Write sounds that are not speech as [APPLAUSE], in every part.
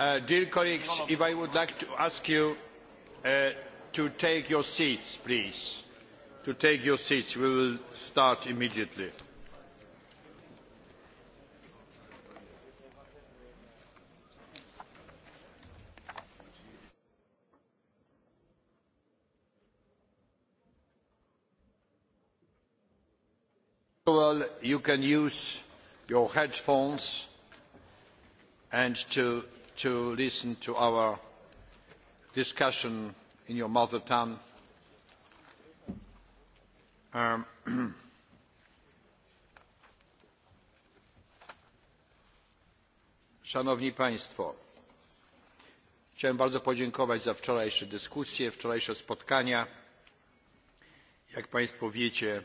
Uh, dear colleagues, if I would like to ask you uh, to take your seats, please. To take your seats, we will start immediately. Well, you can use your headphones and to to listen to our discussion in your mother tongue. Um, [CLEARS THROAT] Szanowni Państwo, chciałem bardzo podziękować za wczorajsze dyskusje, wczorajsze spotkania. Jak Państwo wiecie,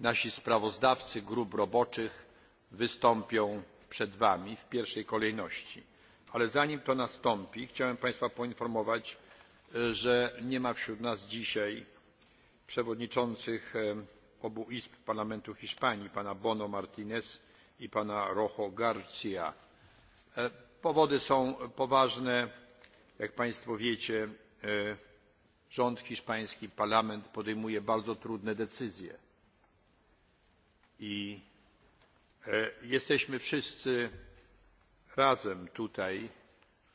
nasi sprawozdawcy grup roboczych wystąpią przed Wami w pierwszej kolejności ale zanim to nastąpi chciałem państwa poinformować że nie ma wśród nas dzisiaj przewodniczących obu izb parlamentu hiszpanii pana bono martinez i pana rojo Garcia. powody są poważne jak państwo wiecie rząd hiszpański parlament podejmuje bardzo trudne decyzje i jesteśmy wszyscy razem tutaj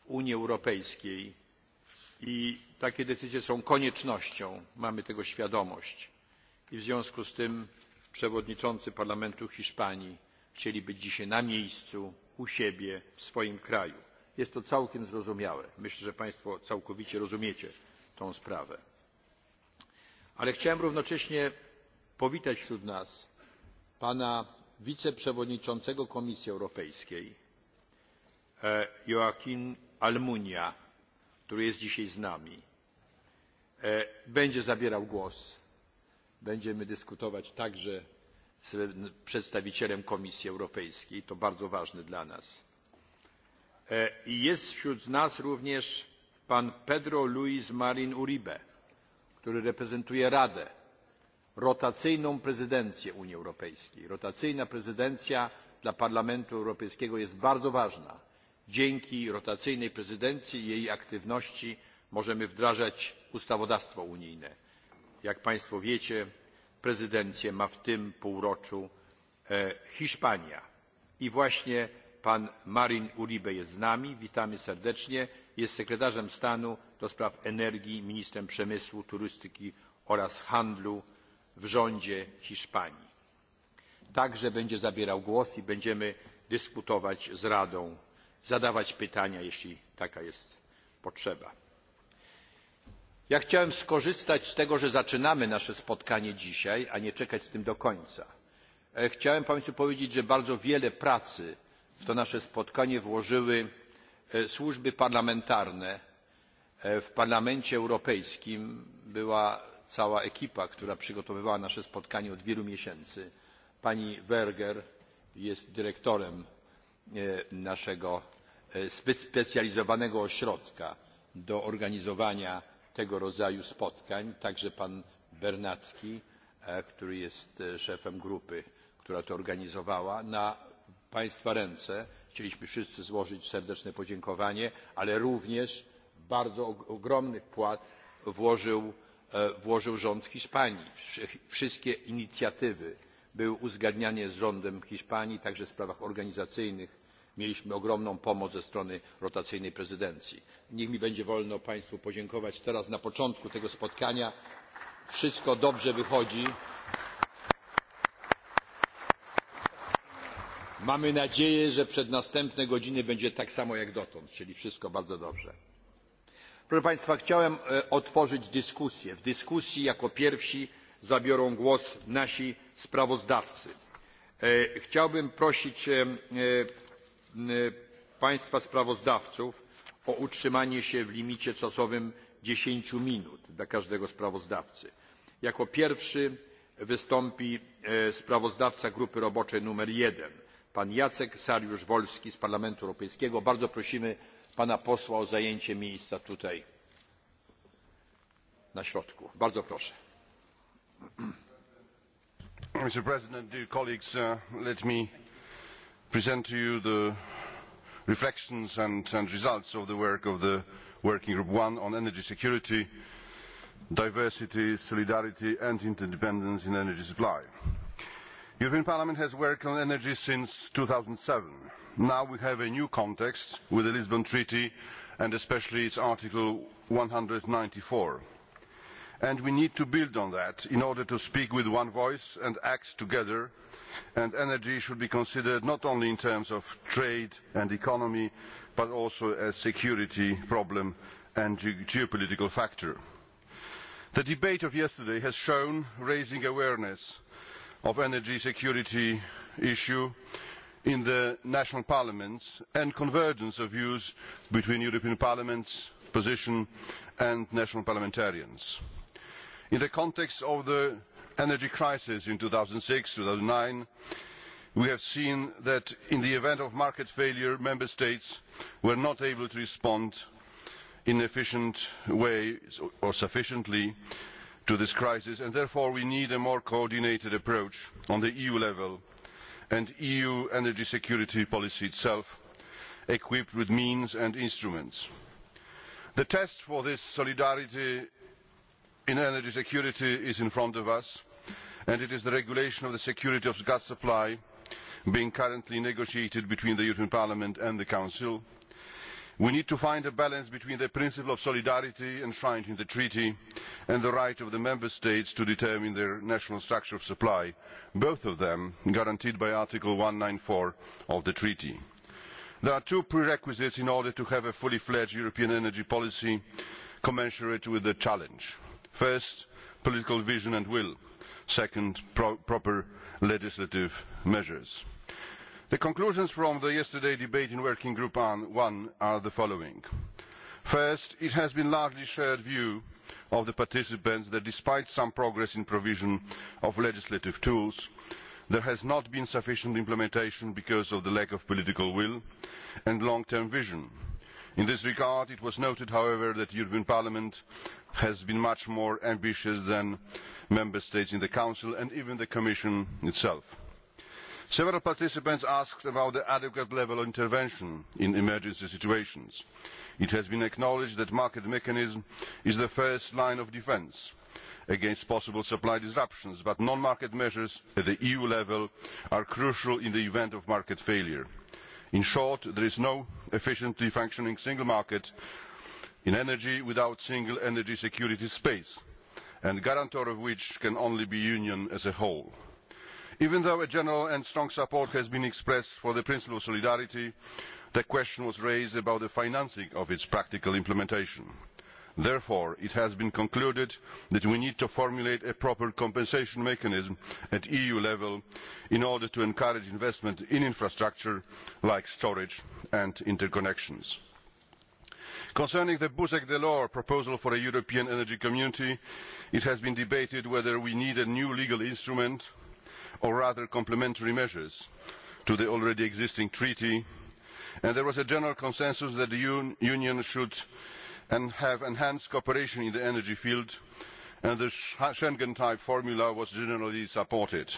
w Unii Europejskiej i takie decyzje są koniecznością, mamy tego świadomość. I w związku z tym przewodniczący Parlamentu Hiszpanii chcieli być dzisiaj na miejscu, u siebie, w swoim kraju. Jest to całkiem zrozumiałe. Myślę, że Państwo całkowicie rozumiecie tą sprawę. Ale chciałem równocześnie powitać wśród nas pana wiceprzewodniczącego Komisji Europejskiej, E, Joachim Almunia, który jest dzisiaj z nami, e, będzie zabierał głos. Będziemy dyskutować także z przedstawicielem Komisji Europejskiej. To bardzo ważne dla nas. E, I Jest wśród nas również pan Pedro Luis Marin Uribe, który reprezentuje Radę, rotacyjną prezydencję Unii Europejskiej. Rotacyjna prezydencja dla Parlamentu Europejskiego jest bardzo ważna Dzięki rotacyjnej prezydencji i jej aktywności możemy wdrażać ustawodawstwo unijne. Jak Państwo wiecie, prezydencję ma w tym półroczu e, Hiszpania. I właśnie pan Marin Uribe jest z nami. Witamy serdecznie. Jest sekretarzem stanu do spraw energii, ministrem przemysłu, turystyki oraz handlu w rządzie Hiszpanii. Także będzie zabierał głos i będziemy dyskutować z Radą zadawać pytania, jeśli taka jest potrzeba. Ja chciałem skorzystać z tego, że zaczynamy nasze spotkanie dzisiaj, a nie czekać z tym do końca. E, chciałem Państwu powiedzieć, że bardzo wiele pracy w to nasze spotkanie włożyły e, służby parlamentarne. E, w Parlamencie Europejskim była cała ekipa, która przygotowywała nasze spotkanie od wielu miesięcy. Pani Werger jest dyrektorem E, naszego e, specjalizowanego ośrodka do organizowania tego rodzaju spotkań, także pan Bernacki, e, który jest szefem grupy, która to organizowała, na Państwa ręce. Chcieliśmy wszyscy złożyć serdeczne podziękowanie, ale również bardzo ogromny wkład włożył, włożył rząd Hiszpanii. Wszystkie inicjatywy były uzgadnianie z rządem Hiszpanii, także w sprawach organizacyjnych. Mieliśmy ogromną pomoc ze strony rotacyjnej prezydencji. Niech mi będzie wolno Państwu podziękować teraz na początku tego spotkania. Wszystko dobrze wychodzi. Mamy nadzieję, że przed następne godziny będzie tak samo jak dotąd, czyli wszystko bardzo dobrze. Proszę Państwa, chciałem e, otworzyć dyskusję. W dyskusji jako pierwsi zabiorą głos nasi sprawozdawcy. E, chciałbym prosić e, e, państwa sprawozdawców o utrzymanie się w limicie czasowym 10 minut dla każdego sprawozdawcy. Jako pierwszy wystąpi sprawozdawca grupy roboczej nr 1, pan Jacek Sariusz-Wolski z Parlamentu Europejskiego. Bardzo prosimy pana posła o zajęcie miejsca tutaj na środku. Bardzo proszę. [CLEARS THROAT] Mr. President, dear colleagues, uh, let me present to you the reflections and, and results of the work of the Working Group 1 on energy security, diversity, solidarity and interdependence in energy supply. The European Parliament has worked on energy since two thousand seven. Now we have a new context with the Lisbon Treaty and especially its Article one hundred and ninety four and we need to build on that in order to speak with one voice and act together. And energy should be considered not only in terms of trade and economy, but also as a security problem and ge geopolitical factor. The debate of yesterday has shown raising awareness of energy security issue in the national parliaments and convergence of views between European Parliament's position and national parliamentarians. In the context of the energy crisis in two thousand 2006 nine, we have seen that in the event of market failure, member states were not able to respond in an efficient way or sufficiently to this crisis, and therefore we need a more coordinated approach on the EU level and EU energy security policy itself, equipped with means and instruments. The test for this solidarity in energy security is in front of us, and it is the regulation of the security of gas supply being currently negotiated between the European Parliament and the Council. We need to find a balance between the principle of solidarity enshrined in the treaty and the right of the member states to determine their national structure of supply, both of them guaranteed by Article one hundred and ninety four of the treaty. There are two prerequisites in order to have a fully fledged European energy policy commensurate with the challenge. First, political vision and will. Second, pro proper legislative measures. The conclusions from the yesterday debate in Working Group on 1 are the following. First, it has been largely shared view of the participants that despite some progress in provision of legislative tools, there has not been sufficient implementation because of the lack of political will and long-term vision. In this regard, it was noted, however, that the European Parliament has been much more ambitious than Member States in the Council and even the Commission itself. Several participants asked about the adequate level of intervention in emergency situations. It has been acknowledged that market mechanism is the first line of defence against possible supply disruptions, but non-market measures at the EU level are crucial in the event of market failure. In short, there is no efficiently functioning single market in energy without single energy security space, and guarantor of which can only be union as a whole. Even though a general and strong support has been expressed for the principle of solidarity, the question was raised about the financing of its practical implementation. Therefore, it has been concluded that we need to formulate a proper compensation mechanism at EU level in order to encourage investment in infrastructure like storage and interconnections. Concerning the Buzek Delors proposal for a European energy community, it has been debated whether we need a new legal instrument or rather complementary measures to the already existing treaty and there was a general consensus that the un Union should and have enhanced cooperation in the energy field, and uh, the Schengen type formula was generally supported.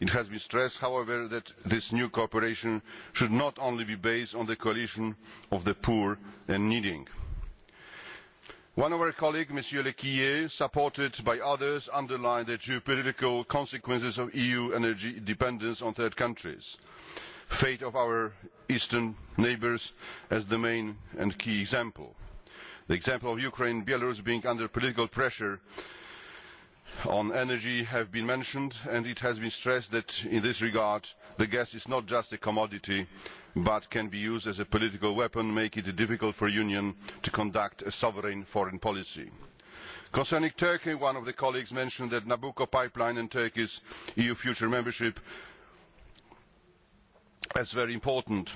It has been stressed, however, that this new cooperation should not only be based on the coalition of the poor and needing. One of our colleagues, Monsieur Quillet, supported by others, underlined the geopolitical consequences of EU energy dependence on third countries, fate of our eastern neighbours as the main and key example. The example of Ukraine and Belarus being under political pressure on energy have been mentioned and it has been stressed that in this regard the gas is not just a commodity but can be used as a political weapon making it difficult for the union to conduct a sovereign foreign policy. Concerning Turkey, one of the colleagues mentioned that Nabucco pipeline and Turkey's EU future membership as very important.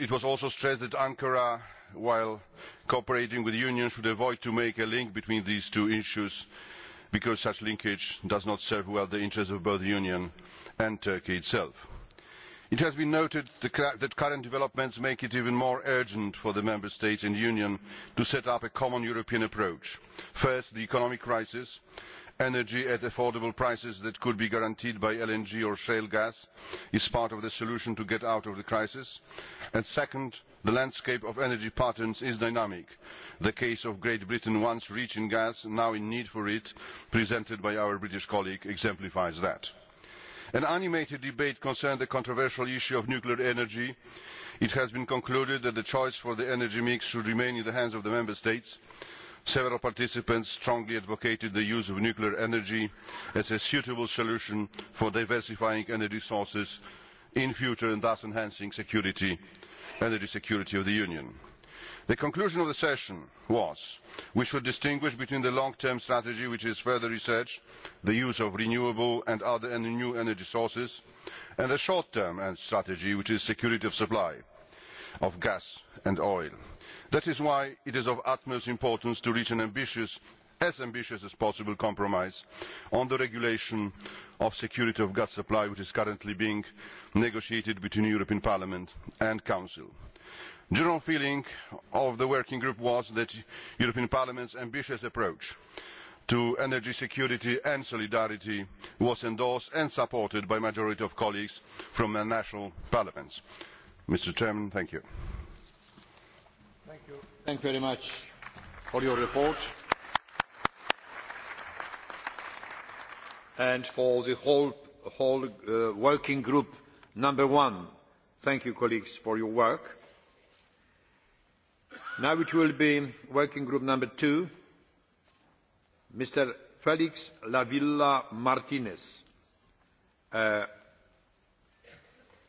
It was also stressed that Ankara while cooperating with the Union should avoid to make a link between these two issues because such linkage does not serve well the interests of both the Union and Turkey itself. It has been noted that current developments make it even more urgent for the Member States and Union to set up a common European approach. First, the economic crisis, energy at affordable prices that could be guaranteed by LNG or shale gas is part of the solution to get out of the crisis. And second, The landscape of energy patterns is dynamic. The case of Great Britain once rich in gas, now in need for it, presented by our British colleague, exemplifies that. An animated debate concerned the controversial issue of nuclear energy. It has been concluded that the choice for the energy mix should remain in the hands of the Member States. Several participants strongly advocated the use of nuclear energy as a suitable solution for diversifying energy sources in future and thus enhancing security energy security of the Union. The conclusion of the session was we should distinguish between the long-term strategy, which is further research, the use of renewable and other new energy sources, and the short-term strategy, which is security of supply of gas and oil. That is why it is of utmost importance to reach an ambitious as ambitious as possible compromise on the regulation of security of gas supply which is currently being negotiated between the European Parliament and Council. The general feeling of the working group was that the European Parliament's ambitious approach to energy security and solidarity was endorsed and supported by a majority of colleagues from the national parliaments. Mr. Chairman, thank you. Thank you. Thank you very much for your report. and for the whole, whole uh, working group number one. Thank you, colleagues, for your work. Now it will be working group number two, Mr. Felix Lavilla Martinez uh,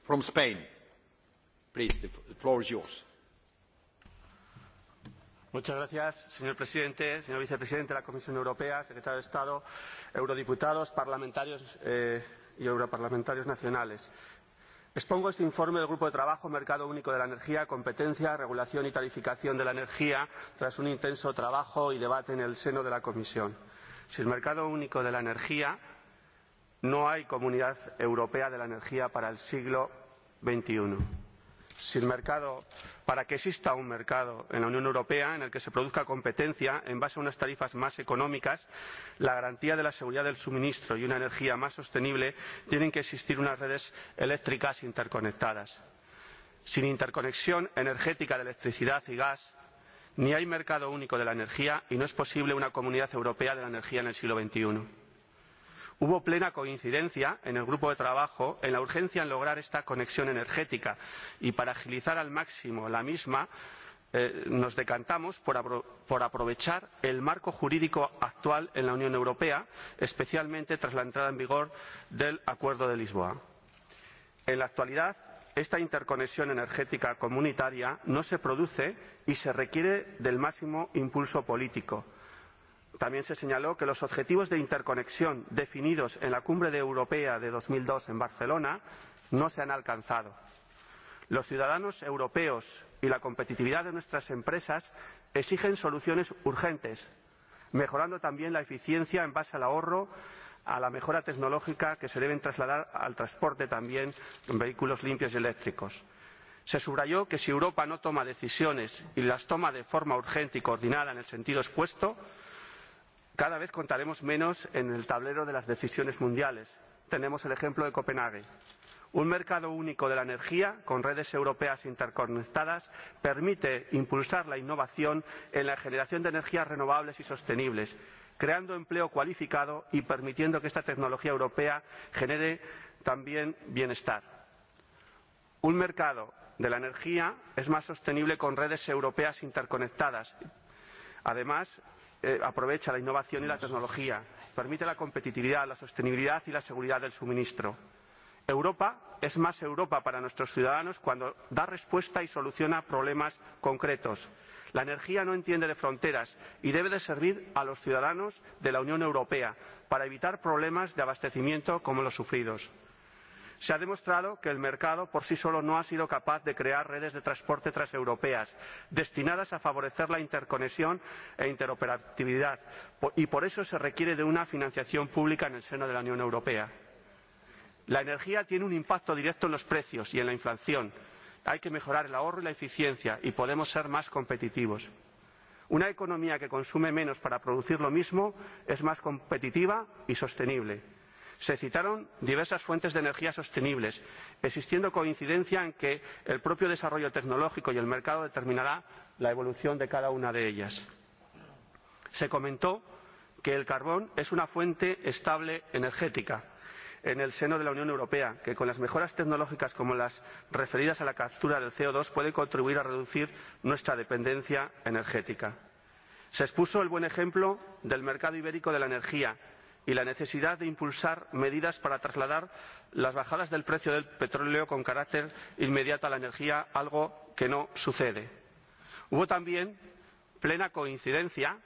from Spain. Please, the floor is yours. Muchas gracias, señor presidente, señor vicepresidente de la Comisión Europea, secretario de Estado, eurodiputados, parlamentarios eh, y europarlamentarios nacionales. Expongo este informe del Grupo de Trabajo Mercado Único de la Energía, Competencia, Regulación y Tarificación de la Energía tras un intenso trabajo y debate en el seno de la Comisión. Sin Mercado Único de la Energía no hay Comunidad Europea de la Energía para el siglo XXI si el mercado, para que exista un mercado en la Unión Europea en el que se produzca competencia en base a unas tarifas más económicas, la garantía de la seguridad del suministro y una energía más sostenible, tienen que existir unas redes eléctricas interconectadas. Sin interconexión energética de electricidad y gas, ni hay mercado único de la energía y no es posible una comunidad europea de la energía en el siglo XXI. Hubo plena coincidencia en el grupo de trabajo en la urgencia en lograr esta conexión energética y para agilizar al máximo la misma eh, nos decantamos por, apro por aprovechar el marco jurídico actual en la Unión Europea, especialmente tras la entrada en vigor del Acuerdo de Lisboa. En la actualidad, esta interconexión energética comunitaria no se produce y se requiere del máximo impulso político. También se señaló que los objetivos de interconexión definidos en la cumbre de europea de dos mil dos en Barcelona no se han alcanzado. Los ciudadanos europeos y la competitividad de nuestras empresas exigen soluciones urgentes, mejorando también la eficiencia en base al ahorro, a la mejora tecnológica que se deben trasladar al transporte también en vehículos limpios y eléctricos. Se subrayó que si Europa no toma decisiones y las toma de forma urgente y coordinada en el sentido expuesto, Cada vez contaremos menos en el tablero de las decisiones mundiales. Tenemos el ejemplo de Copenhague. Un mercado único de la energía con redes europeas interconectadas permite impulsar la innovación en la generación de energías renovables y sostenibles, creando empleo cualificado y permitiendo que esta tecnología europea genere también bienestar. Un mercado de la energía es más sostenible con redes europeas interconectadas. Además, eh, aprovecha la innovación y la tecnología, permite la competitividad, la sostenibilidad y la seguridad del suministro. Europa es más Europa para nuestros ciudadanos cuando da respuesta y soluciona problemas concretos. La energía no entiende de fronteras y debe de servir a los ciudadanos de la Unión Europea para evitar problemas de abastecimiento como los sufridos. Se ha demostrado que el mercado por sí solo no ha sido capaz de crear redes de transporte transeuropeas destinadas a favorecer la interconexión e interoperatividad y por eso se requiere de una financiación pública en el seno de la Unión Europea. La energía tiene un impacto directo en los precios y en la inflación. Hay que mejorar el ahorro y la eficiencia y podemos ser más competitivos. Una economía que consume menos para producir lo mismo es más competitiva y sostenible. Se citaron diversas fuentes de energía sostenibles, existiendo coincidencia en que el propio desarrollo tecnológico y el mercado determinará la evolución de cada una de ellas. Se comentó que el carbón es una fuente estable energética en el seno de la Unión Europea, que con las mejoras tecnológicas como las referidas a la captura del co dos puede contribuir a reducir nuestra dependencia energética. Se expuso el buen ejemplo del mercado ibérico de la energía, y la necesidad de impulsar medidas para trasladar las bajadas del precio del petróleo con carácter inmediato a la energía, algo que no sucede. Hubo también plena coincidencia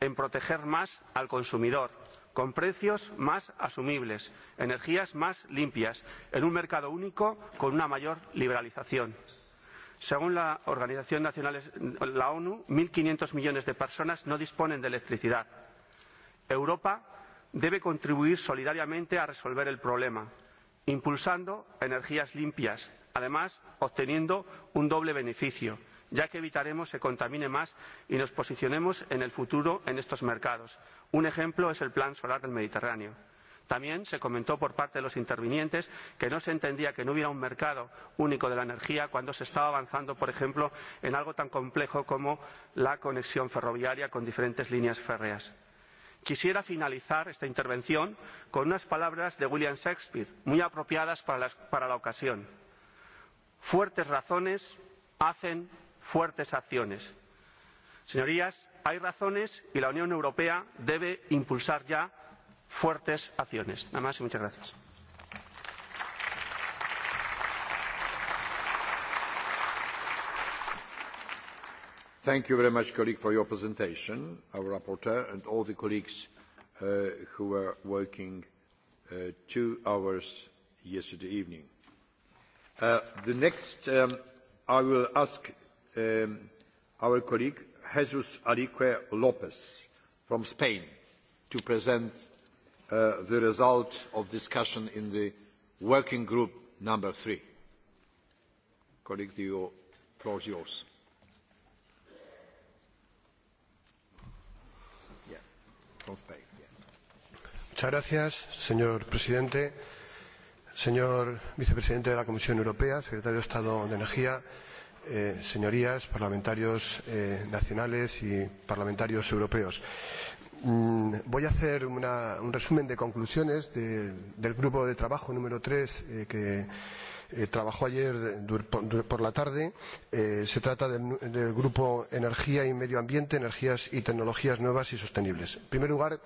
en proteger más al consumidor, con precios más asumibles, energías más limpias, en un mercado único con una mayor liberalización. Según la Organización Nacional, la ONU, 1.500 millones de personas no disponen de electricidad. Europa debe contribuir solidariamente a resolver el problema, impulsando energías limpias, además obteniendo un doble beneficio, ya que evitaremos que se contamine más y nos posicionemos en el futuro en estos mercados. Un ejemplo es el Plan Solar del Mediterráneo. También se comentó por parte de los intervinientes que no se entendía que no hubiera un mercado único de la energía cuando se estaba avanzando, por ejemplo, en algo tan complejo como la conexión ferroviaria con diferentes líneas férreas. Quisiera finalizar esta intervención con unas palabras de William Shakespeare, muy apropiadas para, la, para la ocasión. Fuertes razones hacen fuertes acciones. Señorías, hay razones y la Unión Europea debe impulsar ya fuertes acciones. Nada más y muchas gracias. Thank you very much, colleague, for your presentation, our rapporteur, and all the colleagues uh, who were working uh, two hours yesterday evening. Uh, the next, um, I will ask um, our colleague, Jesus Alique Lopez from Spain, to present uh, the result of discussion in the working group number three. Colleague, the floor is yours. Muchas gracias, señor presidente. Señor vicepresidente de la Comisión Europea, secretario de Estado de Energía, eh, señorías, parlamentarios eh, nacionales y parlamentarios europeos. Mm, voy a hacer una, un resumen de conclusiones de, del grupo de trabajo número 3 eh, que eh, trabajó ayer por la tarde. Eh, se trata del, del grupo Energía y Medio Ambiente, Energías y Tecnologías Nuevas y Sostenibles. En primer lugar,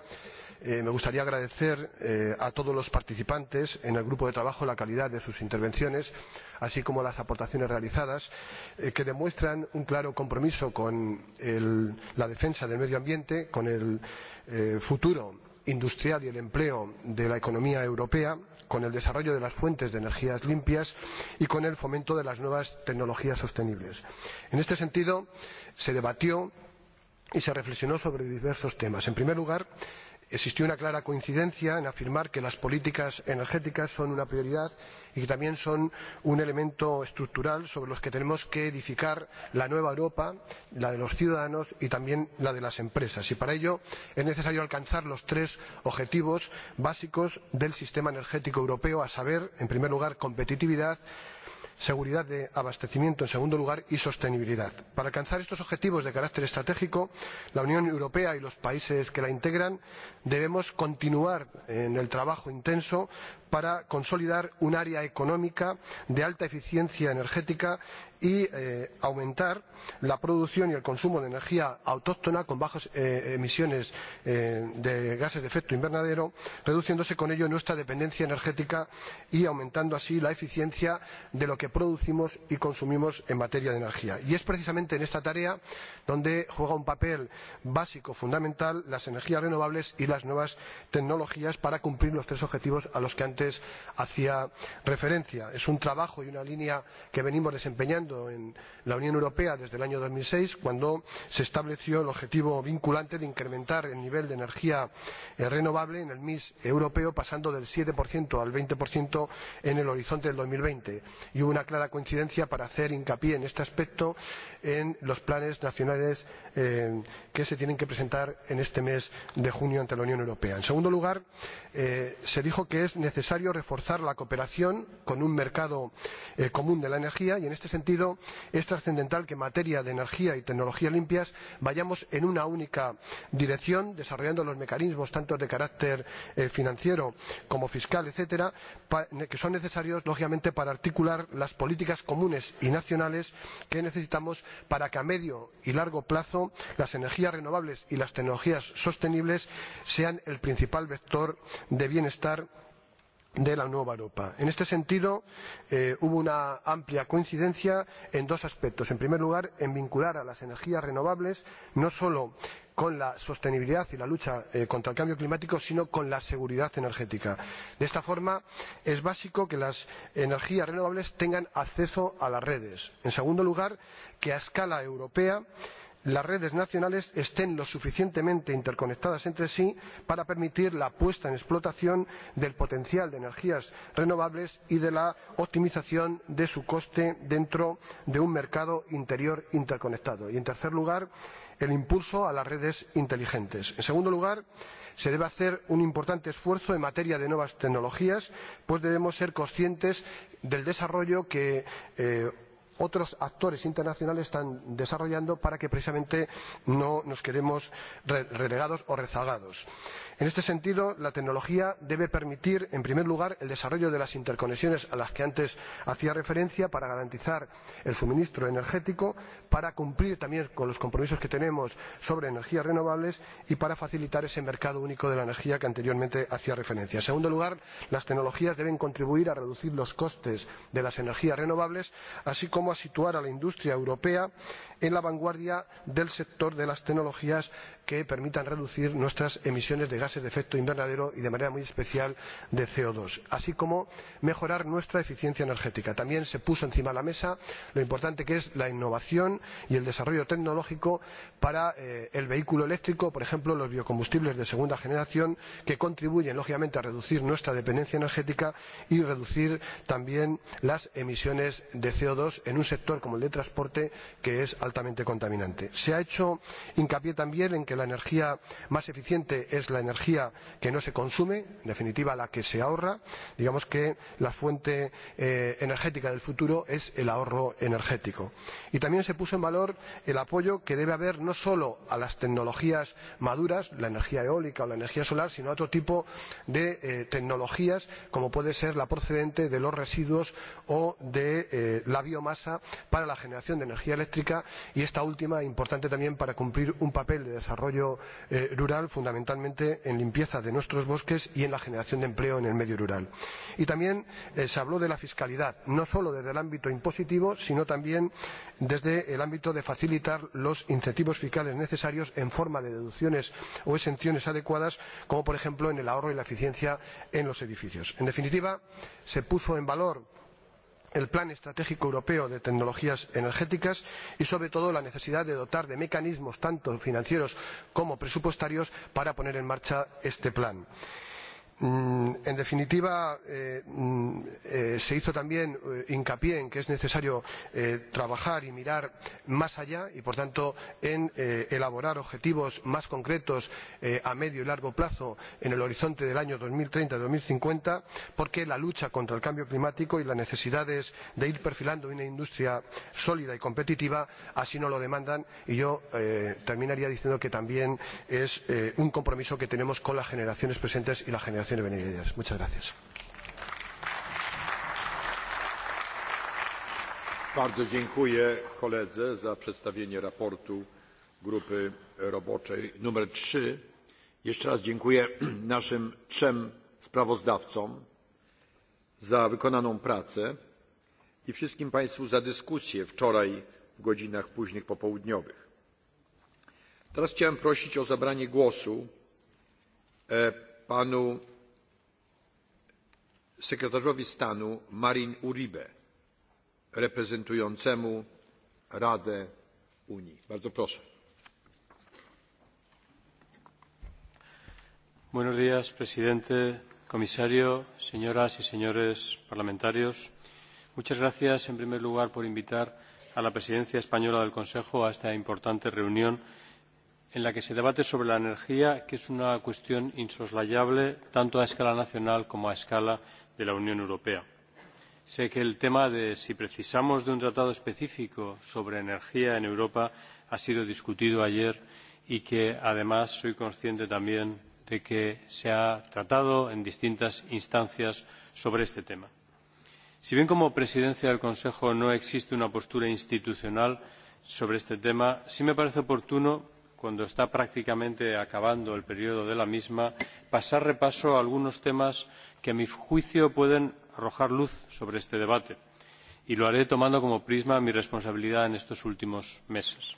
eh, me gustaría agradecer eh, a todos los participantes en el grupo de trabajo la calidad de sus intervenciones, así como las aportaciones realizadas, eh, que demuestran un claro compromiso con el, la defensa del medio ambiente, con el eh, futuro industrial y el empleo de la economía europea, con el desarrollo de las fuentes de energías limpias y con el fomento de las nuevas tecnologías sostenibles. En este sentido, se debatió y se reflexionó sobre diversos temas. En primer lugar, Existió una clara coincidencia en afirmar que las políticas energéticas son una prioridad y que también son un elemento estructural sobre los que tenemos que edificar la nueva Europa, la de los ciudadanos y también la de las empresas. Y para ello es necesario alcanzar los tres objetivos básicos del sistema energético europeo, a saber, en primer lugar, competitividad, seguridad de abastecimiento en segundo lugar y sostenibilidad. Para alcanzar estos objetivos de carácter estratégico, la Unión Europea y los países que la integran debemos continuar en el trabajo intenso para consolidar un área económica de alta eficiencia energética y eh, aumentar la producción y el consumo de energía autóctona con bajas eh, emisiones eh, de gases de efecto invernadero, reduciéndose con ello nuestra dependencia energética y aumentando así la eficiencia de lo que producimos y consumimos en materia de energía. Y es precisamente en esta tarea donde juega un papel básico, fundamental, las energías renovables y las nuevas tecnologías para cumplir los tres objetivos a los que antes hacía referencia. Es un trabajo y una línea que venimos desempeñando en la Unión Europea desde el año dos mil seis, cuando se estableció el objetivo vinculante de incrementar el nivel de energía eh, renovable en el MIS europeo, pasando del siete al veinte en el horizonte del dos mil veinte. Y y una clara coincidencia para hacer hincapié en este aspecto en los planes nacionales eh, que se tienen que presentar en este mes de junio ante la Unión Europea. En segundo lugar, eh, se dijo que es necesario reforzar la cooperación con un mercado eh, común de la energía y en este sentido es trascendental que en materia de energía y tecnologías limpias vayamos en una única dirección, desarrollando los mecanismos tanto de carácter eh, financiero como fiscal, etcétera, que son necesarios lógicamente para articular las políticas comunes y nacionales que necesitamos para que a medio y largo plazo las energías renovables y las tecnologías sostenibles sean el principal vector de bienestar de la nueva Europa. En este sentido, eh, hubo una amplia coincidencia en dos aspectos. En primer lugar, en vincular a las energías renovables no solo con la sostenibilidad y la lucha eh, contra el cambio climático, sino con la seguridad energética. De esta forma, es básico que las energías renovables tengan acceso a las redes. En segundo lugar, que a escala europea las redes nacionales estén lo suficientemente interconectadas entre sí para permitir la puesta en explotación del potencial de energías renovables y de la optimización de su coste dentro de un mercado interior interconectado. Y en tercer lugar, el impulso a las redes inteligentes. En segundo lugar, se debe hacer un importante esfuerzo en materia de nuevas tecnologías, pues debemos ser conscientes del desarrollo que eh, otros actores internacionales están desarrollando para que precisamente no nos quedemos relegados o rezagados. En este sentido, la tecnología debe permitir, en primer lugar, el desarrollo de las interconexiones a las que antes hacía referencia para garantizar el suministro energético, para cumplir también con los compromisos que tenemos sobre energías renovables y para facilitar ese mercado único de la energía que anteriormente hacía referencia. En segundo lugar, las tecnologías deben contribuir a reducir los costes de las energías renovables, así como a situar a la industria europea en la vanguardia del sector de las tecnologías que permitan reducir nuestras emisiones de gases de efecto invernadero y de manera muy especial de co dos, así como mejorar nuestra eficiencia energética. También se puso encima de la mesa lo importante que es la innovación y el desarrollo tecnológico para eh, el vehículo eléctrico, por ejemplo, los biocombustibles de segunda generación, que contribuyen, lógicamente, a reducir nuestra dependencia energética y reducir también las emisiones de co dos en un sector como el de transporte, que es altamente contaminante. Se ha hecho hincapié también en que que la energía más eficiente es la energía que no se consume, en definitiva la que se ahorra. Digamos que la fuente eh, energética del futuro es el ahorro energético. Y también se puso en valor el apoyo que debe haber no solo a las tecnologías maduras, la energía eólica o la energía solar, sino a otro tipo de eh, tecnologías como puede ser la procedente de los residuos o de eh, la biomasa para la generación de energía eléctrica y esta última importante también para cumplir un papel de desarrollo desarrollo eh, rural, fundamentalmente en limpieza de nuestros bosques y en la generación de empleo en el medio rural. Y también eh, se habló de la fiscalidad, no solo desde el ámbito impositivo, sino también desde el ámbito de facilitar los incentivos fiscales necesarios en forma de deducciones o exenciones adecuadas, como por ejemplo en el ahorro y la eficiencia en los edificios. En definitiva, se puso en valor el Plan Estratégico Europeo de Tecnologías Energéticas y, sobre todo, la necesidad de dotar de mecanismos tanto financieros como presupuestarios para poner en marcha este plan. Mm, en definitiva, eh, mm, eh, se hizo también eh, hincapié en que es necesario eh, trabajar y mirar más allá y, por tanto, en eh, elaborar objetivos más concretos eh, a medio y largo plazo en el horizonte del año 2030-2050, porque la lucha contra el cambio climático y las necesidades de ir perfilando una industria sólida y competitiva así no lo demandan y yo eh, terminaría diciendo que también es eh, un compromiso que tenemos con las generaciones presentes y la. generación señor Benevides. Muchas gracias. Bardzo dziękuję koledze za przedstawienie raportu grupy roboczej numer 3. Jeszcze raz dziękuję naszym trzem sprawozdawcom za wykonaną pracę i wszystkim Państwu za dyskusję wczoraj w godzinach późnych popołudniowych. Teraz chciałem prosić o zabranie głosu panu sekretarzowi stanu Marin Uribe reprezentującemu Radę Unii. Bardzo proszę. Buenos días, presidente, comisario, señoras y señores parlamentarios. Muchas gracias, en primer lugar, por invitar a la presidencia española del Consejo a esta importante reunión en la que se debate sobre la energía, que es una cuestión insoslayable tanto a escala nacional como a escala de la Unión Europea. Sé que el tema de si precisamos de un tratado específico sobre energía en Europa ha sido discutido ayer y que además soy consciente también de que se ha tratado en distintas instancias sobre este tema. Si bien como presidencia del Consejo no existe una postura institucional sobre este tema, sí me parece oportuno, cuando está prácticamente acabando el periodo de la misma, pasar repaso a algunos temas que a mi juicio pueden arrojar luz sobre este debate y lo haré tomando como prisma mi responsabilidad en estos últimos meses.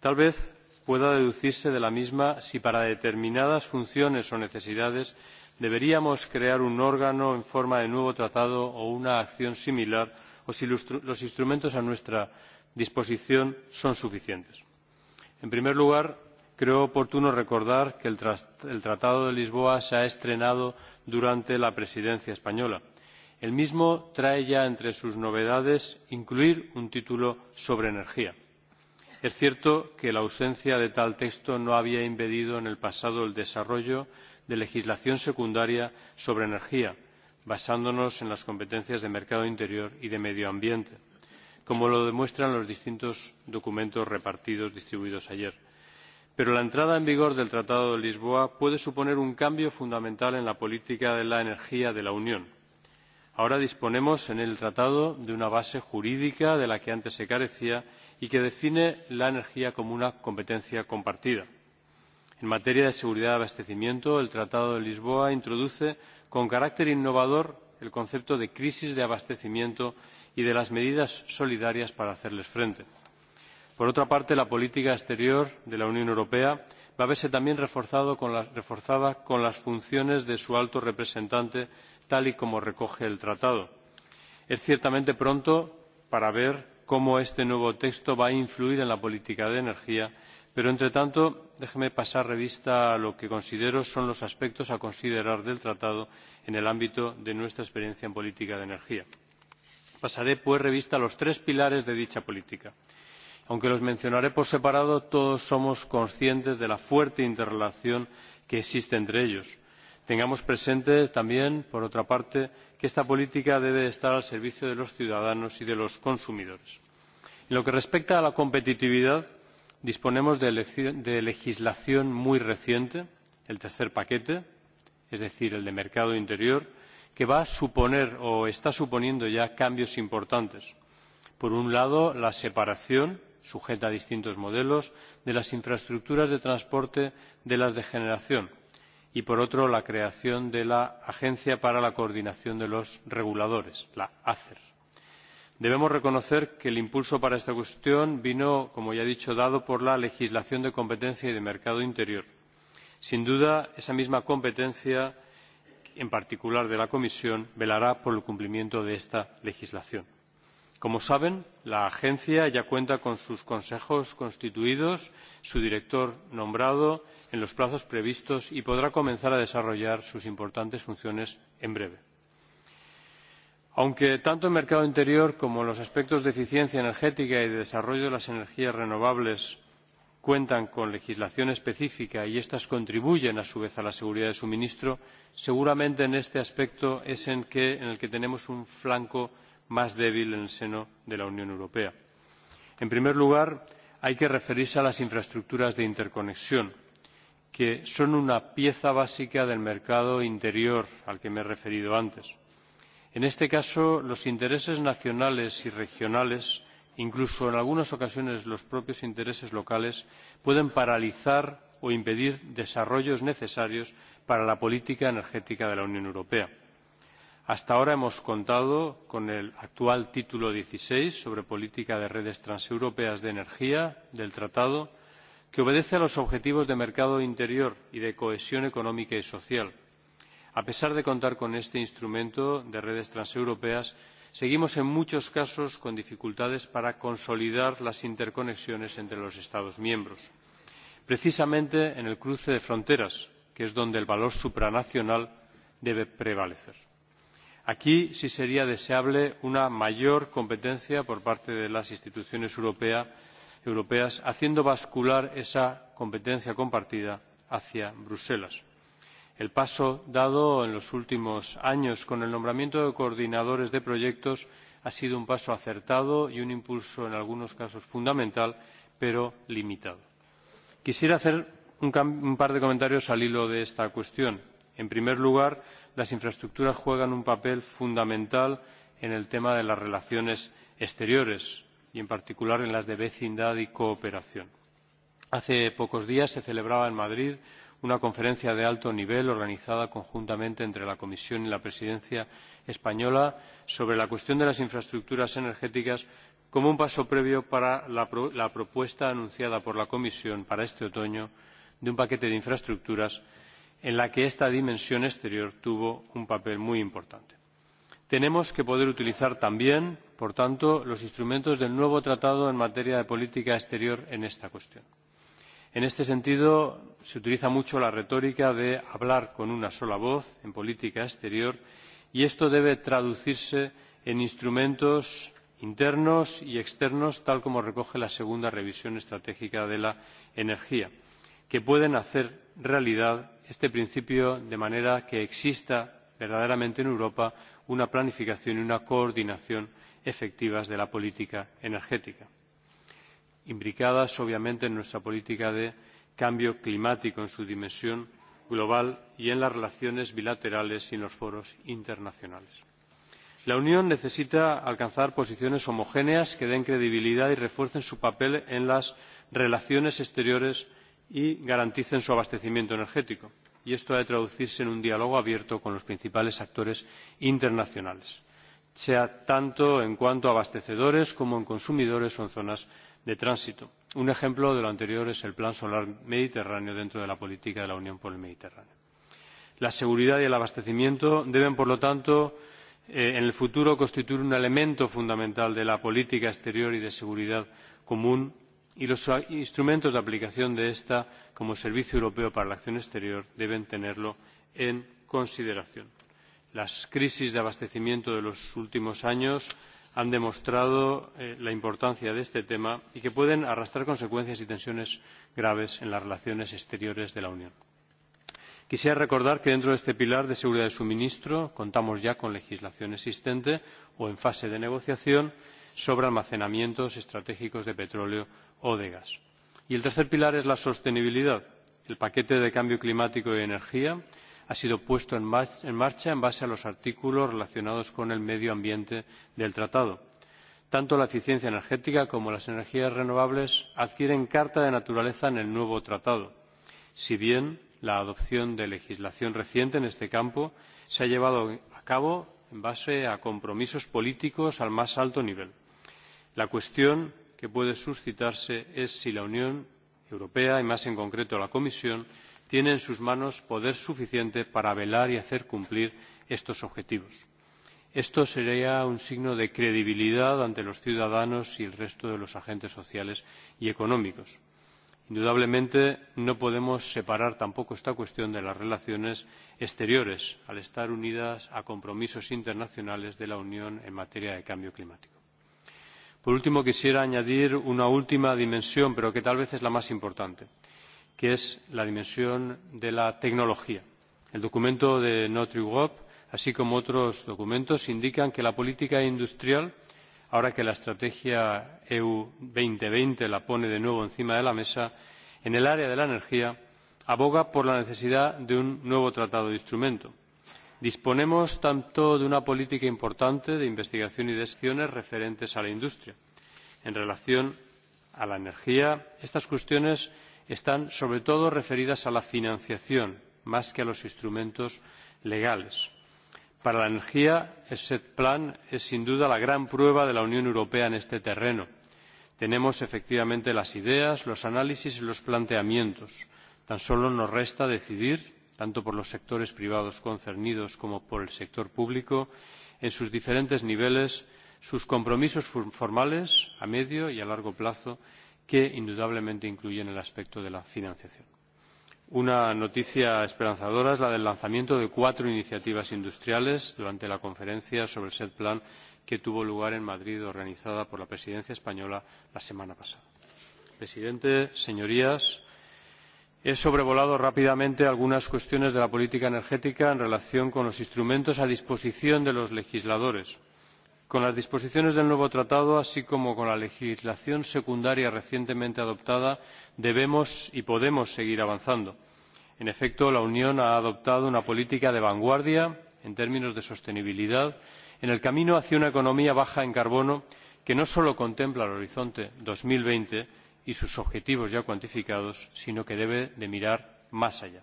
Tal vez pueda deducirse de la misma si para determinadas funciones o necesidades deberíamos crear un órgano en forma de nuevo tratado o una acción similar o si los instrumentos a nuestra disposición son suficientes. En primer lugar, creo oportuno recordar que el, Tratado de Lisboa se ha estrenado durante la presidencia española. El mismo trae ya entre sus novedades incluir un título sobre energía. Es cierto que la ausencia de tal texto no había impedido en el pasado el desarrollo de legislación secundaria sobre energía, basándonos en las competencias de mercado interior y de medio ambiente, como lo demuestran los distintos documentos repartidos distribuidos ayer pero la entrada en vigor del tratado de lisboa puede suponer un cambio fundamental en la política de la energía de la unión. ahora disponemos en el tratado de una base jurídica de la que antes se carecía y que define la energía como una competencia compartida. en materia de seguridad de abastecimiento el tratado de lisboa introduce con carácter innovador el concepto de crisis de abastecimiento y de las medidas solidarias para hacerles frente por otra parte la política exterior de la unión europea va a verse también reforzada con las funciones de su alto representante tal y como recoge el tratado. es ciertamente pronto para ver cómo este nuevo texto va a influir en la política de energía pero entre tanto déjeme pasar revista a lo que considero son los aspectos a considerar del tratado en el ámbito de nuestra experiencia en política de energía. pasaré pues revista a los tres pilares de dicha política. en Aunque los mencionaré por separado, todos somos conscientes de la fuerte interrelación que existe entre ellos. Tengamos presente también, por otra parte, que esta política debe estar al servicio de los ciudadanos y de los consumidores. En lo que respecta a la competitividad, disponemos de, legislación muy reciente, el tercer paquete, es decir, el de mercado interior, que va a suponer o está suponiendo ya cambios importantes. Por un lado, la separación sujeta a distintos modelos de las infraestructuras de transporte de las de generación y por otro la creación de la agencia para la coordinación de los reguladores la acer. debemos reconocer que el impulso para esta cuestión vino como ya he dicho dado por la legislación de competencia y de mercado interior. sin duda esa misma competencia en particular de la comisión velará por el cumplimiento de esta legislación Como saben, la agencia ya cuenta con sus consejos constituidos, su director nombrado en los plazos previstos y podrá comenzar a desarrollar sus importantes funciones en breve. Aunque tanto el mercado interior como los aspectos de eficiencia energética y de desarrollo de las energías renovables cuentan con legislación específica y éstas contribuyen a su vez a la seguridad de suministro, seguramente en este aspecto es en, que, en el que tenemos un flanco más débil en el seno de la Unión Europea. En primer lugar, hay que referirse a las infraestructuras de interconexión, que son una pieza básica del mercado interior al que me he referido antes. En este caso, los intereses nacionales y regionales, incluso en algunas ocasiones los propios intereses locales, pueden paralizar o impedir desarrollos necesarios para la política energética de la Unión Europea Hasta ahora hemos contado con el actual título dieciseis sobre política de redes transeuropeas de energía del Tratado, que obedece a los objetivos de mercado interior y de cohesión económica y social. A pesar de contar con este instrumento de redes transeuropeas, seguimos en muchos casos con dificultades para consolidar las interconexiones entre los Estados miembros, precisamente en el cruce de fronteras, que es donde el valor supranacional debe prevalecer Aquí sí sería deseable una mayor competencia por parte de las instituciones europea, europeas, haciendo bascular esa competencia compartida hacia Bruselas. El paso dado en los últimos años con el nombramiento de coordinadores de proyectos ha sido un paso acertado y un impulso en algunos casos fundamental, pero limitado. Quisiera hacer un, un par de comentarios al hilo de esta cuestión. En primer lugar, las infraestructuras juegan un papel fundamental en el tema de las relaciones exteriores y en particular en las de vecindad y cooperación. Hace pocos días se celebraba en Madrid una conferencia de alto nivel organizada conjuntamente entre la Comisión y la Presidencia española sobre la cuestión de las infraestructuras energéticas como un paso previo para la, propuesta anunciada por la Comisión para este otoño de un paquete de infraestructuras en la que esta dimensión exterior tuvo un papel muy importante. Tenemos que poder utilizar también, por tanto, los instrumentos del nuevo tratado en materia de política exterior en esta cuestión. En este sentido, se utiliza mucho la retórica de hablar con una sola voz en política exterior y esto debe traducirse en instrumentos internos y externos, tal como recoge la segunda revisión estratégica de la energía, que pueden hacer realidad este principio de manera que exista verdaderamente en Europa una planificación y una coordinación efectivas de la política energética, imbricadas obviamente en nuestra política de cambio climático en su dimensión global y en las relaciones bilaterales y en los foros internacionales. La Unión necesita alcanzar posiciones homogéneas que den credibilidad y refuercen su papel en las relaciones exteriores y garanticen su abastecimiento energético. Y esto ha de traducirse en un diálogo abierto con los principales actores internacionales, sea tanto en cuanto a abastecedores como en consumidores o en zonas de tránsito. Un ejemplo de lo anterior es el Plan Solar Mediterráneo dentro de la política de la Unión por el Mediterráneo. La seguridad y el abastecimiento deben, por lo tanto, eh, en el futuro constituir un elemento fundamental de la política exterior y de seguridad común y los instrumentos de aplicación de esta como el servicio europeo para la acción exterior deben tenerlo en consideración. las crisis de abastecimiento de los últimos años han demostrado eh, la importancia de este tema y que pueden arrastrar consecuencias y tensiones graves en las relaciones exteriores de la unión. quisiera recordar que dentro de este pilar de seguridad de suministro contamos ya con legislación existente o en fase de negociación sobre almacenamientos estratégicos de petróleo o de gas. Y el tercer pilar es la sostenibilidad. El paquete de cambio climático y energía ha sido puesto en, marcha en base a los artículos relacionados con el medio ambiente del tratado. Tanto la eficiencia energética como las energías renovables adquieren carta de naturaleza en el nuevo tratado, si bien la adopción de legislación reciente en este campo se ha llevado a cabo en base a compromisos políticos al más alto nivel. La cuestión que puede suscitarse es si la Unión Europea y más en concreto la Comisión tiene en sus manos poder suficiente para velar y hacer cumplir estos objetivos. Esto sería un signo de credibilidad ante los ciudadanos y el resto de los agentes sociales y económicos. Indudablemente no podemos separar tampoco esta cuestión de las relaciones exteriores al estar unidas a compromisos internacionales de la Unión en materia de cambio climático. Por último, quisiera añadir una última dimensión, pero que tal vez es la más importante, que es la dimensión de la tecnología. El documento de Notre Europe, así como otros documentos, indican que la política industrial, ahora que la estrategia EU dos mil veinte la pone de nuevo encima de la mesa, en el área de la energía, aboga por la necesidad de un nuevo tratado de instrumento Disponemos tanto de una política importante de investigación y de acciones referentes a la industria. En relación a la energía, estas cuestiones están sobre todo referidas a la financiación más que a los instrumentos legales. Para la energía, el SET Plan es sin duda la gran prueba de la Unión Europea en este terreno. Tenemos efectivamente las ideas, los análisis y los planteamientos. Tan solo nos resta decidir tanto por los sectores privados concernidos como por el sector público en sus diferentes niveles sus compromisos formales a medio y a largo plazo que indudablemente incluyen el aspecto de la financiación. Una noticia esperanzadora es la del lanzamiento de cuatro iniciativas industriales durante la conferencia sobre el SET Plan que tuvo lugar en Madrid organizada por la presidencia española la semana pasada. Presidente, señorías, he sobrevolado rápidamente algunas cuestiones de la política energética en relación con los instrumentos a disposición de los legisladores. con las disposiciones del nuevo tratado así como con la legislación secundaria recientemente adoptada debemos y podemos seguir avanzando. en efecto la unión ha adoptado una política de vanguardia en términos de sostenibilidad en el camino hacia una economía baja en carbono que no solo contempla el horizonte dos mil veinte y sus objetivos ya cuantificados, sino que debe de mirar más allá.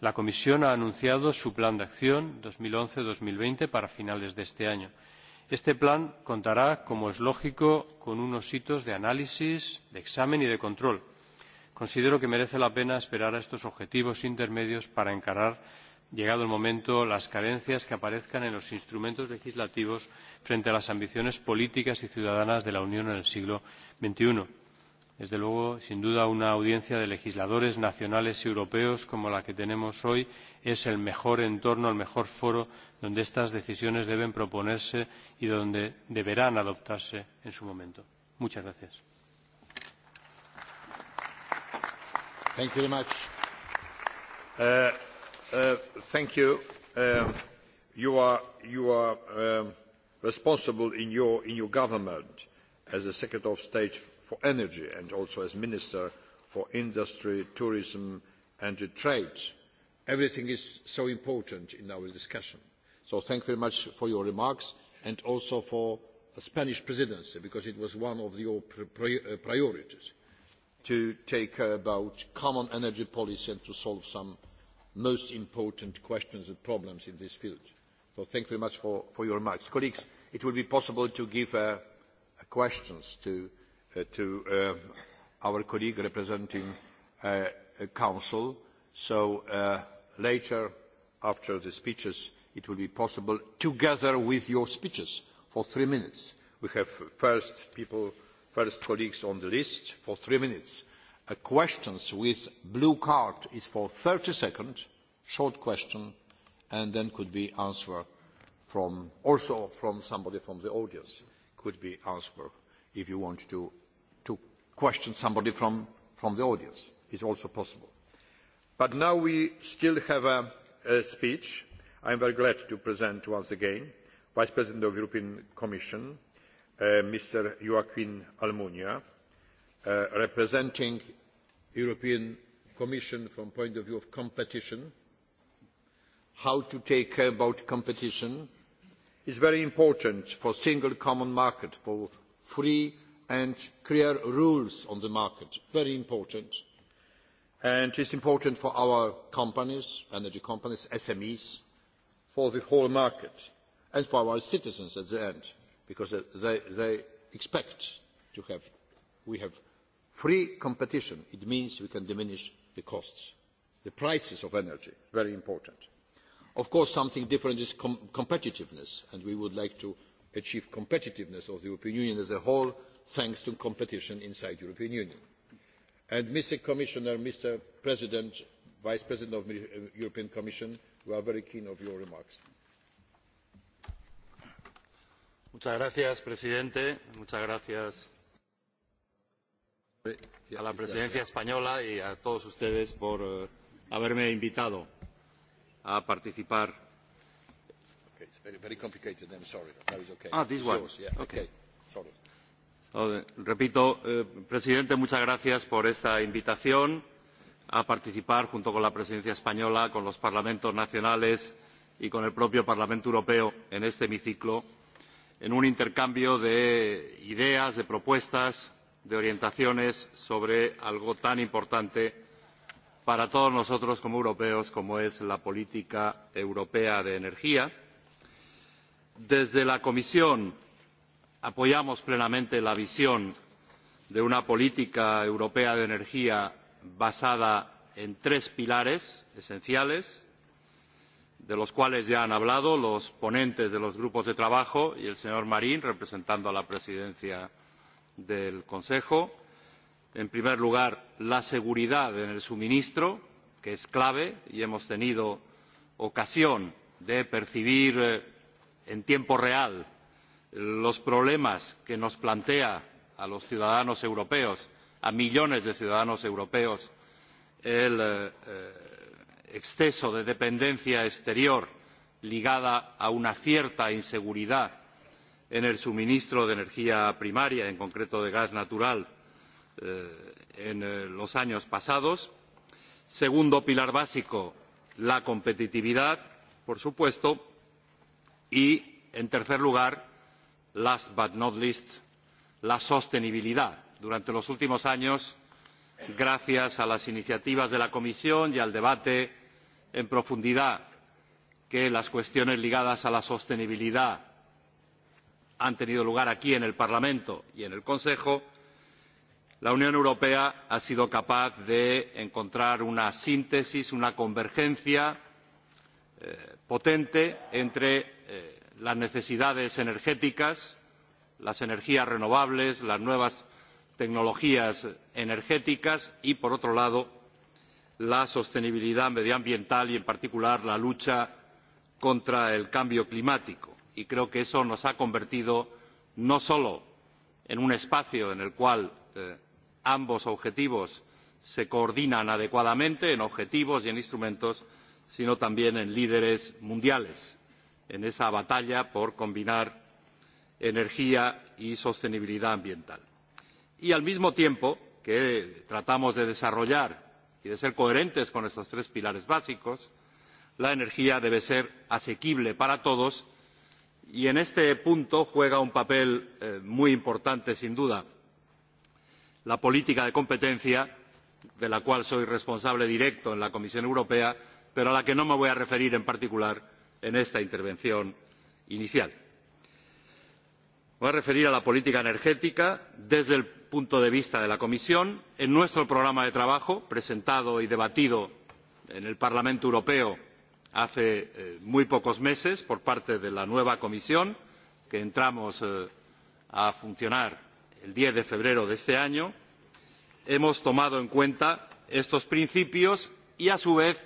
La Comisión ha anunciado su plan de acción dos mil 2011-2020 para finales de este año. Este plan contará, como es lógico, con unos hitos de análisis, de examen y de control. Considero que merece la pena esperar a estos objetivos intermedios para encarar, llegado el momento, las carencias que aparezcan en los instrumentos legislativos frente a las ambiciones políticas y ciudadanas de la Unión en el siglo XXI desde luego, sin duda, una audiencia de legisladores nacionales y europeos como la que tenemos hoy es el mejor entorno, el mejor foro donde estas decisiones deben proponerse y donde deberán adoptarse en su momento. Muchas gracias. Thank you very much. Uh, uh, thank you. Um, you are, you are um, responsible in your, in your government as a Secretary of State for energy and also as minister for industry, tourism and trade. Everything is so important in our discussion. So thank you very much for your remarks and also for the Spanish presidency because it was one of your uh, priorities to take care about common energy policy and to solve some most important questions and problems in this field. So thank you very much for, for your remarks. Colleagues, it will be possible to give uh, questions to Uh, to uh, our colleague representing uh, Council. So uh, later, after the speeches, it will be possible, together with your speeches, for three minutes. We have first people, first colleagues on the list for three minutes. A questions with blue card is for thirty seconds, short question, and then could be answered from, also from somebody from the audience, could be answered if you want to question somebody from, from the audience. is also possible. But now we still have a, a speech. I am very glad to present once again Vice President of the European Commission, uh, Mr. Joaquin Almunia, uh, representing European Commission from point of view of competition, how to take care about competition is very important for single common market, for free and clear rules on the market, very important. And it is important for our companies, energy companies, SMEs, for the whole market, and for our citizens at the end, because they, they expect to have, we have free competition. It means we can diminish the costs, the prices of energy, very important. Of course, something different is com competitiveness, and we would like to achieve competitiveness of the European Union as a whole thanks to competition inside the European Union. And Mr. Commissioner, Mr. President, Vice President of the uh, European Commission, we are very keen of your remarks. Muchas gracias, presidente. Muchas gracias eh, a la presidencia española y a todos ustedes por uh, haberme invitado a participar. Okay, it's very, very complicated. I'm sorry. okay. Ah, this one. Yours, yeah. Okay. okay. Sorry. Oh, repito, eh, presidente, muchas gracias por esta invitación a participar junto con la presidencia española, con los parlamentos nacionales y con el propio Parlamento Europeo en este hemiciclo en un intercambio de ideas, de propuestas, de orientaciones sobre algo tan importante para todos nosotros como europeos como es la política europea de energía. Desde la Comisión apoyamos plenamente la visión de una política europea de energía basada en tres pilares esenciales de los cuales ya han hablado los ponentes de los grupos de trabajo y el señor marin representando a la presidencia del consejo en primer lugar la seguridad en el suministro que es clave y hemos tenido ocasión de percibir eh, en tiempo real los problemas que nos plantea a los ciudadanos europeos, a millones de ciudadanos europeos, el eh, exceso de dependencia exterior ligada a una cierta inseguridad en el suministro de energía primaria, en concreto de gas natural, eh, en eh, los años pasados. Segundo pilar básico, la competitividad, por supuesto. Y, en tercer lugar, last but not least, la sostenibilidad. Durante los últimos años, gracias a las iniciativas de la Comisión y al debate en profundidad que las cuestiones ligadas a la sostenibilidad han tenido lugar aquí en el Parlamento y en el Consejo, la Unión Europea ha sido capaz de encontrar una síntesis, una convergencia eh, potente entre eh, las necesidades energéticas, las energías renovables, las nuevas tecnologías energéticas y, por otro lado, la sostenibilidad medioambiental y, en particular, la lucha contra el cambio climático. Y creo que eso nos ha convertido no solo en un espacio en el cual eh, ambos objetivos se coordinan adecuadamente en objetivos y en instrumentos, sino también en líderes mundiales en esa batalla por combinar energía y sostenibilidad ambiental. Y al mismo tiempo que tratamos de desarrollar y de ser coherentes con estos tres pilares básicos, la energía debe ser asequible para todos y en este punto juega un papel eh, muy importante, sin duda, la política de competencia, de la cual soy responsable directo en la Comisión Europea, pero a la que no me voy a referir en particular en esta intervención inicial. Me voy a referir a la política energética desde el punto de vista de la Comisión. En nuestro programa de trabajo, presentado y debatido en el Parlamento Europeo hace eh, muy pocos meses por parte de la nueva Comisión, que entramos eh, a funcionar el diez de febrero de este año, hemos tomado en cuenta estos principios y, a su vez,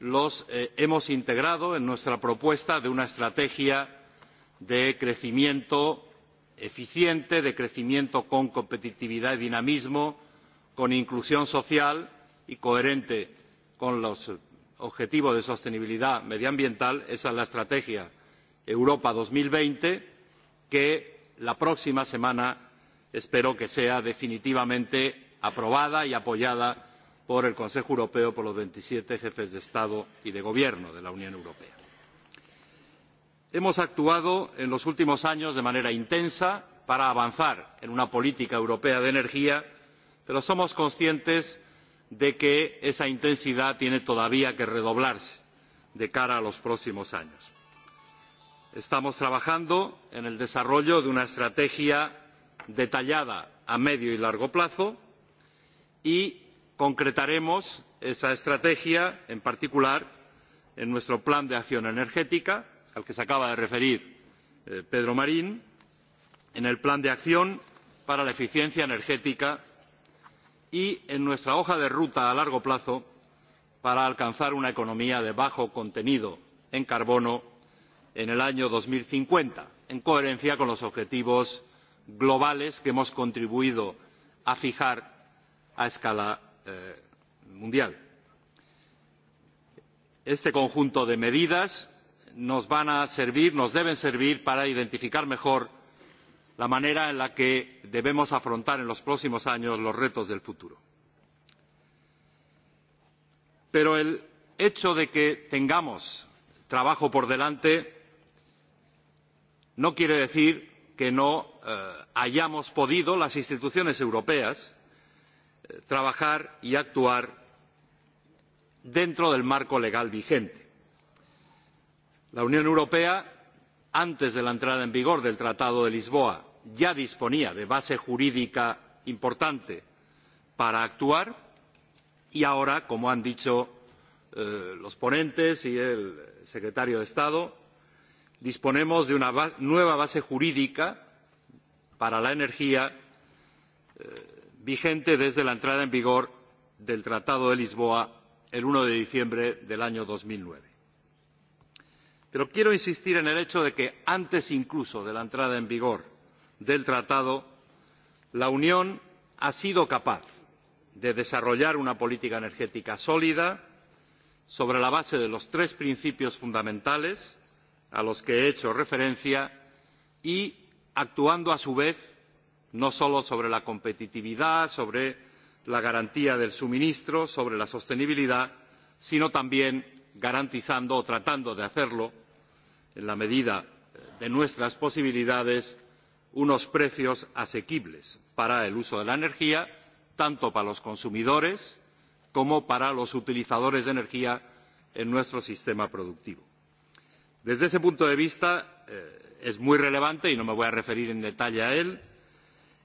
los eh, hemos integrado en nuestra propuesta de una estrategia de crecimiento eficiente, de crecimiento con competitividad y dinamismo, con inclusión social y coherente con los objetivos de sostenibilidad medioambiental. Esa es la estrategia Europa dos mil veinte, que la próxima semana espero que sea definitivamente aprobada y apoyada por el Consejo Europeo por los veintisiete jefes de Estado y de Gobierno de la Unión Europea. Hemos actuado en los últimos años de manera intensa para avanzar en una política europea de energía, pero somos conscientes de que esa intensidad tiene todavía que redoblarse de cara a los próximos años. Estamos trabajando en el desarrollo de una estrategia detallada a medio y largo plazo y concretaremos esa estrategia en particular en nuestro plan de acción energética al que se acaba de referir eh, pedro marín en el plan de acción para la eficiencia energética y en nuestra hoja de ruta a largo plazo para alcanzar una economía de bajo contenido en carbono en el año dos mil cincuenta en coherencia con los objetivos globales que hemos contribuido a fijar a escala Eh, mundial. Este conjunto de medidas nos van a servir, nos deben servir para identificar mejor la manera en la que debemos afrontar en los próximos años los retos del futuro. Pero el hecho de que tengamos trabajo por delante no quiere decir que no eh, hayamos podido las instituciones europeas trabajar y actuar dentro del marco legal vigente. La Unión Europea, antes de la entrada en vigor del Tratado de Lisboa, ya disponía de base jurídica importante para actuar y ahora, como han dicho eh, los ponentes y el secretario de Estado, disponemos de una nueva base jurídica para la energía eh, vigente desde la entrada en vigor del Tratado de Lisboa el uno de diciembre del año dos mil nueve. Pero quiero insistir en el hecho de que antes incluso de la entrada en vigor del Tratado, la Unión ha sido capaz de desarrollar una política energética sólida sobre la base de los tres principios fundamentales a los que he hecho referencia y actuando a su vez no solo sobre la competitividad, sobre la garantía del suministro, sobre la sostenibilidad, sino también garantizando o tratando de hacerlo, en la medida de nuestras posibilidades, unos precios asequibles para el uso de la energía, tanto para los consumidores como para los utilizadores de energía en nuestro sistema productivo. Desde ese punto de vista, eh, es muy relevante, y no me voy a referir en detalle a él,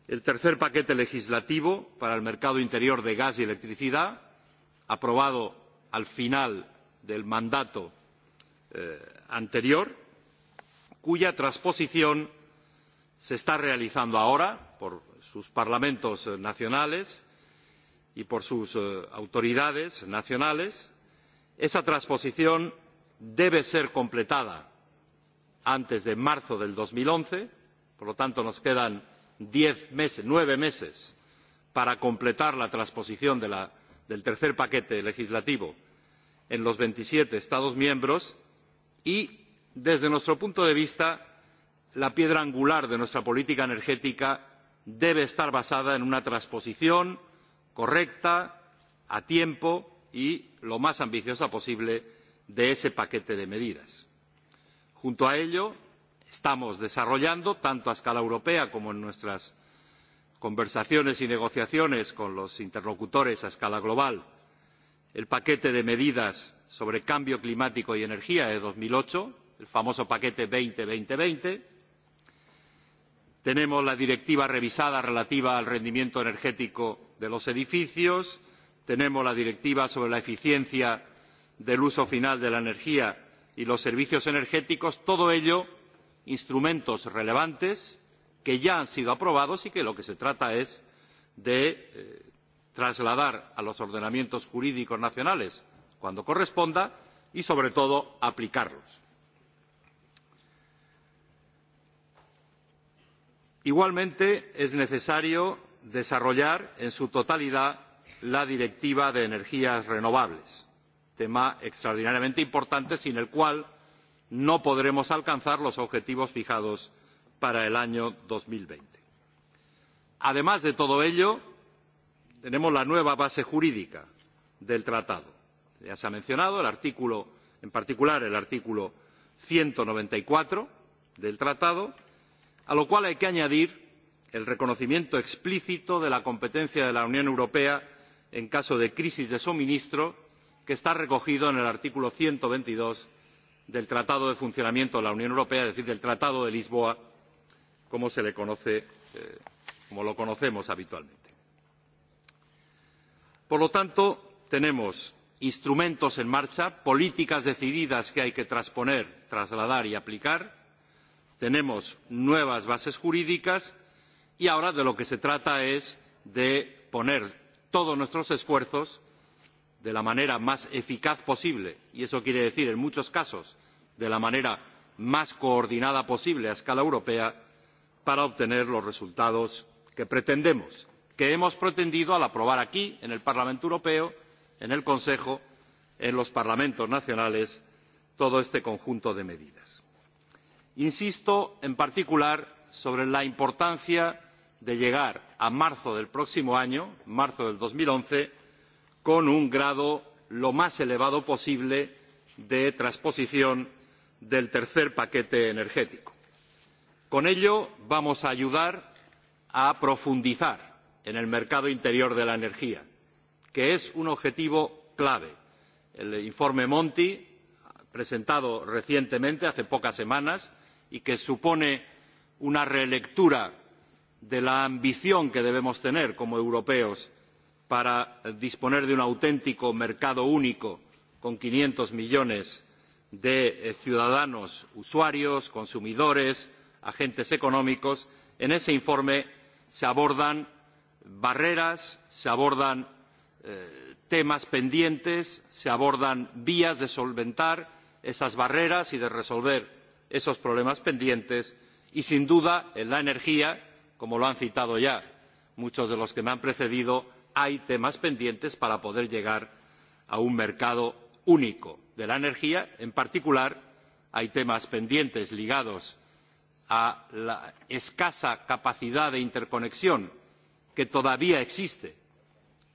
el tercer paquete legislativo para el mercado interior de gas y electricidad, aprobado al final del mandato eh, anterior, cuya transposición se está realizando ahora por sus parlamentos eh, nacionales y por sus eh, autoridades nacionales. Esa transposición debe ser completada antes de marzo de dos mil once, por lo tanto nos quedan diez meses, nueve meses para completar la transposición de la, del tercer paquete legislativo en los veintisiete Estados miembros y, desde nuestro punto de vista, la piedra angular de nuestra política energética debe estar basada en una transposición correcta, a tiempo y lo más ambiciosa posible de ese paquete de medidas. Junto a ello, estamos desarrollando, tanto a escala europea como en nuestras conversaciones y negociaciones con los interlocutores a escala global, el paquete de medidas sobre cambio climático y energía de dos mil ocho, el famoso paquete veinte veinte. Tenemos la directiva revisada relativa al rendimiento energético de los edificios, tenemos la directiva sobre la eficiencia del uso final de la energía y los servicios energéticos, todo ello instrumentos relevantes que ya han sido aprobados y que lo que se trata es de eh, trasladar a los ordenamientos jurídicos nacionales cuando corresponda y, sobre todo, aplicarlos. Igualmente, es necesario desarrollar en su totalidad la Directiva de Energías Renovables, tema extraordinariamente importante sin el cual no podremos alcanzar los objetivos fijados para el año dos mil veinte. Además de todo ello, tenemos la nueva base jurídica del tratado. Ya se ha mencionado el artículo, en particular el artículo ciento noventa y cuatro del tratado, a lo cual hay que añadir el reconocimiento explícito de la competencia de la Unión Europea en caso de crisis de suministro, que está recogido en el artículo ciento veintidós del Tratado de Funcionamiento de la Unión Europea, es decir, del Tratado de Lisboa, como se le conoce, eh, como lo conocemos habitualmente. Por lo tanto, tenemos instrumentos en marcha, políticas decididas que hay que transponer, trasladar y aplicar, tenemos nuevas bases jurídicas y ahora de lo que se trata es de poner todos nuestros esfuerzos de la manera más eficaz posible y eso quiere decir en muchos casos de la manera más coordinada posible a escala europea para obtener los resultados que pretendemos que hemos pretendido al aprobar aquí en el Parlamento Europeo en el Consejo en los parlamentos nacionales todo este conjunto de medidas. Insisto en particular sobre la importancia de llegar a marzo del próximo año, marzo de dos mil once, con un grado lo más elevado posible de transposición del tercer paquete energético. Con ello vamos a ayudar a profundizar en el mercado interior de la energía, que es un objetivo clave. El informe Monti, presentado recientemente, hace pocas semanas, y que supone una relectura de la ambición que debemos tener como europeos para disponer de un auténtico mercado único con quinientos millones de eh, ciudadanos, usuarios, consumidores, agentes económicos, en ese informe se abordan barreras, se abordan eh, temas pendientes, se abordan vías de solventar esas barreras y de resolver esos problemas pendientes y, sin duda, en la energía, como lo han citado ya muchos de los que me han precedido, hay temas pendientes para poder llegar a un mercado único de la energía. En particular, hay temas pendientes ligados a la escasa capacidad de interconexión que todavía existe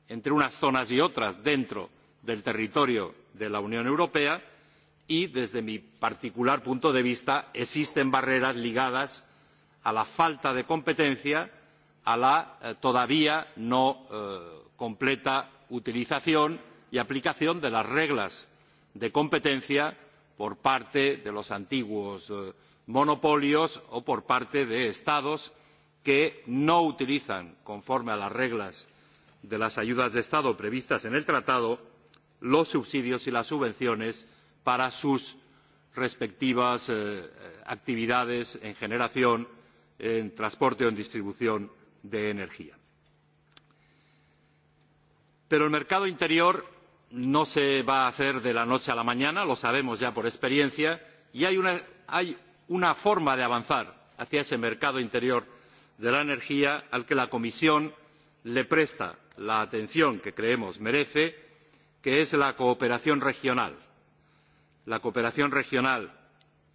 entre unas zonas y otras dentro del territorio de la Unión Europea y, desde mi particular punto de vista, existen barreras ligadas a la falta de competencia la eh, todavía no eh, completa utilización y aplicación de las reglas de competencia por parte de los antiguos eh, monopolios o por parte de Estados que no utilizan, conforme a las reglas de las ayudas de Estado previstas en el Tratado, los subsidios y las subvenciones para sus respectivas actividades en generación, en transporte o en distribución de energía. Pero el mercado interior no se va a hacer de la noche a la mañana, lo sabemos ya por experiencia, y hay una, hay una forma de avanzar hacia ese mercado interior de la energía al que la Comisión le presta la atención que creemos merece, que es la cooperación regional. La cooperación regional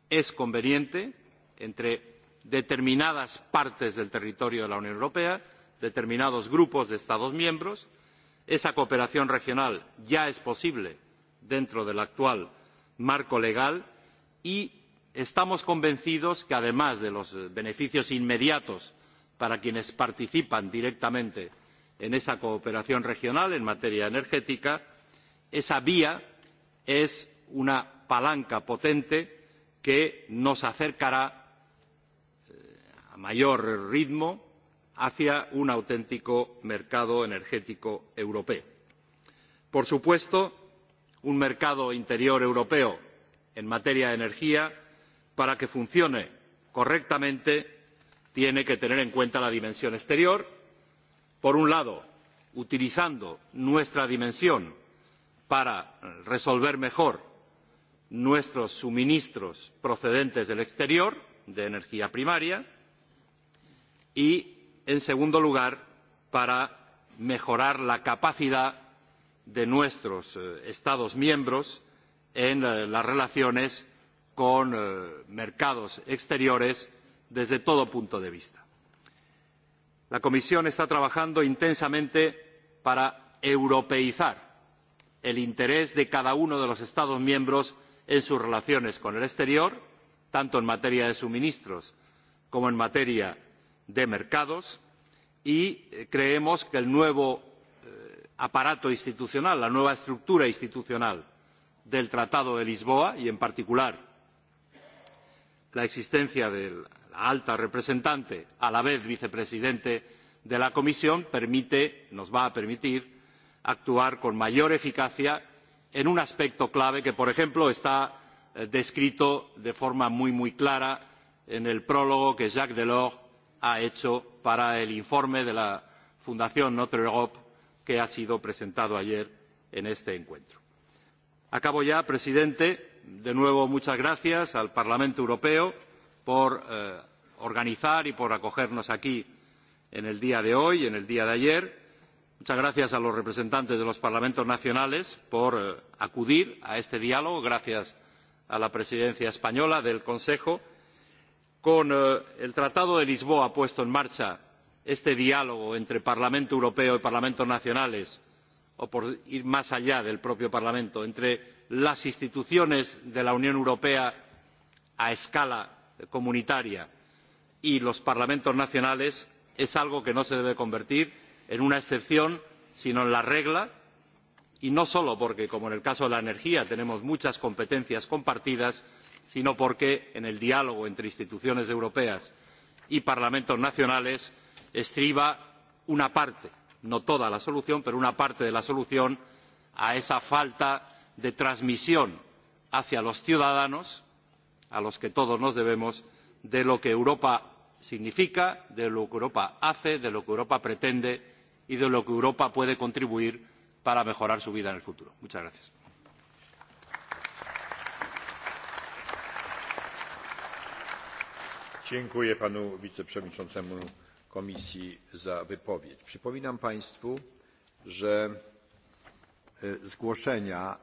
es conveniente entre determinadas partes del territorio de la Unión Europea, determinados grupos de Estados miembros. Esa cooperación regional ya es posible dentro del actual marco legal y estamos convencidos de que, además de los beneficios inmediatos para quienes participan directamente en esa cooperación regional en materia energética, esa vía es una palanca potente que nos acercará a mayor ritmo hacia un auténtico mercado energético europeo. Por supuesto, un mercado interior europeo en materia de energía, para que funcione correctamente, tiene que tener en cuenta la dimensión exterior, por un lado, utilizando nuestra dimensión para resolver mejor nuestros suministros procedentes del exterior de energía primaria y, en segundo lugar, para mejorar la capacidad de nuestros eh, Estados miembros en eh, las relaciones con eh, mercados exteriores desde todo punto de vista. La Comisión está trabajando intensamente para europeizar el interés de cada uno de los Estados miembros en sus relaciones con el exterior, tanto en materia de suministros como en materia de mercados y eh, creemos que el nuevo eh, aparato institucional, la nueva estructura institucional del Tratado de Lisboa y, en particular, la existencia de la alta representante, a la vez vicepresidente de la Comisión, permite, nos va a permitir actuar con mayor eficacia en un aspecto clave que, por ejemplo, está eh, descrito de forma muy, muy clara en el prólogo que Jacques Delors ha hecho para el informe de la Fundación Notre Europe que ha sido presentado ayer en este encuentro. Acabo ya, presidente. De nuevo, muchas gracias al Parlamento Europeo por eh, organizar y por acogernos aquí en el día de hoy, y en el día de ayer. Muchas gracias a los representantes de los parlamentos nacionales por eh, acudir a este diálogo. Gracias a la presidencia española del Consejo con eh, el Tratado de Lisboa puesto en marcha este diálogo entre Parlamento Europeo y Parlamentos Nacionales, o por ir más allá del propio Parlamento, entre las instituciones de la Unión Europea a escala comunitaria y los parlamentos nacionales es algo que no se debe convertir en una excepción, sino en la regla, y no solo porque, como en el caso de la energía, tenemos muchas competencias compartidas, sino porque en el diálogo entre instituciones europeas y parlamentos nacionales estriba una parte no toda la solución pero una parte de la solución a esa falta de transmisión hacia los ciudadanos a los que todos nos debemos de lo que Europa significa, de lo que Europa hace, de lo que Europa pretende y de lo que Europa puede contribuir para mejorar su vida en el futuro. Muchas gracias. Dziękuję panu wiceprzewodniczącemu komisji za wypowiedź. Przypominam państwu, że e, zgłoszenia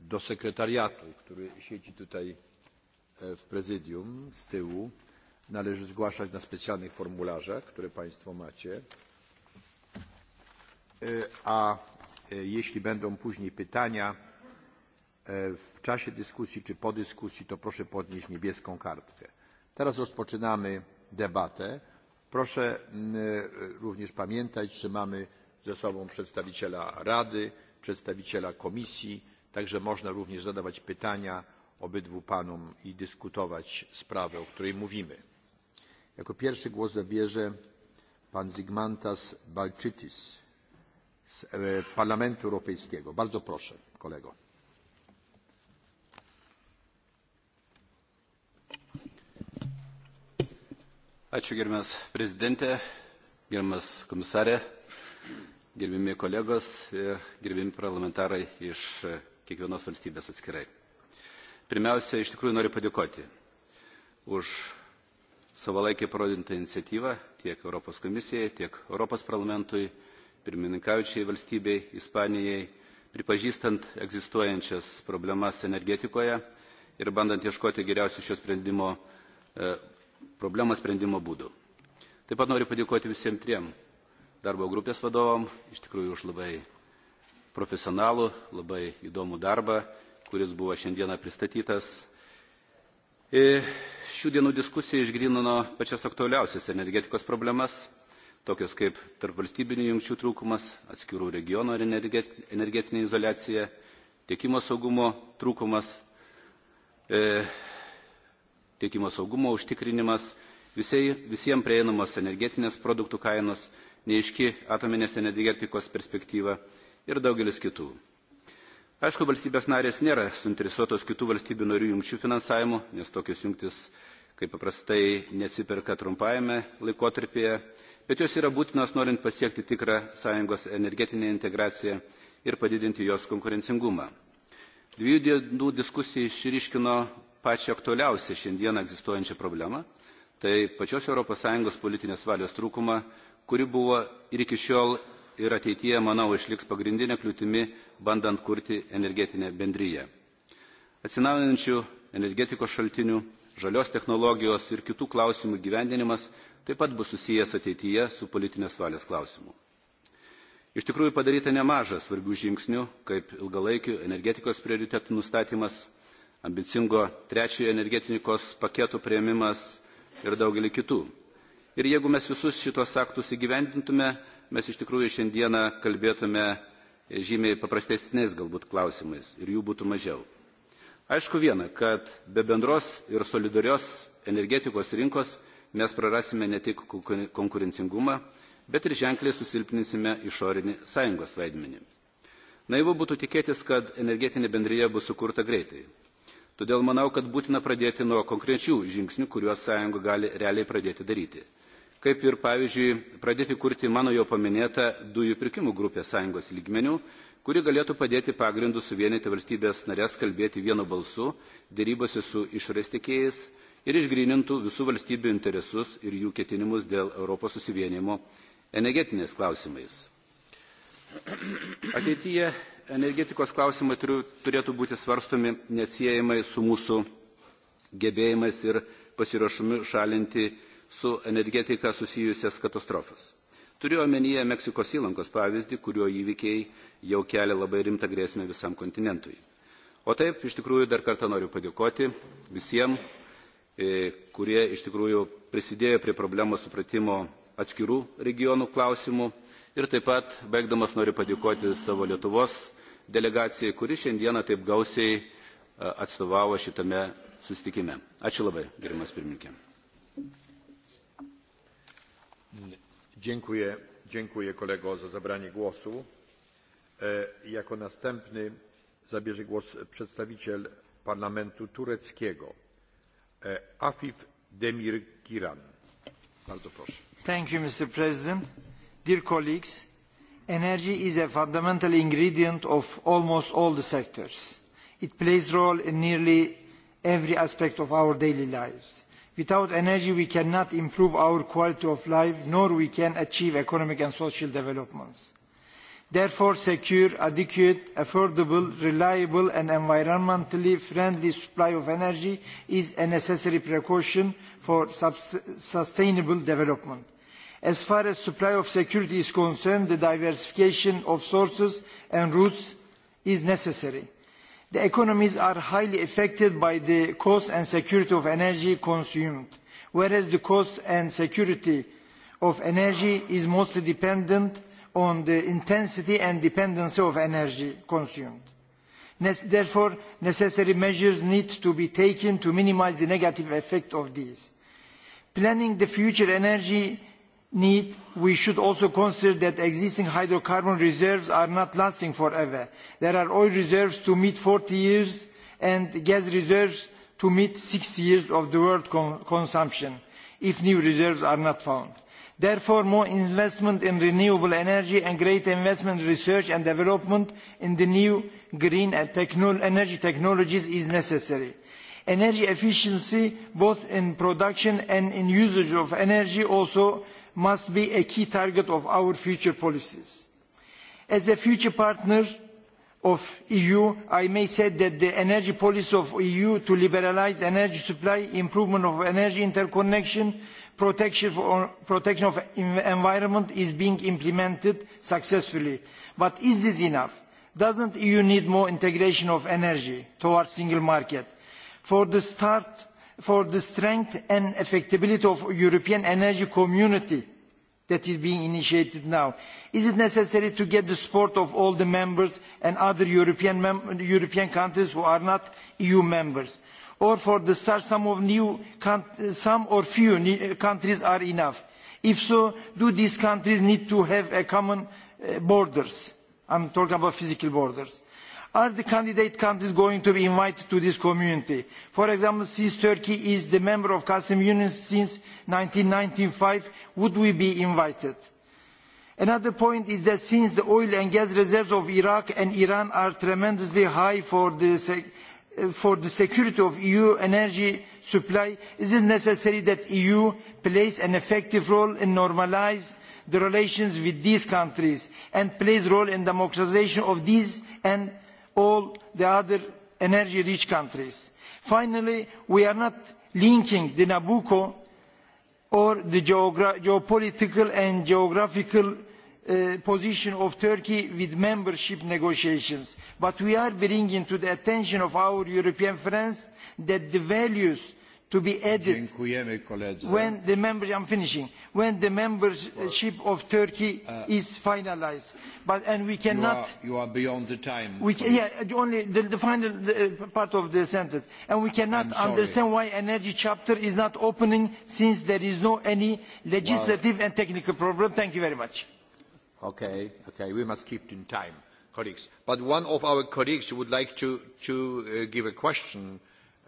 do sekretariatu, który siedzi tutaj e, w prezydium z tyłu, należy zgłaszać na specjalnych formularzach, które państwo macie. E, a jeśli będą później pytania w czasie dyskusji czy po dyskusji, to proszę podnieść niebieską kartkę. Teraz rozpoczynamy debatę. Proszę mm, e, również pamiętać, że mamy ze sobą przedstawiciela Rady, przedstawiciela Komisji, także można również zadawać pytania obydwu panom i dyskutować sprawę, o której mówimy. Jako pierwszy głos zabierze pan Zygmantas Balczytis z e, Parlamentu Europejskiego. Bardzo proszę, kolego. Ačiū gerbiamas prezidentė, gerbiamas komisarė, gerbimi kolegos ir gerbiami parlamentarai iš e, kiekvienos valstybės atskirai. Pirmiausia, iš tikrųjų noriu padėkoti už savalaikį parodintą iniciatyvą tiek Europos komisijai, tiek Europos parlamentui, pirmininkaučiai valstybei, Ispanijai, pripažįstant egzistuojančias problemas energetikoje ir bandant ieškoti geriausių šio sprendimo e, problemos sprendimo būdų. Taip pat noriu padėkoti visiems triem darbo grupės vadovom, iš tikrųjų už labai profesionalų, labai įdomų darbą, kuris buvo šiandieną pristatytas. I e, šių dienų diskusija išgrinino pačias aktualiausias energetikos problemas, tokias kaip tarpvalstybinių jungčių trūkumas, atskirų regionų energetinė izolacija, tiekimo saugumo trūkumas, e, tiekimo saugumo užtikrinimas, visiems prieinamos energetinės produktų kainos, neiški atominės energetikos perspektyva ir daugelis kitų. Aišku, valstybės narės nėra suinteresuotos kitų valstybių narių jungčių finansavimu, nes tokios jungtis kaip paprastai neatsiperka trumpajame laikotarpyje, bet jos yra būtinos norint pasiekti tikrą sąjungos energetinę integraciją ir padidinti jos konkurencingumą. Dviejų dienų diskusija išryškino pačią aktualiausią šiandien egzistuojančią problemą, tai pačios ES politinės valios trūkumą, kuri buvo ir iki šiol ir ateityje, manau, išliks pagrindinė kliūtimi, bandant kurti energetinę bendryją. Atsinaujančių energetikos šaltinių, žalios technologijos ir kitų klausimų gyvendinimas taip pat bus susijęs ateityje su politinės valios klausimu. Iš tikrųjų padaryta nemaža svarbių žingsnių, kaip ilgalaikių energetikos prioritetų nustatymas, ambicingo trečiojo energetikos paketo prieimimas ir daugelį kitų. Ir jeigu mes visus šitos aktus įgyvendintume, mes iš tikrųjų šiandieną kalbėtume žymiai paprastesniais galbūt klausimais ir jų būtų mažiau. Aišku viena, kad be bendros ir solidarios energetikos rinkos mes prarasime ne tik konkurencingumą, bet ir ženkliai susilpninsime išorinį sąjungos vaidmenį. Naivu būtų tikėtis, kad energetinė bendryje bus sukurta greitai, Todėl manau, kad būtina pradėti nuo konkrečių žingsnių, kuriuos sąjunga gali realiai pradėti daryti. Kaip ir, pavyzdžiui, pradėti kurti mano jau paminėtą dujų pirkimų grupę sąjungos lygmenių, kuri galėtų padėti pagrindų suvienyti valstybės narės kalbėti vienu balsu, dėrybose su išorės ir išgrinintų visų valstybių interesus ir jų ketinimus dėl Europos susivienimo energetinės klausimais. Ateityje energetikos klausimai turėtų būti svarstomi neatsiejamai su mūsų gebėjimais ir pasiruošimu šalinti su energetika susijusias katastrofas. Turiu omenyje Meksikos įlankos pavyzdį, kurio įvykiai jau kelia labai rimtą grėsmę visam kontinentui. O taip, iš tikrųjų, dar kartą noriu padėkoti visiems, e, kurie iš tikrųjų prisidėjo prie problemos supratimo atskirų regionų klausimų Ir taip pat, baigdamas, noriu padėkoti savo Lietuvos delegacijai, kuri šiandieną taip gausiai e, atstovavo šitame susitikime. Ačiū labai, gerimas pirmininkė. Dziękuję, dziękuję kolego za zabranie głosu. E, jako następny zabierze głos przedstawiciel parlamentu tureckiego, e, Afif Kiran, Bardzo proszę. Thank you, Mr. President. Dear colleagues, energy is a fundamental ingredient of almost all the sectors. It plays a role in nearly every aspect of our daily lives. Without energy, we cannot improve our quality of life, nor we can achieve economic and social developments. Therefore, secure, adequate, affordable, reliable and environmentally friendly supply of energy is a necessary precaution for sustainable development. As far as supply of security is concerned, the diversification of sources and routes is necessary. The economies are highly affected by the cost and security of energy consumed, whereas the cost and security of energy is mostly dependent on the intensity and dependency of energy consumed. Therefore, necessary measures need to be taken to minimise the negative effect of these. Planning the future energy need, we should also consider that existing hydrocarbon reserves are not lasting forever. There are oil reserves to meet 40 years and gas reserves to meet 60 years of the world con consumption if new reserves are not found. Therefore, more investment in renewable energy and great investment in research and development in the new green and energy technologies is necessary. Energy efficiency, both in production and in usage of energy, also must be a key target of our future policies. As a future partner of the EU, I may say that the energy policy of the EU to liberalise energy supply, improvement of energy interconnection, protection, for, protection of environment is being implemented successfully. But is this enough? Doesn't the EU need more integration of energy towards the single market? For the start, for the strength and effectability of European energy community that is being initiated now? Is it necessary to get the support of all the members and other European, mem European countries who are not EU members? Or for the start, some, of new some or few countries are enough? If so, do these countries need to have a common uh, borders? I'm talking about physical borders are the candidate countries going to be invited to this community? For example, since Turkey is the member of customs Union since ninety five, would we be invited? Another point is that since the oil and gas reserves of Iraq and Iran are tremendously high for the, for the security of EU energy supply, is it necessary that the EU plays an effective role in normalising the relations with these countries and plays a role in democratisation of these and all the other energy rich countries. Finally, we are not linking the Nabucco or the geopolitical and geographical uh, position of Turkey with membership negotiations. But we are bringing to the attention of our European friends that the values to be added when the members I'm finishing when the membership of Turkey uh, is finalized but and we cannot you are, you are beyond the time we can, yeah only the, the final the, uh, part of the sentence and we cannot understand why energy chapter is not opening since there is no any legislative well, and technical problem thank you very much okay okay we must keep in time colleagues but one of our colleagues would like to to uh, give a question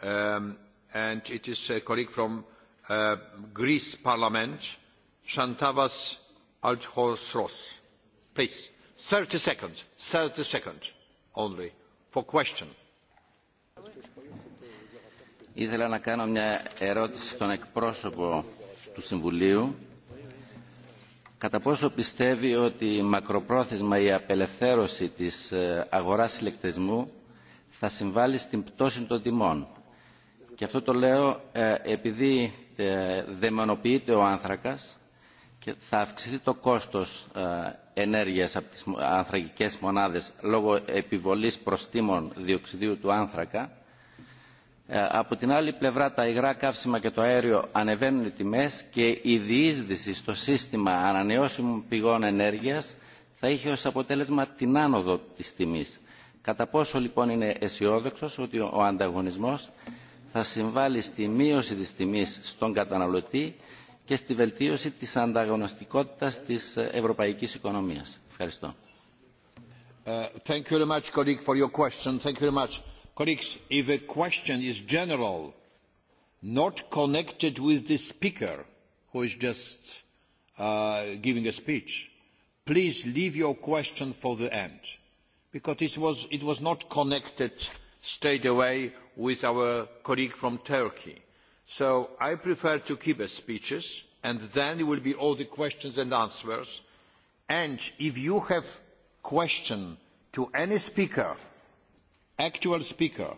um, and it is a colleague from uh, Greece Parliament, Shantavas Althosros. Please, 30 seconds, 30 seconds only for question. Ήθελα να κάνω μια ερώτηση στον εκπρόσωπο του Συμβουλίου. Κατά πόσο πιστεύει ότι μακροπρόθεσμα η απελευθέρωση της αγοράς ηλεκτρισμού θα συμβάλλει στην πτώση των τιμών Και αυτό το λέω ε, επειδή ε, δαιμονοποιείται ο άνθρακας και θα αυξηθεί το κόστος ε, ενέργειας από τις ανθρακικές μονάδες λόγω επιβολής προστήμων διοξιδίου του άνθρακα. Ε, από την άλλη πλευρά τα υγρά καύσιμα και το αέριο ανεβαίνουν οι τιμές και η διείσδυση στο σύστημα ανανεώσιμων πηγών ενέργειας θα είχε ως αποτέλεσμα την άνοδο της τιμής. Κατά πόσο λοιπόν είναι αισιόδοξο ότι ο ανταγωνισμός θα συμβάλλει στη μείωση της τιμής στον καταναλωτή και στη βελτίωση της ανταγωνιστικότητας της ευρωπαϊκής οικονομίας. Ευχαριστώ. Uh, thank you very much, colleague, for your question. Thank you very much. Colleagues, if a question is general, not connected with the speaker who is just uh, giving a speech, please leave your question for the end, because it was, it was not connected straight away with our colleague from Turkey. So I prefer to keep the speeches and then it will be all the questions and answers. And if you have question to any speaker, actual speaker,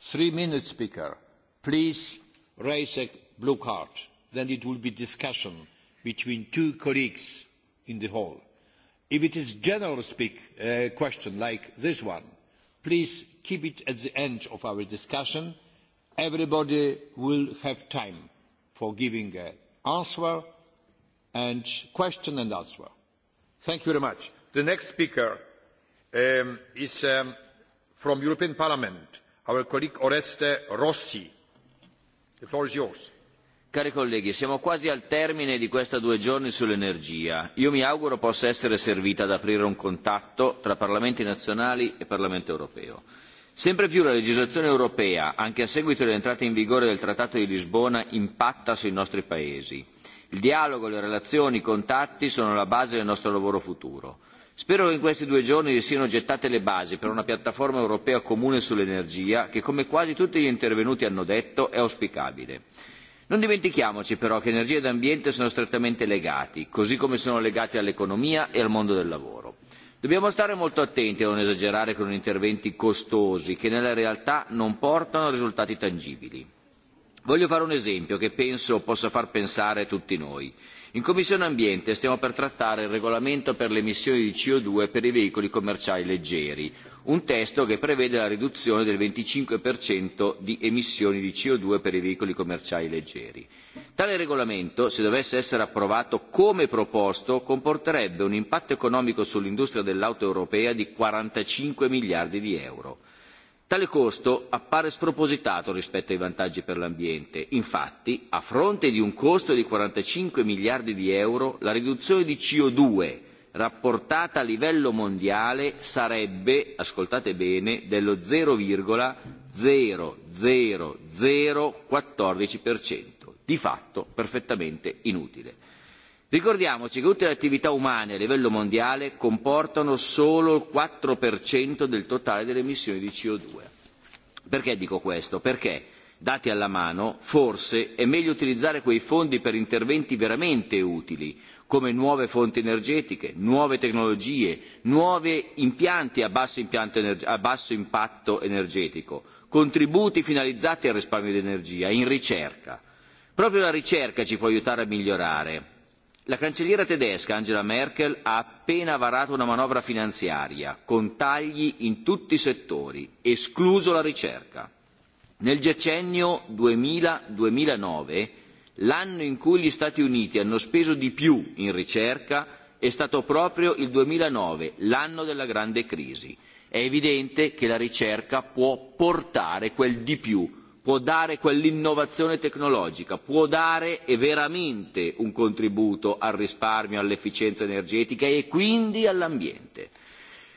three minute speaker, please raise a blue card. Then it will be discussion between two colleagues in the hall. If it is general speak, uh, question like this one, please keep it at the end of our discussion. Everybody will have time for giving an answer and question and answer. Thank you very much. The next speaker um, is um, from European Parliament, our colleague Oreste Rossi. The floor is yours. Cari colleghi, siamo quasi al termine di questa due giorni sull'energia. Io mi auguro possa essere servita ad aprire un contatto tra Parlamenti nazionali e Parlamento europeo. Sempre più la legislazione europea, anche a seguito dell'entrata in vigore del Trattato di Lisbona, impatta sui nostri paesi. Il dialogo, le relazioni, i contatti sono la base del nostro lavoro futuro. Spero che in questi due giorni siano gettate le basi per una piattaforma europea comune sull'energia che, come quasi tutti gli intervenuti hanno detto, è auspicabile. Non dimentichiamoci però che energia ed ambiente sono strettamente legati, così come sono legati all'economia e al mondo del lavoro. Dobbiamo stare molto attenti a non esagerare con interventi costosi che nella realtà non portano a risultati tangibili. Voglio fare un esempio che penso possa far pensare tutti noi. In Commissione Ambiente stiamo per trattare il regolamento per le emissioni di CO2 per i veicoli commerciali leggeri, un testo che prevede la riduzione del 25% di emissioni di CO2 per i veicoli commerciali leggeri. Tale regolamento, se dovesse essere approvato come proposto, comporterebbe un impatto economico sull'industria dell'auto europea di 45 miliardi di euro. Tale costo appare spropositato rispetto ai vantaggi per l'ambiente. Infatti, a fronte di un costo di 45 miliardi di euro, la riduzione di CO2 rapportata a livello mondiale sarebbe, ascoltate bene, dello 0,00014%, di fatto perfettamente inutile. Ricordiamoci che tutte le attività umane a livello mondiale comportano solo il 4% del totale delle emissioni di CO2. Perché dico questo? Perché, dati alla mano, forse è meglio utilizzare quei fondi per interventi veramente utili, come nuove fonti energetiche, nuove tecnologie, nuovi impianti a basso, impianto, a basso impatto energetico, contributi finalizzati al risparmio di energia, in ricerca. Proprio la ricerca ci può aiutare a migliorare La cancelliera tedesca Angela Merkel ha appena varato una manovra finanziaria con tagli in tutti i settori, escluso la ricerca. Nel decennio 2000-2009, l'anno in cui gli Stati Uniti hanno speso di più in ricerca è stato proprio il 2009, l'anno della grande crisi. È evidente che la ricerca può portare quel di più può dare quell'innovazione tecnologica, può dare e veramente un contributo al risparmio, all'efficienza energetica e quindi all'ambiente.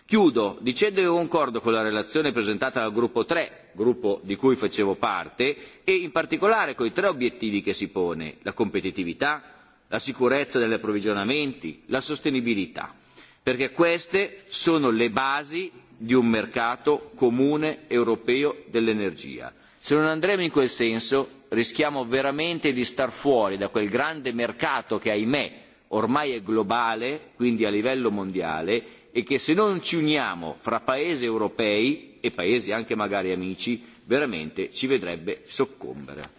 Chiudo dicendo che concordo con la relazione presentata dal gruppo tre, gruppo di cui facevo parte, e in particolare con i tre obiettivi che si pone, la competitività, la sicurezza degli approvvigionamenti, la sostenibilità, perché queste sono le basi di un mercato comune europeo dell'energia Se non andremo in quel senso rischiamo veramente di star fuori da quel grande mercato che ahimè ormai è globale, quindi a livello mondiale, e che se non ci uniamo fra paesi europei e paesi anche magari amici, veramente ci vedrebbe soccombere.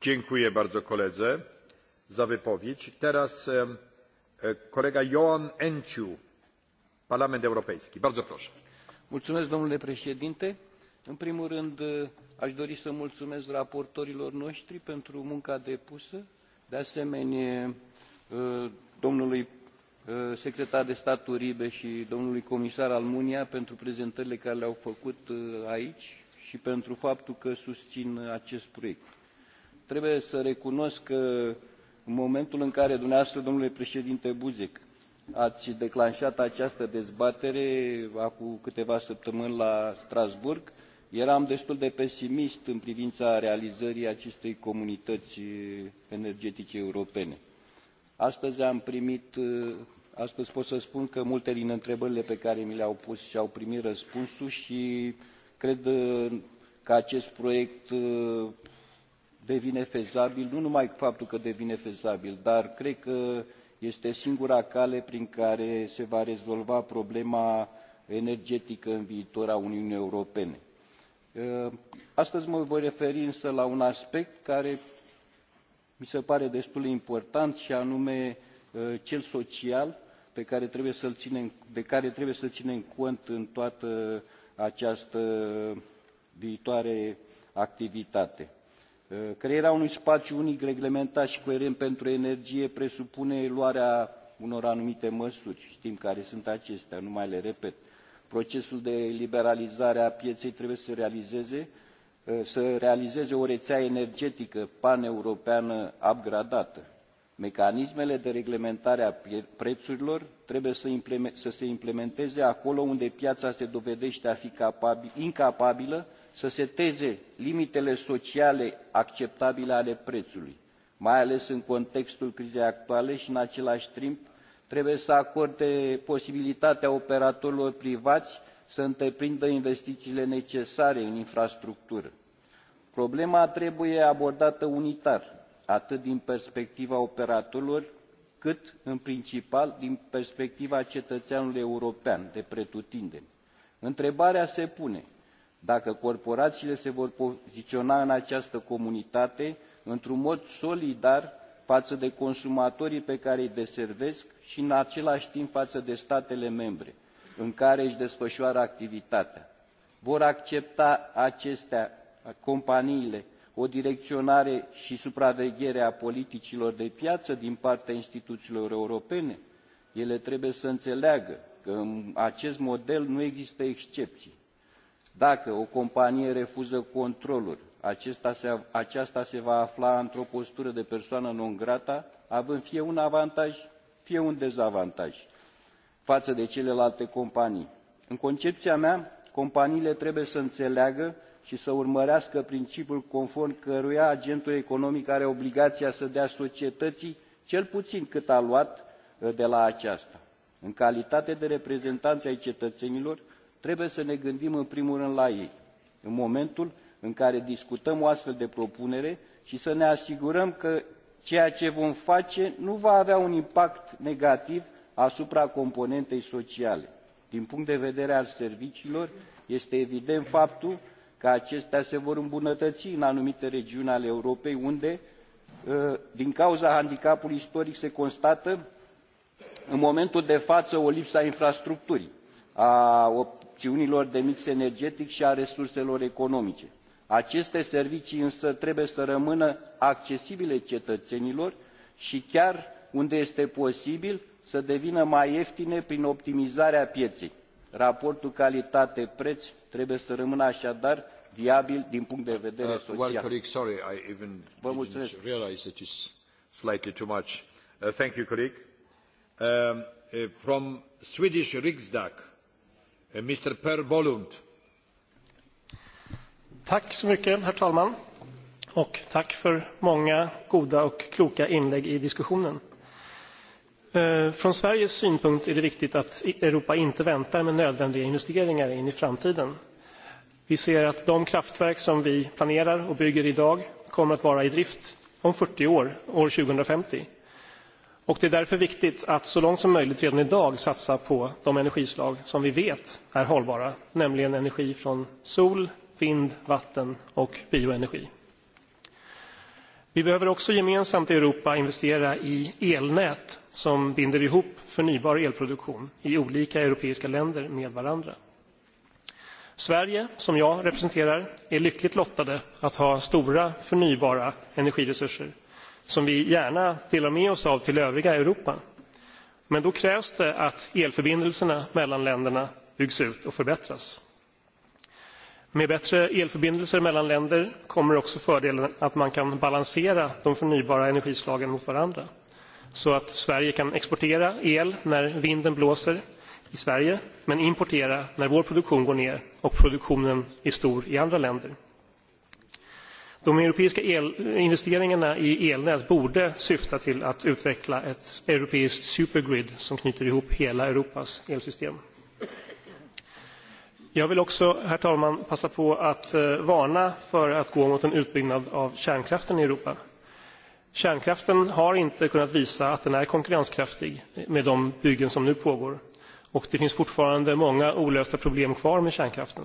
Dziękuję bardzo koledze za wypowiedź. Teraz e, kolega Enciu Parlament Europejski. Bardzo proszę. Mulțumesc, domnule președinte. În primul rând, aș dori să mulțumesc raportorilor noștri pentru munca depusă, de asemenea domnului eh, secretar de stat Uribe și domnului comisar Almunia pentru prezentările care le-au făcut eh, aici și pentru faptul că susțin acest proiect. Trebuie să recunosc că în momentul în care dumneavoastră, domnule președinte Buzek, ați declanșat această dezbatere acum câteva săptămâni la Strasburg. Eram destul de pesimist în privința realizării acestei comunități energetice europene. Astăzi am primit, astăzi pot să spun că multe din întrebările pe care mi le-au pus și-au primit răspunsul și cred că acest proiect uh, devine fezabil, nu numai faptul că devine fezabil, dar cred că este singura cale prin care se va rezolva problema energetică în viitor a Uniunii Europene. E, astăzi mă voi referi însă la un aspect care mi se pare destul de important și anume e, cel social pe care trebuie să-l ținem, de care trebuie să ținem cont în toată această viitoare activitate. Uh, crearea unui spațiu unic reglementat și coerent pentru energie presupune luarea unor anumite măsuri. Știm care sunt acestea, nu mai le repet. Procesul de liberalizare a pieței trebuie să realizeze uh, să realizeze o rețea energetică paneuropeană upgradată. Mecanismele de reglementare a prețurilor trebuie să, să se implementeze acolo unde piața se dovedește a fi incapabilă să seteze limitele sociale acceptabile ale prețului, mai ales în contextul crizei actuale și în același timp trebuie să acorde posibilitatea operatorilor privați să întreprindă investițiile necesare în infrastructură. Problema trebuie abordată unitar, atât din perspectiva operatorilor, cât, în principal, din perspectiva cetățeanului european de pretutindeni. Întrebarea se pune, dacă corporațiile se vor poziționa în această comunitate într-un mod solidar față de consumatorii pe care îi deservesc și în același timp față de statele membre în care își desfășoară activitatea. Vor accepta acestea companiile o direcționare și supraveghere a politicilor de piață din partea instituțiilor europene? Ele trebuie să înțeleagă că în acest model nu există excepții Dacă o companie refuză controlul, se, aceasta se va afla într-o postură de persoană non grata, având fie un avantaj, fie un dezavantaj față de celelalte companii. În concepția mea, companiile trebuie să înțeleagă și să urmărească principiul conform căruia agentul economic are obligația să dea societății cel puțin cât a luat uh, de la aceasta. În calitate de reprezentanți ai cetățenilor, Trebuie să ne gândim în primul rând la ei, în momentul în care discutăm o astfel de propunere și să ne asigurăm că ceea ce vom face nu va avea un impact negativ asupra componentei sociale. Din punct de vedere al serviciilor, este evident faptul că acestea se vor îmbunătăți în anumite regiuni ale Europei, unde, din cauza handicapului istoric, se constată în momentul de față o lipsă a infrastructurii, a opțiunilor de mix energetic și a resurselor economice. Aceste servicii însă trebuie să rămână accesibile cetățenilor și chiar unde este posibil să devină mai ieftine prin optimizarea pieței. Raportul calitate-preț trebuie să rămână așadar viabil din punct de vedere social. Uh, well, colleague, sorry, I even Vă mulțumesc. realize slightly too much. Uh, thank you, colleague. Um, uh, from Swedish Riksdag, Eh, Mr. Per Tack så mycket, herr talman. Och tack för många goda och kloka inlägg i diskussionen. Eh, från Sveriges synpunkt är det viktigt att Europa inte väntar med nödvändiga investeringar in i framtiden. Vi ser att de kraftverk som vi planerar och bygger idag kommer att vara i drift om 40 år, år 2050. Och det är därför viktigt att så långt som möjligt redan idag satsa på de energislag som vi vet är hållbara, nämligen energi från sol, vind, vatten och bioenergi. Vi behöver också gemensamt i Europa investera i elnät som binder ihop förnybar elproduktion i olika europeiska länder med varandra. Sverige, som jag representerar, är lyckligt lottade att ha stora förnybara energiresurser som vi gärna delar med oss av till övriga Europa. Men då krävs det att elförbindelserna mellan länderna byggs ut och förbättras. Med bättre elförbindelser mellan länder kommer också fördelen att man kan balansera de förnybara energislagen mot varandra. Så att Sverige kan exportera el när vinden blåser i Sverige men importera när vår produktion går ner och produktionen är stor i andra länder. De europeiska el investeringarna i elnät borde syfta till att utveckla ett europeiskt supergrid som knyter ihop hela Europas elsystem. Jag vill också, herr talman, passa på att eh, varna för att gå mot en utbyggnad av kärnkraften i Europa. Kärnkraften har inte kunnat visa att den är konkurrenskraftig med de byggen som nu pågår. Och det finns fortfarande många olösta problem kvar med kärnkraften.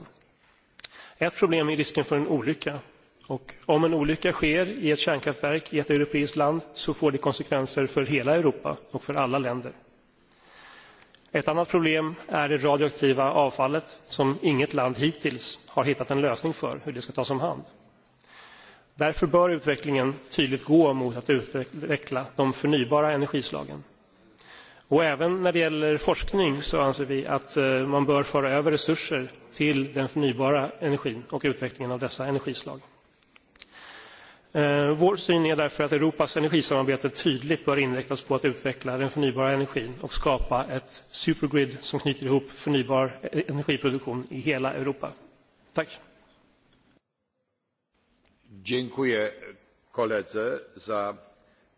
Ett problem är risken för en olycka. Och om en olycka sker i ett kärnkraftverk i ett europeiskt land så får det konsekvenser för hela Europa och för alla länder. Ett annat problem är det radioaktiva avfallet som inget land hittills har hittat en lösning för hur det ska tas om hand. Därför bör utvecklingen tydligt gå mot att utveckla de förnybara energislagen. Och även när det gäller forskning så anser vi att eh, man bör föra över resurser till den förnybara energin och utvecklingen av dessa energislag. Eh, vår syn är därför att Europas energisamarbete tydligt bör inriktas på att utveckla den förnybara energin och skapa ett supergrid som knyter ihop förnybar energiproduktion i hela Europa. Tack. Dziękuję koledze za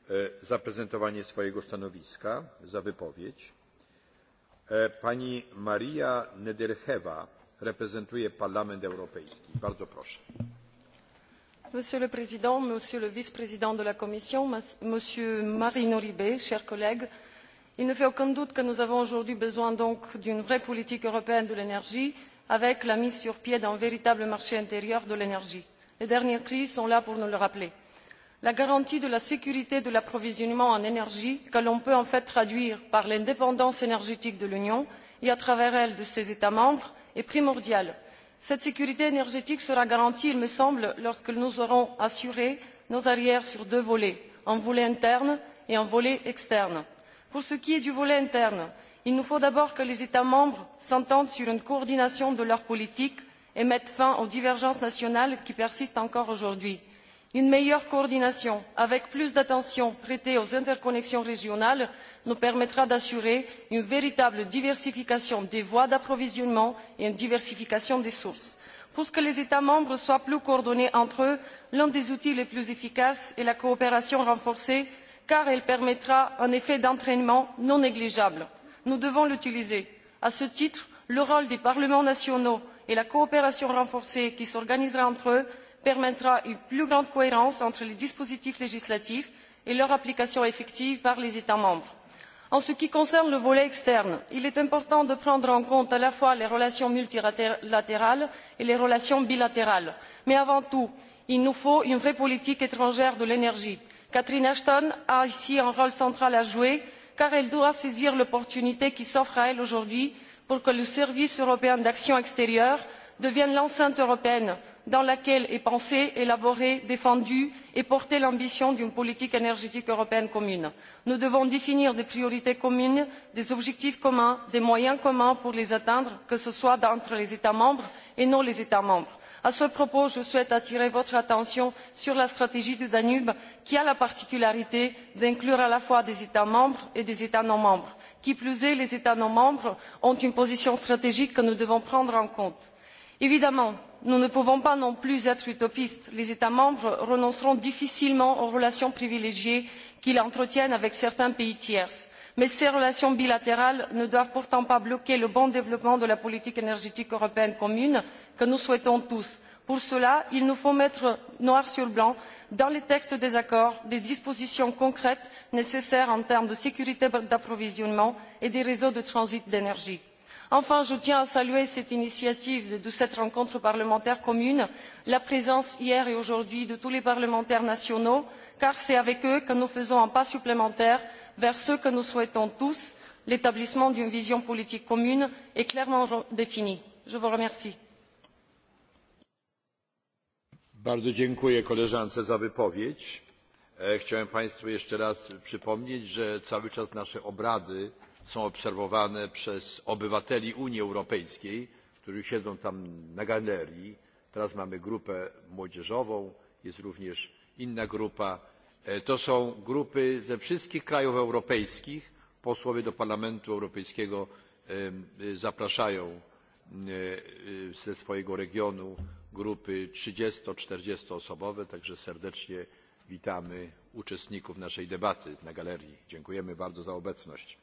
e, zaprezentowanie swojego stanowiska, za wypowiedź. E, pani Maria Nedelcheva reprezentuje Parlament Europejski. Bardzo proszę. Monsieur le Président, Monsieur le Vice-président de la Commission, Monsieur Marino Ribé, chers collègues, il ne fait aucun doute que nous avons aujourd'hui besoin donc d'une vraie politique européenne de l'énergie avec la mise sur pied d'un véritable marché intérieur de l'énergie. Les dernières crises sont là pour nous le rappeler. La garantie de la sécurité de l'approvisionnement en énergie, que l'on peut en fait traduire par l'indépendance énergétique de l'Union et à travers elle de ses États membres, est primordiale Cette sécurité énergétique sera garantie, il me semble, lorsque nous aurons assuré nos arrières sur deux volets, un volet interne et un volet externe. Pour ce qui est du volet interne, il nous faut d'abord que les États membres s'entendent sur une coordination de leurs politiques et mettent fin aux divergences nationales qui persistent encore aujourd'hui. Une meilleure coordination, avec plus d'attention prêtée aux interconnexions régionales, nous permettra d'assurer une véritable diversification des voies d'approvisionnement et une diversification des sources. Pour que les États membres soient plus coordonnés entre eux, l'un des outils les plus efficaces est la coopération renforcée, car elle permettra un effet d'entraînement non négligeable. Nous devons l'utiliser. À ce titre, le rôle des parlements nationaux et la coopération renforcée qui s'organisera entre eux permettra une plus grande cohérence entre les dispositifs législatifs et leur application effective par les États membres. En ce qui concerne le volet externe, il est important de prendre en compte à la fois les relations multilatérales et les relations bilatérales. Mais avant tout, il nous faut une vraie politique étrangère de l'énergie. Catherine Ashton a ici un rôle central à jouer car elle doit saisir l'opportunité qui s'offre à elle aujourd'hui pour que le service européen d'action extérieure devienne l'enceinte européenne dans laquelle est pensée, élaborée, défendue et portée l'ambition d'une politique énergétique européenne commune. Nous devons définir des priorités communes, des objectifs communs, des moyens communs pour les atteindre, que ce soit entre les États membres et non les États membres. À ce propos, je souhaite attirer votre attention sur la stratégie du Danube qui a la particularité d'inclure à la fois des États membres et des États non membres. Qui plus est, les États non membres ont une position stratégique que nous devons prendre en compte. Évidemment, nous ne pouvons pas non plus être utopistes. Les États membres renonceront difficilement aux relations privilégiées qu'ils entretiennent avec certains pays tiers. Mais ces relations bilatérales ne doivent pourtant pas bloquer le bon développement de la politique énergétique européenne commune que nous souhaitons tous. Pour cela, il nous faut mettre noir sur blanc dans les textes des accords des dispositions concrètes nécessaires en termes de sécurité d'approvisionnement et des réseaux de transit d'énergie. Enfin, je tiens à saluer cette initiative de cette rencontre parlementaire commune, la présence hier et aujourd'hui de tous les parlementaires nationaux, car c'est avec eux que nous faisons un pas supplémentaire vers ce que nous souhaitons tous, l'établissement d'une vision politique commune et clairement définie. Je vous remercie. Bardzo dziękuję koleżance za wypowiedź. E, chciałem Państwu jeszcze raz przypomnieć, że cały czas nasze obrady są obserwowane przez obywateli Unii Europejskiej, którzy siedzą tam na galerii. Teraz mamy grupę młodzieżową, jest również inna grupa. E, to są grupy ze wszystkich krajów europejskich. Posłowie do Parlamentu Europejskiego zapraszają e, e, ze swojego regionu grupy 30-40 osobowe, także serdecznie witamy uczestników naszej debaty na galerii. Dziękujemy bardzo za obecność.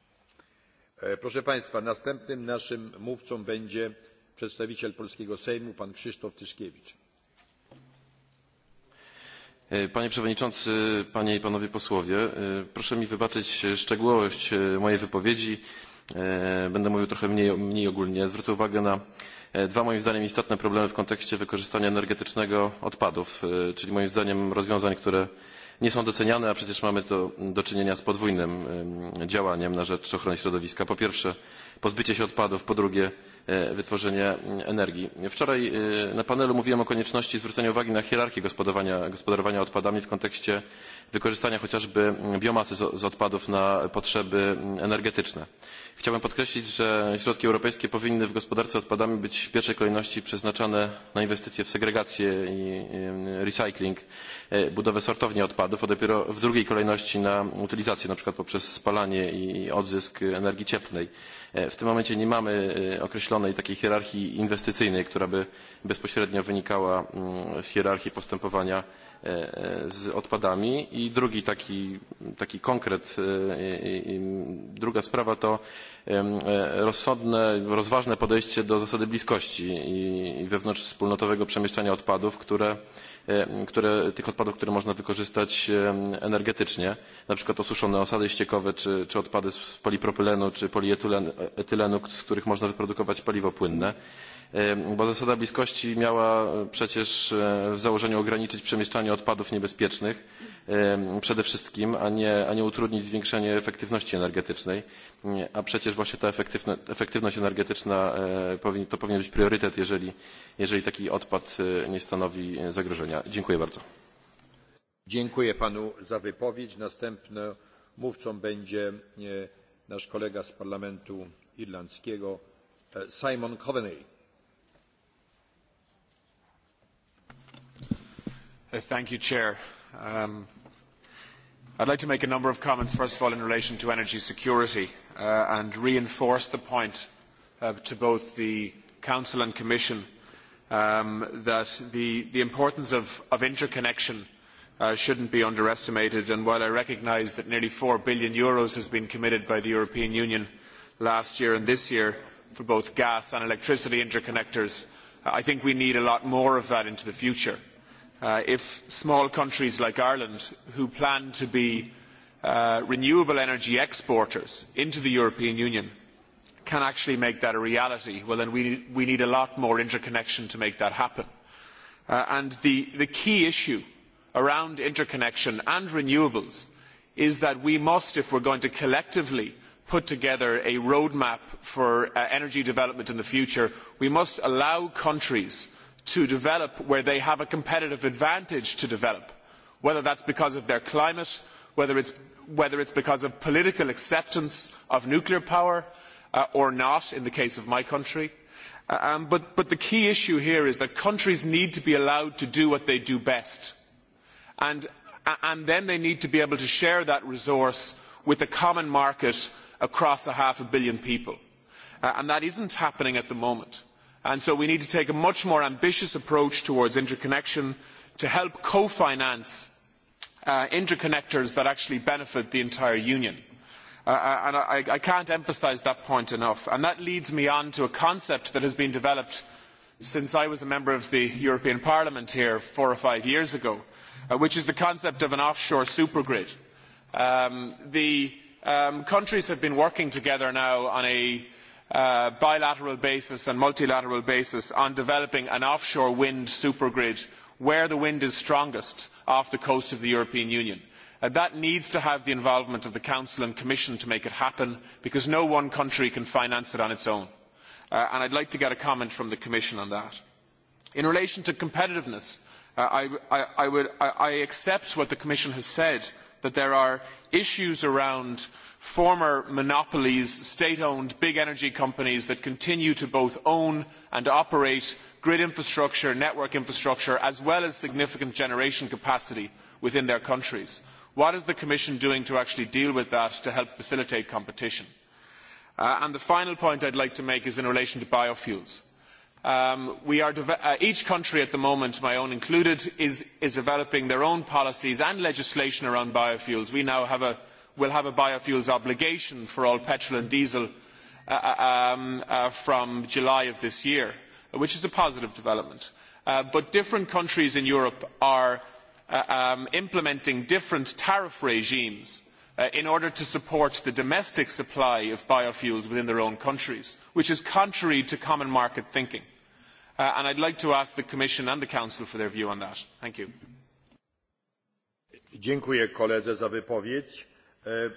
E, proszę Państwa, następnym naszym mówcą będzie przedstawiciel Polskiego Sejmu, pan Krzysztof Tyszkiewicz. E, panie Przewodniczący, Panie i Panowie Posłowie, e, proszę mi wybaczyć szczegółowość mojej wypowiedzi. Będę mówił trochę mniej, mniej ogólnie. Zwrócę uwagę na dwa moim zdaniem istotne problemy w kontekście wykorzystania energetycznego odpadów, czyli moim zdaniem rozwiązań, które nie są doceniane, a przecież mamy to do czynienia z podwójnym działaniem na rzecz ochrony środowiska. Po pierwsze pozbycie się odpadów, po drugie e, wytworzenie energii. Wczoraj e, na panelu mówiłem o konieczności zwrócenia uwagi na hierarchię gospodarowania, gospodarowania odpadami w kontekście wykorzystania chociażby biomasy z odpadów na potrzeby energetyczne. Chciałbym podkreślić, że środki europejskie powinny w gospodarce odpadami być w pierwszej kolejności przeznaczane na inwestycje w segregację i recycling, e, budowę sortowni odpadów, a dopiero w drugiej kolejności na utylizację, na przykład poprzez spalanie i odzysk energii cieplnej. E, w tym momencie nie mamy e, określonej takiej hierarchii inwestycyjnej, która by bezpośrednio wynikała mm, z hierarchii postępowania E, e, z odpadami i drugi taki, taki konkret, e, druga sprawa to rozsądne, rozważne podejście do zasady bliskości i wewnątrz wspólnotowego przemieszczania odpadów, które, które, tych odpadów, które można wykorzystać energetycznie, na przykład osuszone osady ściekowe, czy, czy odpady z polipropylenu, czy polietylenu, z których można wyprodukować paliwo płynne bo zasada bliskości miała e, przecież e, w założeniu ograniczyć przemieszczanie odpadów niebezpiecznych przede wszystkim, a nie, a nie utrudnić zwiększenie efektywności energetycznej. Mm, a przecież właśnie ta efektywność energetyczna e, to powinien być priorytet, jeżeli, jeżeli taki odpad nie stanowi zagrożenia. Dziękuję bardzo. Dziękuję panu za wypowiedź. Następnym mówcą będzie nasz kolega z Parlamentu Irlandzkiego Simon Coveney. Uh, thank you, Chair. Um, I'd like to make a number of comments, first of all, in relation to energy security uh, and reinforce the point uh, to both the Council and Commission um, that the, the importance of, of interconnection uh, shouldn't be underestimated. And while I recognise that nearly four billion Euros has been committed by the European Union last year and this year for both gas and electricity interconnectors, I think we need a lot more of that into the future. Uh, if small countries like Ireland, who plan to be uh, renewable energy exporters into the European Union, can actually make that a reality, well then we, we need a lot more interconnection to make that happen. Uh, and the, the key issue around interconnection and renewables is that we must, if we are going to collectively put together a roadmap for uh, energy development in the future, we must allow countries to develop where they have a competitive advantage to develop, whether that is because of their climate, whether it is because of political acceptance of nuclear power uh, or not, in the case of my country. Uh, um, but, but the key issue here is that countries need to be allowed to do what they do best. And, and then they need to be able to share that resource with a common market across a half a billion people. Uh, and that is not happening at the moment. And so we need to take a much more ambitious approach towards interconnection to help co-finance uh, interconnectors that actually benefit the entire union. Uh, uh and I, I can't emphasise that point enough. And that leads me on to a concept that has been developed since I was a member of the European Parliament here four or five years ago, uh, which is the concept of an offshore supergrid. Um, the um, countries have been working together now on a Uh, bilateral basis and multilateral basis on developing an offshore wind supergrid where the wind is strongest off the coast of the European Union. Uh, that needs to have the involvement of the Council and Commission to make it happen because no one country can finance it on its own. Uh, and I'd like to get a comment from the Commission on that. In relation to competitiveness, uh, I, I, I, would, I, accept what the Commission has said, that there are issues around former monopolies, state-owned big energy companies that continue to both own and operate grid infrastructure, network infrastructure, as well as significant generation capacity within their countries. What is the Commission doing to actually deal with that to help facilitate competition? Uh, the final point I would like to make is in relation to biofuels. Um, uh, each country at the moment, my own included, is, is developing their own policies and legislation around biofuels. We now have a will have a biofuels obligation for all petrol and diesel uh, uh, um, uh, from July of this year, which is a positive development. Uh, but different countries in Europe are uh, um, implementing different tariff regimes uh, in order to support the domestic supply of biofuels within their own countries, which is contrary to common market thinking. Uh, and I'd like to ask the Commission and the Council for their view on that. Thank you. Dziękuję koledze za wypowiedź. E,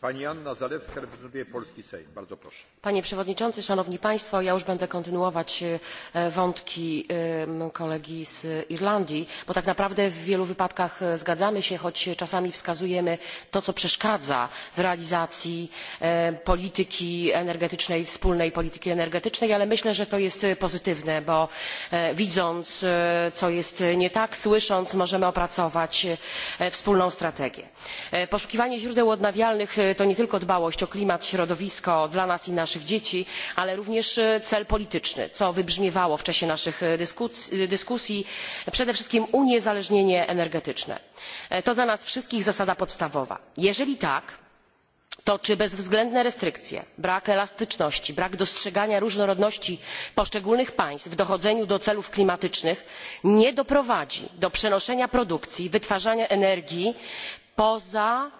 pani Anna Zalewska reprezentuje Polski Sejm. Bardzo proszę. Panie Przewodniczący, Szanowni Państwo, ja już będę kontynuować e, wątki kolegi z Irlandii, bo tak naprawdę w wielu wypadkach e, zgadzamy się, choć czasami wskazujemy to, co przeszkadza w realizacji e, polityki energetycznej, wspólnej polityki energetycznej, ale myślę, że to jest pozytywne, bo widząc, co jest nie tak, słysząc, możemy opracować wspólną strategię. Poszukiwanie źródeł odnawialnych to nie tylko dbałość o klimat, środowisko dla nas i naszych naszych dzieci, ale również e, cel polityczny, co wybrzmiewało w czasie naszych e, e, dyskusji, przede wszystkim uniezależnienie energetyczne. To dla nas wszystkich zasada podstawowa. Jeżeli tak, to czy bezwzględne restrykcje brak elastyczności brak dostrzegania różnorodności poszczególnych państw w dochodzeniu do celów klimatycznych nie doprowadzi do przenoszenia produkcji wytwarzania energii poza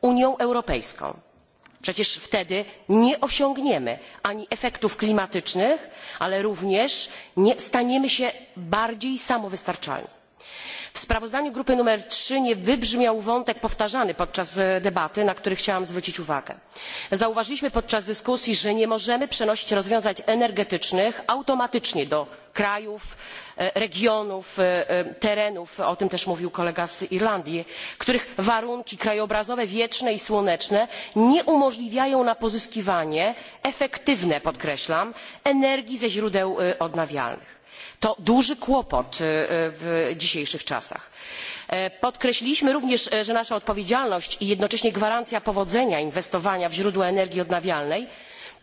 unią europejską? Przecież wtedy nie osiągniemy ani efektów klimatycznych, ale również nie staniemy się bardziej samowystarczalni. W sprawozdaniu grupy nr trzy nie wybrzmiał wątek powtarzany podczas e, debaty, na który chciałam zwrócić uwagę. Zauważyliśmy podczas dyskusji, że nie możemy przenosić rozwiązań energetycznych automatycznie do krajów, e, regionów, e, terenów, o tym też mówił kolega z Irlandii, których warunki krajobrazowe wieczne i słoneczne nie umożliwiają na pozyskiwanie efektywne, podkreślam, energii ze źródeł odnawialnych To duży kłopot e, e, w dzisiejszych czasach. E, podkreśliliśmy również, że nasza odpowiedzialność i jednocześnie gwarancja powodzenia inwestowania w źródła energii odnawialnej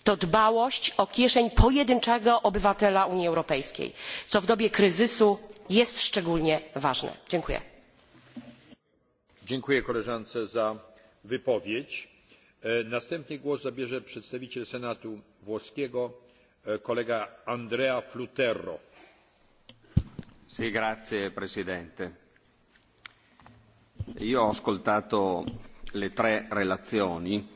to dbałość o kieszeń pojedynczego obywatela Unii Europejskiej, co w dobie kryzysu jest szczególnie ważne. Dziękuję. Dziękuję koleżance za wypowiedź. Następnie głos zabierze przedstawiciel Senatu włoskiego, kolega Andrea Fluttero. Sì, grazie Presidente. Io ho ascoltato le tre relazioni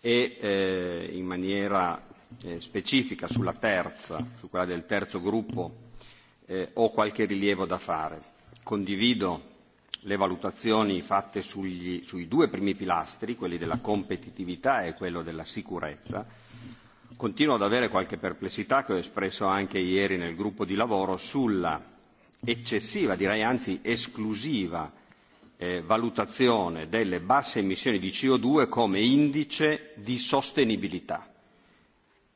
e eh, in maniera eh, specifica sulla terza, su quella del terzo gruppo, eh, ho qualche rilievo da fare. Condivido le valutazioni fatte sugli, sui due primi pilastri, quelli della competitività e quello della sicurezza, continuo ad avere qualche perplessità che ho espresso anche ieri nel gruppo di lavoro sulla eccessiva, direi anzi esclusiva eh, valutazione delle basse emissioni di CO2 come indice di sostenibilità.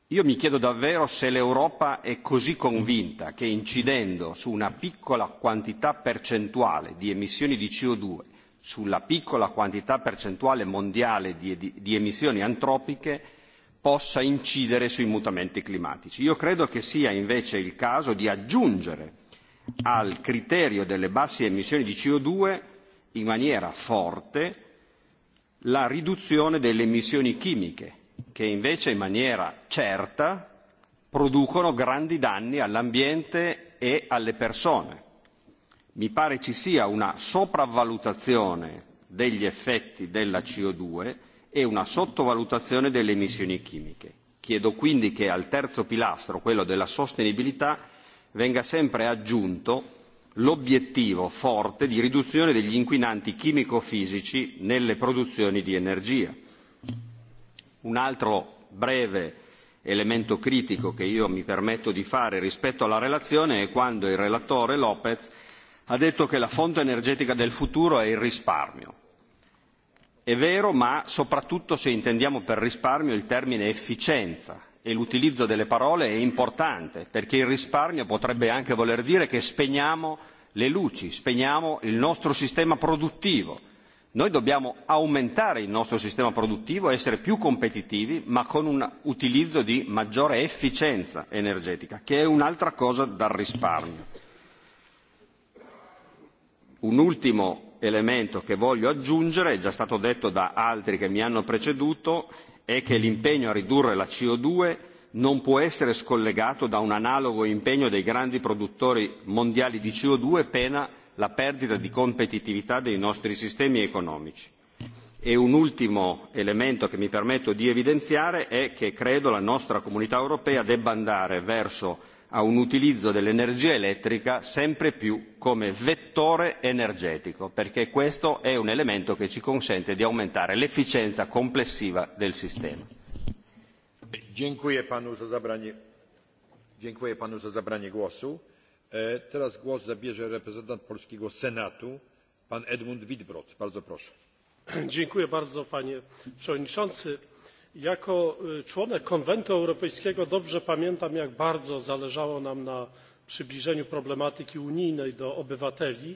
Io mi chiedo davvero se l'Europa è così convinta che incidendo su una piccola quantità percentuale di emissioni di CO2, sulla piccola quantità percentuale mondiale di, di, di emissioni antropiche, possa incidere sui mutamenti climatici. Io credo che sia invece il caso di aggiungere al criterio delle basse emissioni di co 2 in maniera forte la riduzione delle emissioni chimiche, che invece in maniera certa producono grandi danni all'ambiente e alle persone. Mi pare ci sia una sopravvalutazione degli effetti della co due e una sottovalutazione delle emissioni chimiche. Chiedo quindi che al terzo pilastro, quello della sostenibilità, venga sempre aggiunto l'obiettivo forte di riduzione degli inquinanti chimico-fisici nelle produzioni di energia. Un altro breve elemento critico che io mi permetto di fare rispetto alla relazione è quando il relatore Lopez ha detto che la fonte energetica del futuro è il risparmio. È vero, ma soprattutto se intendiamo per risparmio il termine efficienza e l'utilizzo delle parole è importante perché il risparmio potrebbe anche voler dire che spegniamo le luci, spegniamo il nostro sistema produttivo. Noi dobbiamo aumentare il nostro sistema produttivo, essere più competitivi, ma con un utilizzo di maggiore efficienza energetica, che è un'altra cosa dal risparmio. Un ultimo elemento che voglio aggiungere, è già stato detto da altri che mi hanno preceduto, è che l'impegno a ridurre la co due non può essere scollegato da un analogo impegno dei grandi produttori mondiali di co due pena la perdita di competitività dei nostri sistemi economici. E un ultimo elemento che mi permetto di evidenziare è che credo la nostra comunità europea debba andare verso a un utilizzo dell'energia elettrica sempre più come vettore energetico, perché questo è un elemento che ci consente di aumentare l'efficienza complessiva del sistema. Dziękuję panu za zabranie, dziękuję panu za zabranie głosu. E, teraz głos zabierze reprezentant polskiego Senatu, pan Edmund Widbrod. Bardzo proszę. Dziękuję bardzo panie przewodniczący Jako członek Konwentu Europejskiego dobrze pamiętam, jak bardzo zależało nam na przybliżeniu problematyki unijnej do obywateli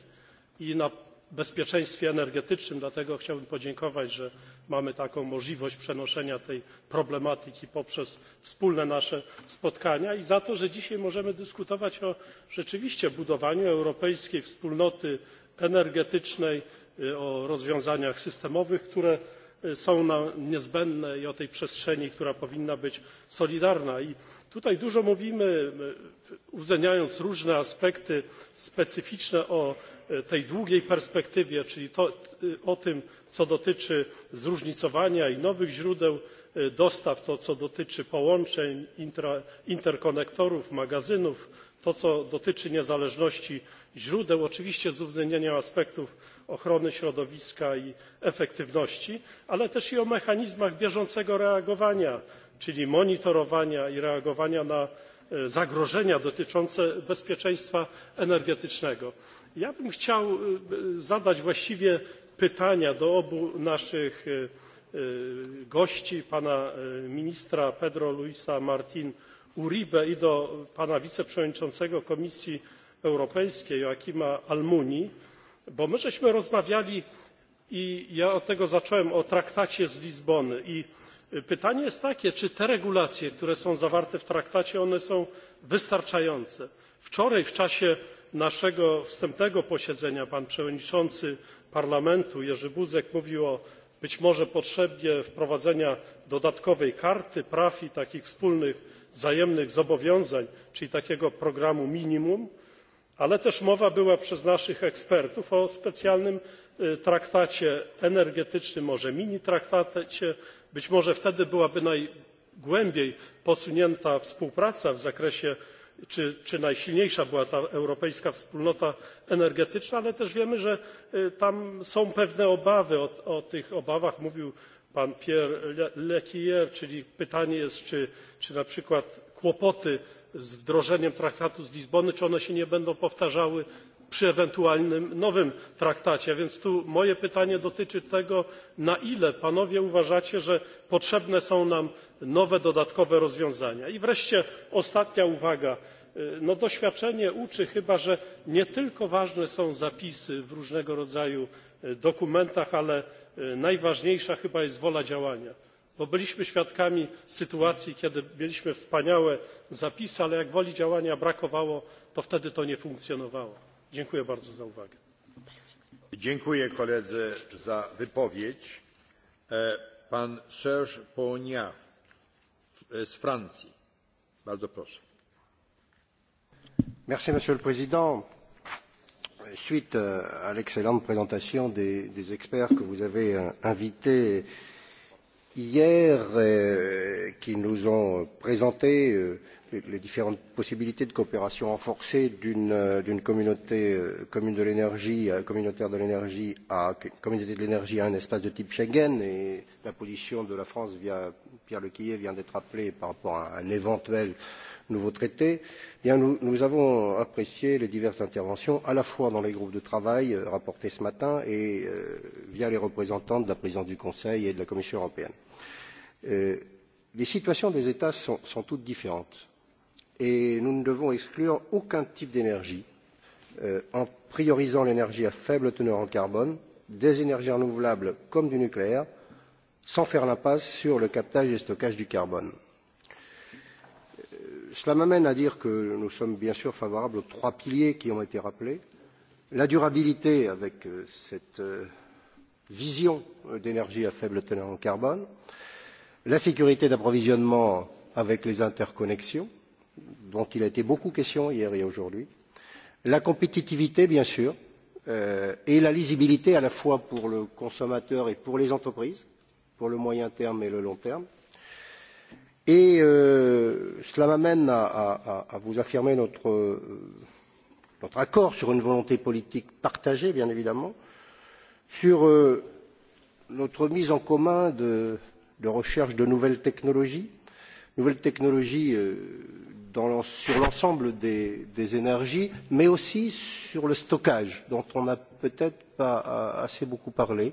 i na bezpieczeństwie energetycznym. Dlatego chciałbym podziękować, że mamy taką możliwość przenoszenia tej problematyki poprzez wspólne nasze spotkania i za to, że dzisiaj możemy dyskutować o rzeczywiście budowaniu europejskiej wspólnoty energetycznej, o rozwiązaniach systemowych, które są nam niezbędne i o tej przestrzeni która powinna być solidarna. i tutaj dużo mówimy uwzględniając różne aspekty specyficzne o tej długiej perspektywie czyli o tym co dotyczy zróżnicowania i nowych źródeł dostaw to co dotyczy połączeń interkonektorów magazynów to co dotyczy niezależności źródeł oczywiście z uwzględnieniem aspektów ochrony środowiska i efektywności ale też i o mechanizmach bieżącego reagowania czyli monitorowania i reagowania na e, zagrożenia dotyczące bezpieczeństwa energetycznego. ja bym chciał e, zadać właściwie pytania do obu naszych e, gości pana ministra pedro luisa martina uribe i do pana wiceprzewodniczącego komisji europejskiej joaquima almunii bo my żeśmy rozmawiali i ja od tego zacząłem o traktacie z lizbony i pytanie jest takie czy te regulacje które są zawarte w traktacie one są wystarczające. wczoraj w czasie naszego wstępnego posiedzenia pan przewodniczący parlamentu jerzy buzek mówił o być może potrzebie wprowadzenia dodatkowej karty praw i takich wspólnych wzajemnych zobowiązań czyli takiego programu minimum ale też mowa była przez naszych ekspertów o specjalnym traktacie energetycznym może mini traktacie być może wtedy byłaby najgłębiej posunięta współpraca w zakresie czy, najsilniejsza była ta europejska wspólnota energetyczna ale też wiemy że tam są pewne obawy o, tych obawach mówił pan pierre lequier czyli pytanie jest czy, czy na przykład kłopoty z wdrożeniem traktatu z lizbony czy one się nie będą powtarzały przy ewentualnym nowym traktacie więc tu moje pytanie dotyczy tego na ile panowie uważacie że potrzebne są nam nowe dodatkowe rozwiązania. i wreszcie ostatnia uwaga doświadczenie uczy chyba że nie tylko ważne są zapisy w różnego rodzaju dokumentach ale e, najważniejsza chyba jest wola działania bo byliśmy świadkami sytuacji kiedy mieliśmy wspaniałe zapisy ale jak woli działania brakowało to wtedy to nie funkcjonowało. Dziękuję bardzo za uwagę. Dziękuję koledze za wypowiedź. E, pan Serge Ponia e, z Francji. Bardzo proszę. Merci, Monsieur le Président. Suite e, à l'excellente présentation des, des experts que vous avez euh, invités hier, euh, qui nous ont présenté euh, les différentes possibilités de coopération renforcée d'une euh, communauté euh, commune de l'énergie, euh, communautaire de l'énergie à communauté de l'énergie à un espace de type Schengen et la position de la France via Pierre Lequillet vient d'être appelée par rapport à un éventuel nouveau traité. Eh bien, nous, nous avons apprécié les diverses interventions à la fois dans les groupes de travail rapportés ce matin et euh, via les représentants de la présidence du Conseil et de la Commission européenne. Euh, les situations des États sont, sont toutes différentes et nous ne devons exclure aucun type d'énergie euh, en priorisant l'énergie à faible teneur en carbone, des énergies renouvelables comme du nucléaire, sans faire l'impasse sur le captage et le stockage du carbone. Euh, cela m'amène à dire que nous sommes bien sûr favorables aux trois piliers qui ont été rappelés. La durabilité avec euh, cette euh, vision d'énergie à faible teneur en carbone, la sécurité d'approvisionnement avec les interconnexions, dont il a été beaucoup question hier et aujourd'hui, la compétitivité, bien sûr, euh, et la lisibilité à la fois pour le consommateur et pour les entreprises, pour le moyen terme et le long terme. Et euh, cela m'amène à, à, à vous affirmer notre, euh, notre accord sur une volonté politique partagée, bien évidemment, sur euh, notre mise en commun de, de recherche de nouvelles technologies, nouvelles technologies euh, dans, sur l'ensemble des, des énergies, mais aussi sur le stockage, dont on n'a peut-être pas euh, assez beaucoup parlé,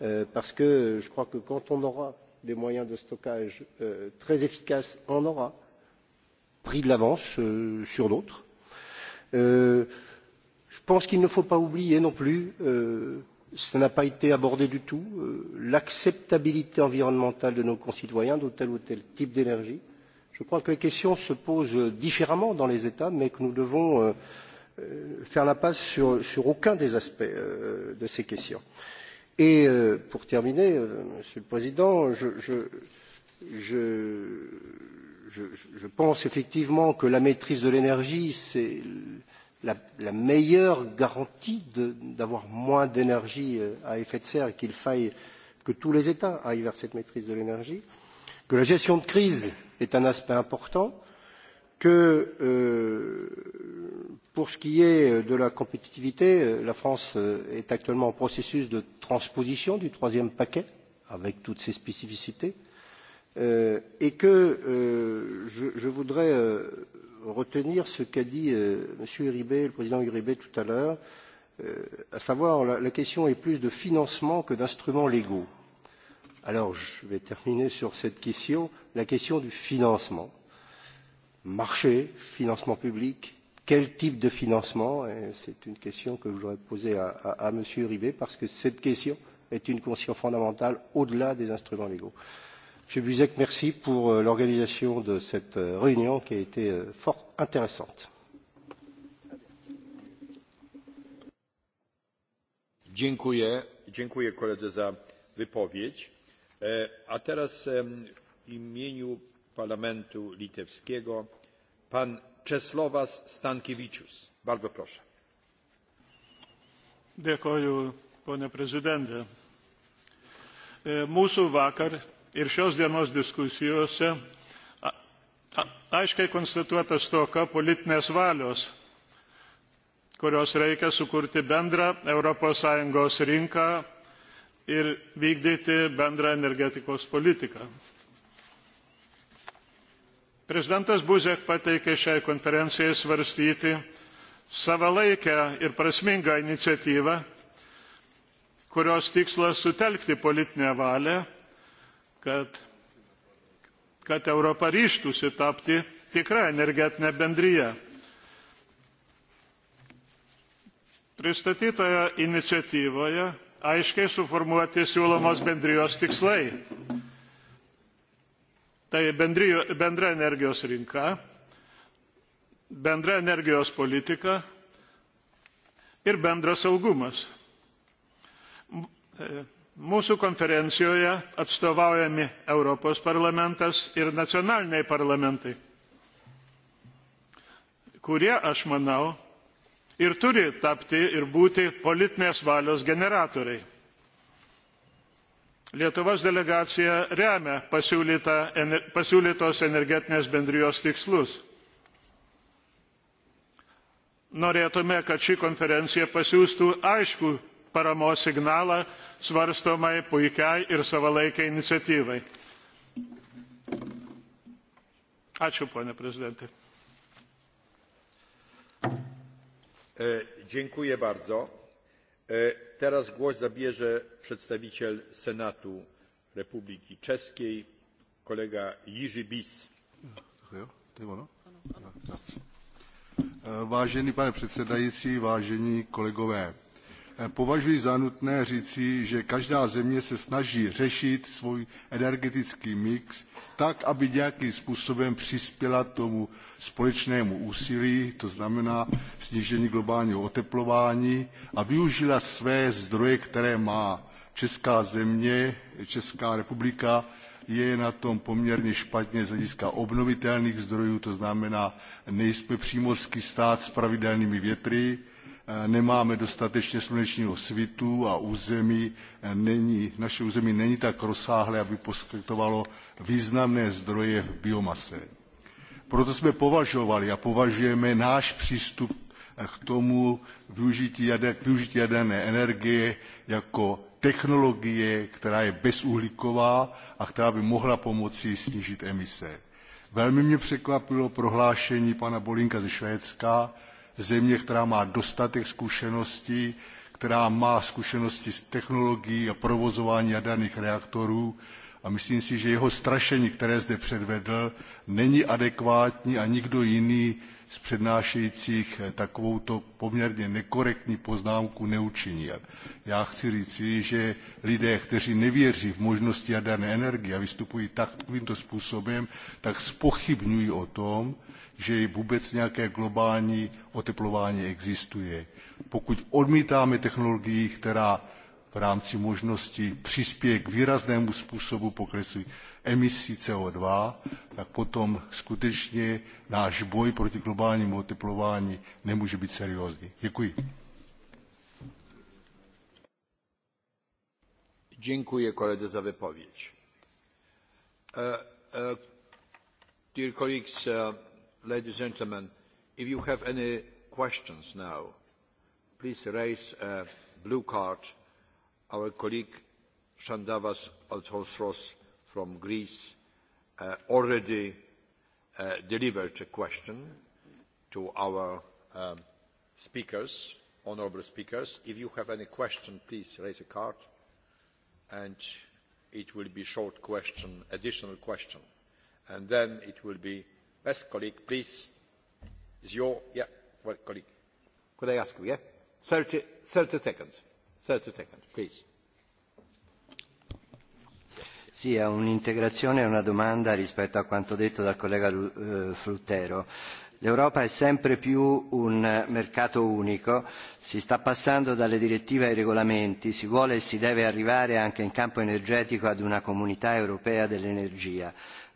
euh, parce que je crois que quand on aura des moyens de stockage euh, très efficaces, on aura pris de l'avance euh, sur d'autres. Euh, je pense qu'il ne faut pas oublier non plus, euh, ça n'a pas été abordé du tout, euh, l'acceptabilité environnementale de nos concitoyens de tel ou tel type d'énergie Je crois que les questions se posent différemment dans les États, mais que nous devons euh, euh, faire la passe sur, sur aucun des aspects euh, de ces questions. Et pour terminer, Monsieur le Président, je, je, je, je, je pense effectivement que la maîtrise de l'énergie, c'est la, la meilleure garantie d'avoir moins d'énergie à effet de serre et qu'il faille que tous les États aillent vers cette maîtrise de l'énergie, que la gestion de crise est un aspect important, que euh, pour ce qui est de la compétitivité, euh, la France euh, est actuellement en processus de transposition du troisième paquet, avec toutes ses spécificités, euh, et que euh, je, je voudrais euh, retenir ce qu'a dit euh, M. Uribe, le président Uribe tout à l'heure, euh, à savoir la, la question est plus de financement que d'instruments légaux. Alors je vais terminer sur cette question. Euh, la question du financement. Marché, financement public, quel type de financement C'est une question que je voudrais poser à, à, à M. Rivet parce que cette question est une question fondamentale au-delà des instruments légaux. M. Buzek, merci pour euh, l'organisation de cette euh, réunion qui a été euh, fort intéressante. Dziękuję, dziękuję koledze za wypowiedź. E, a teraz imieniu Parlamentu Litewskiego pan Czesławas Stankiewiczus. Bardzo proszę. Dėkoju, pone prezidente. Mūsų vakar ir šios dienos diskusijose aiškiai konstatuota stoka politinės valios, kurios reikia sukurti bendrą ES rinką ir vykdyti bendrą energetikos politiką. Prezidentas Buzek pateikė šiai konferencijai svarstyti savalaikę ir prasmingą iniciatyvą, kurios tikslas sutelkti politinę valią, kad, kad Europa ryštųsi tapti tikra energetinė bendryje. Pristatytoje iniciatyvoje aiškiai suformuoti siūlomos bendrijos tikslai Tai bendrijo, bendra energijos rinka, bendra energijos politika ir bendras saugumas. E, mūsų konferencijoje atstovaujami Europos parlamentas ir nacionaliniai parlamentai, kurie, aš manau, ir turi tapti ir būti politinės valios generatoriai. Lietuvos delegacija remia pasiūlytos energetinės bendrijos tikslus. Norėtume, kad ši konferencija pasiūstų aišku paramos signalą svarstomai puikiai ir savalaikiai iniciatyvai. Ačiū, pone E, E, teraz głos zabierze przedstawiciel Senatu Republiki Czeskiej, kolega Jiří Bis. E, Vážený pane předsedající, vážení kolegové, Eh, považuji za nutné říci, že každá země se snaží řešit svůj energetický mix tak, aby nějakým způsobem přispěla tomu společnému úsilí, to znamená snížení globálního oteplování a využila své zdroje, které má. Česká země, Česká republika je na tom poměrně špatně z hlediska obnovitelných zdrojů, to znamená, nejsme přímořský stát s pravidelnými větry, Eh, nemáme dostatečně slunečního svitu a území eh, není, naše území není tak rozsáhlé, aby poskytovalo významné zdroje v biomase. Proto jsme považovali a považujeme náš přístup eh, k tomu využití, jader, k využití jaderné energie jako technologie, která je bezuhlíková a která by mohla pomoci snížit emise. Velmi mě překvapilo prohlášení pana Bolinka ze Švédska, země, která má dostatek zkušeností, která má zkušenosti s technologií a provozování jaderných reaktorů a myslím si, že jeho strašení, které zde předvedl, není adekvátní a nikdo jiný z přednášejících eh, takovouto poměrně nekorektní poznámku neučiní. Já chci říci, že lidé, kteří nevěří v možnosti jaderné energie a vystupují takovýmto způsobem, tak spochybňují o tom, že vůbec nějaké globální oteplování existuje. Pokud odmítáme technologii, která v rámci možnosti přispěje k výraznému způsobu poklesu emisí CO2, tak potom skutečně náš boj proti globálnímu oteplování nemůže být seriózní. Děkuji. Dziękuję koledze za wypowiedź. Uh, uh, dear colleagues, uh, ladies and gentlemen, if you have any questions now, please raise a blue card. Our colleague Shandavas Altosros from Greece uh, already uh, delivered a question to our um, speakers, honourable speakers. If you have any question, please raise a card and it will be short question, additional question. And then it will be Yes, colleague, please. Is your, yeah, well, colleague. Could I ask you, yeah? 30, 30 seconds. 30 seconds, please. Sì, è un'integrazione e una domanda rispetto a quanto detto dal collega eh, Fruttero. L'Europa è sempre più un mercato unico, si sta passando dalle direttive ai regolamenti, si vuole e si deve arrivare anche in campo energetico ad una comunità europea dell'energia.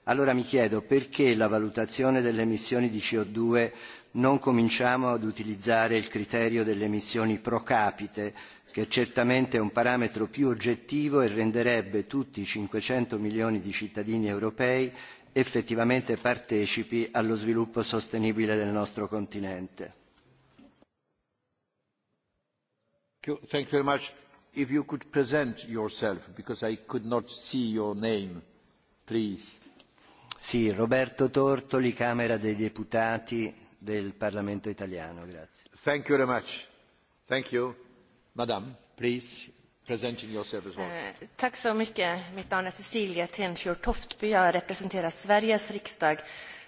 Allora mi chiedo perché la valutazione delle emissioni di CO2 non cominciamo ad utilizzare il criterio delle emissioni pro capite, che certamente è un parametro più oggettivo e renderebbe tutti i 500 milioni di cittadini europei effettivamente partecipi allo sviluppo sostenibile del nostro continente. Thank you very much. If you could present yourself, because I could not see your name, please. Sì, Roberto Tortoli, Camera dei Deputati del Parlamento italiano. Grazie. Thank you very much. Thank you. Madam, please. Eh, tack så mycket. Mitt namn är Cecilia Tenfjord Toftby. Jag representerar Sveriges riksdag.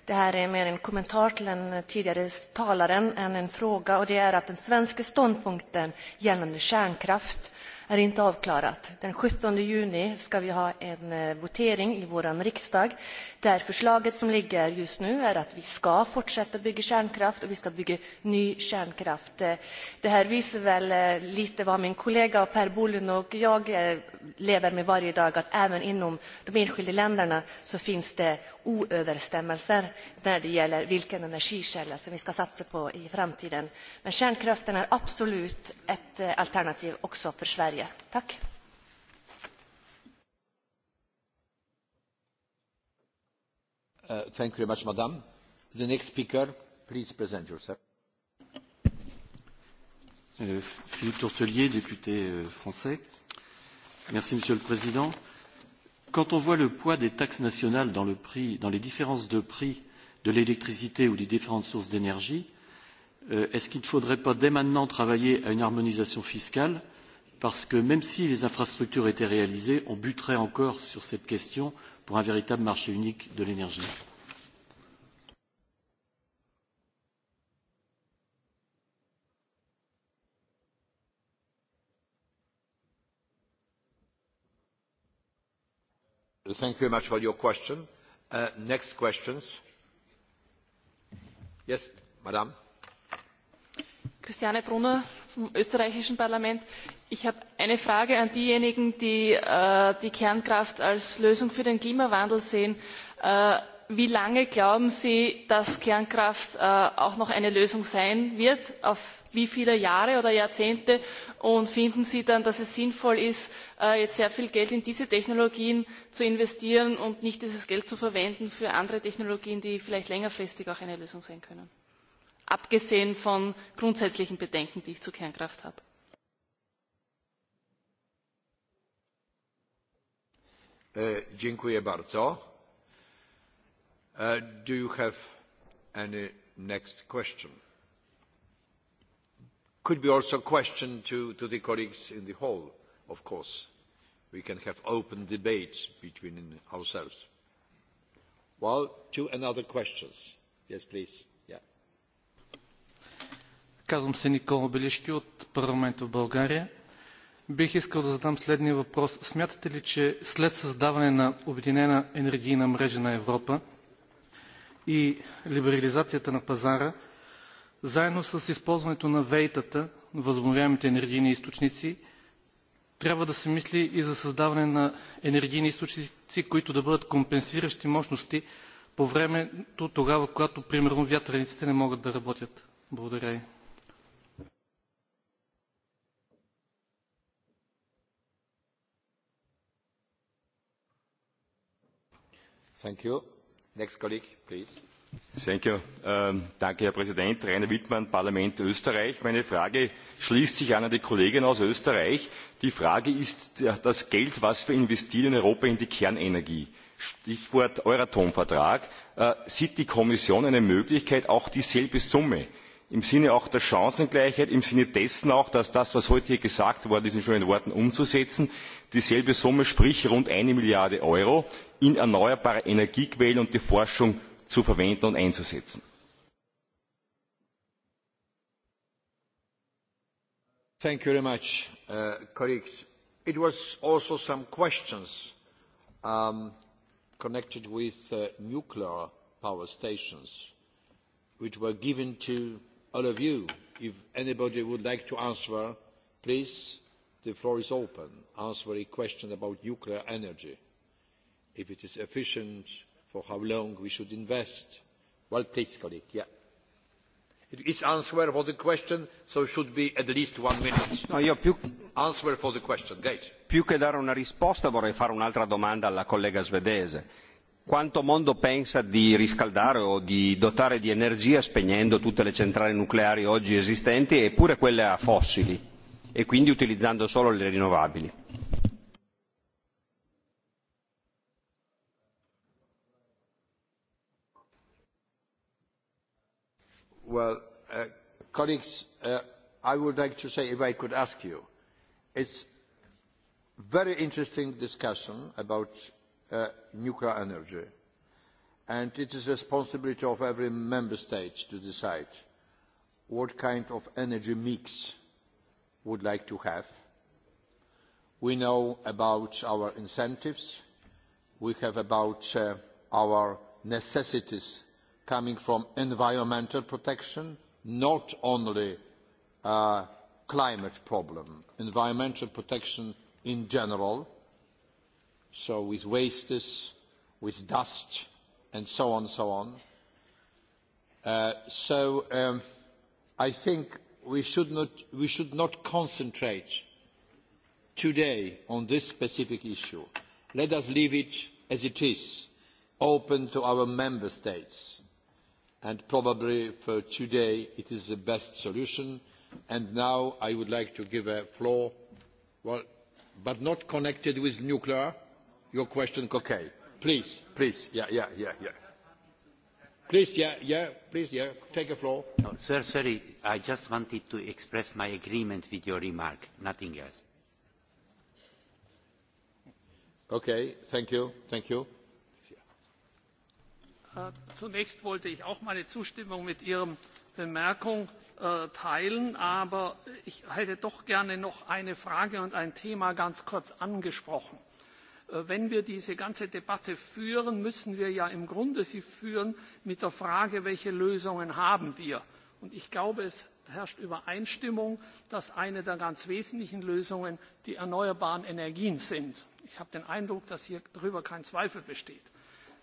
Det här är mer en kommentar till den tidigare talaren än en fråga och det är att den svenska ståndpunkten gällande kärnkraft är inte avklarat. Den 17 juni ska vi ha en eh, votering i vår riksdag där förslaget som ligger just nu är att vi ska fortsätta bygga kärnkraft och vi ska bygga ny kärnkraft. Eh, det här visar väl eh, lite vad min kollega Per Bolund och jag lever med varje dag att även inom de enskilda länderna så finns det oöverstämmelser när det gäller vilken energikälla som vi ska satsa på i framtiden. Men kärnkraften är absolut ett alternativ också för Sverige għalija. Tack. Uh, thank you very much, madam. The next speaker, please present yourself. Euh, Philippe Tourtelier, député euh, français. Merci, Monsieur le Président. Quand on voit le poids des taxes nationales dans, le prix, dans les différences de prix de l'électricité ou des différentes sources d'énergie, euh, est-ce qu'il ne faudrait pas dès maintenant travailler à une harmonisation fiscale parce que même si les infrastructures étaient réalisées, on buterait encore sur cette question pour un véritable marché unique de l'énergie. Thank you very much for your question. Uh, next questions. Yes, madame. Christiane Brunner vom österreichischen Parlament. Ich habe eine Frage an diejenigen, die äh, die Kernkraft als Lösung für den Klimawandel sehen. Äh, wie lange glauben Sie, dass Kernkraft äh, auch noch eine Lösung sein wird? Auf wie viele Jahre oder Jahrzehnte? Und finden Sie dann, dass es sinnvoll ist, äh, jetzt sehr viel Geld in diese Technologien zu investieren und nicht dieses Geld zu verwenden für andere Technologien, die vielleicht längerfristig auch eine Lösung sein können? abgesehen von grundsätzlichen Bedenken, die ich zu Kernkraft habe. Uh, dziękuję bardzo. Uh, do you have any next question? Could be also a question to, to the colleagues in the hall, of course. We can have open debates between ourselves. Well, two another questions. Yes, please. Казвам се Никола Белишки от парламента в България. Бих искал да задам следния въпрос. Смятате ли, че след създаване на Обединена енергийна мрежа на Европа и либерализацията на пазара, заедно с използването на вейтата, възмовяемите енергийни източници, трябва да се мисли и за създаване на енергийни източници, които да бъдат компенсиращи мощности по времето тогава, когато примерно вятърниците не могат да работят. Благодаря ви. Thank you. Next colleague, please. Thank you. Ähm, danke, Herr Präsident. Rainer Wittmann, Parlament Österreich. Meine Frage schließt sich an an die Kollegin aus Österreich. Die Frage ist äh, das Geld, was wir investieren in Europa in die Kernenergie. Stichwort Euratom-Vertrag. Äh, sieht die Kommission eine Möglichkeit, auch dieselbe Summe im Sinne auch der Chancengleichheit, im Sinne dessen auch, dass das, was heute hier gesagt worden ist, in schönen Worten umzusetzen. Dieselbe Summe, sprich rund eine Milliarde Euro, in erneuerbare Energiequellen und die Forschung zu verwenden und einzusetzen. Thank you very much, uh, colleagues. It was also some questions um, connected with uh, nuclear power stations, which were given to all of you, if anybody would like to answer, please, the floor is open. Answer a question about nuclear energy. If it is efficient, for how long we should invest. Well, please, colleague, yeah. It's answer for the question, so it should be at least one minute. No, io più... Answer for the question, Gage. Più che dare una risposta vorrei fare un'altra domanda alla collega svedese Quanto mondo pensa di riscaldare o di dotare di energia spegnendo tutte le centrali nucleari oggi esistenti e pure quelle a fossili e quindi utilizzando solo le rinnovabili? Well, uh, colleagues, uh, I would like to say, if I could ask you, it's very interesting discussion about uh, nuclear energy. And it is the responsibility of every member state to decide what kind of energy mix would like to have. We know about our incentives. We have about uh, our necessities coming from environmental protection, not only uh, climate problem, environmental protection in general so with wastes, with dust, and so on and so on. Uh, so um, I think we should, not, we should not concentrate today on this specific issue. Let us leave it as it is, open to our member states. And probably for today it is the best solution. And now I would like to give a floor, well, but not connected with nuclear your question okay. Please, please, yeah, yeah, yeah, yeah. Please, yeah, yeah, please, yeah, take floor. No, sir, sorry, I just wanted to express my agreement with your remark, nothing else. Okay, thank you, thank you. Äh, zunächst wollte ich auch meine Zustimmung mit Ihrem Bemerkung äh, teilen, aber ich hätte doch gerne noch eine Frage und ein Thema ganz kurz angesprochen. Äh, wenn wir diese ganze Debatte führen, müssen wir ja im Grunde sie führen mit der Frage, welche Lösungen haben wir. Und ich glaube, es herrscht Übereinstimmung, dass eine der ganz wesentlichen Lösungen die erneuerbaren Energien sind. Ich habe den Eindruck, dass hier darüber kein Zweifel besteht.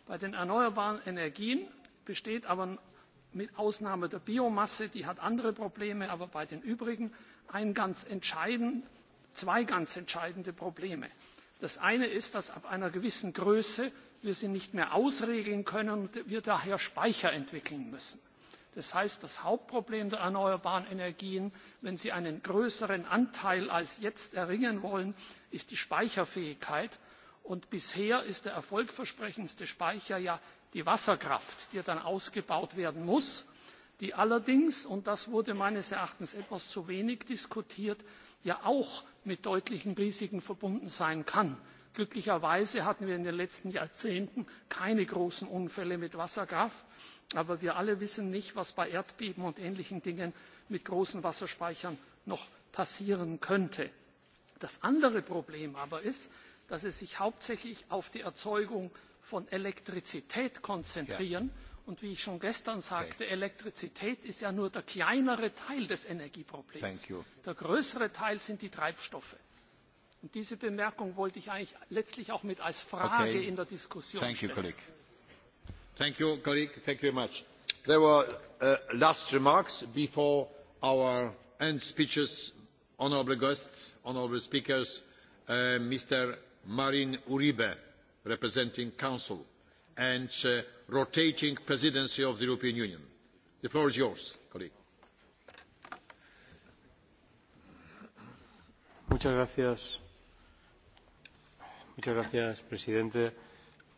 Bei den erneuerbaren Energien besteht aber mit Ausnahme der Biomasse, die hat andere Probleme, aber bei den übrigen ein ganz entscheidend, zwei ganz entscheidende Probleme. Das eine ist, dass ab einer gewissen Größe wir sie nicht mehr ausregeln können und wir daher Speicher entwickeln müssen. Das heißt, das Hauptproblem der erneuerbaren Energien, wenn sie einen größeren Anteil als jetzt erringen wollen, ist die Speicherfähigkeit. Und bisher ist der erfolgversprechendste Speicher ja die Wasserkraft, die dann ausgebaut werden muss, die allerdings, und das wurde meines Erachtens etwas zu wenig diskutiert, ja auch mit deutlichen Risiken verbunden sein kann. Glücklicherweise hatten wir in den letzten Jahrzehnten keine großen Unfälle mit Wasserkraft, aber wir alle wissen nicht, was bei Erdbeben und ähnlichen Dingen mit großen Wasserspeichern noch passieren könnte. Das andere Problem aber ist, dass es sich hauptsächlich auf die Erzeugung von Elektrizität konzentrieren. Ja Und wie ich schon gestern sagte, okay. Elektrizität ist ja nur der kleinere Teil des Energieproblems. Der größere Teil sind die Treibstoffe. Und diese Bemerkung wollte ich eigentlich letztlich auch mit als Frage okay. in der Diskussion Thank stellen. You, colleague. Thank you, colleague. Thank you very much. There were uh, last remarks before our end speeches, honorable guests, honorable speakers, uh, Mr. Marin Uribe, representing Council and uh, rotating presidency of the European Union. The floor is yours, colleague. Muchas gracias. Muchas gracias, presidente.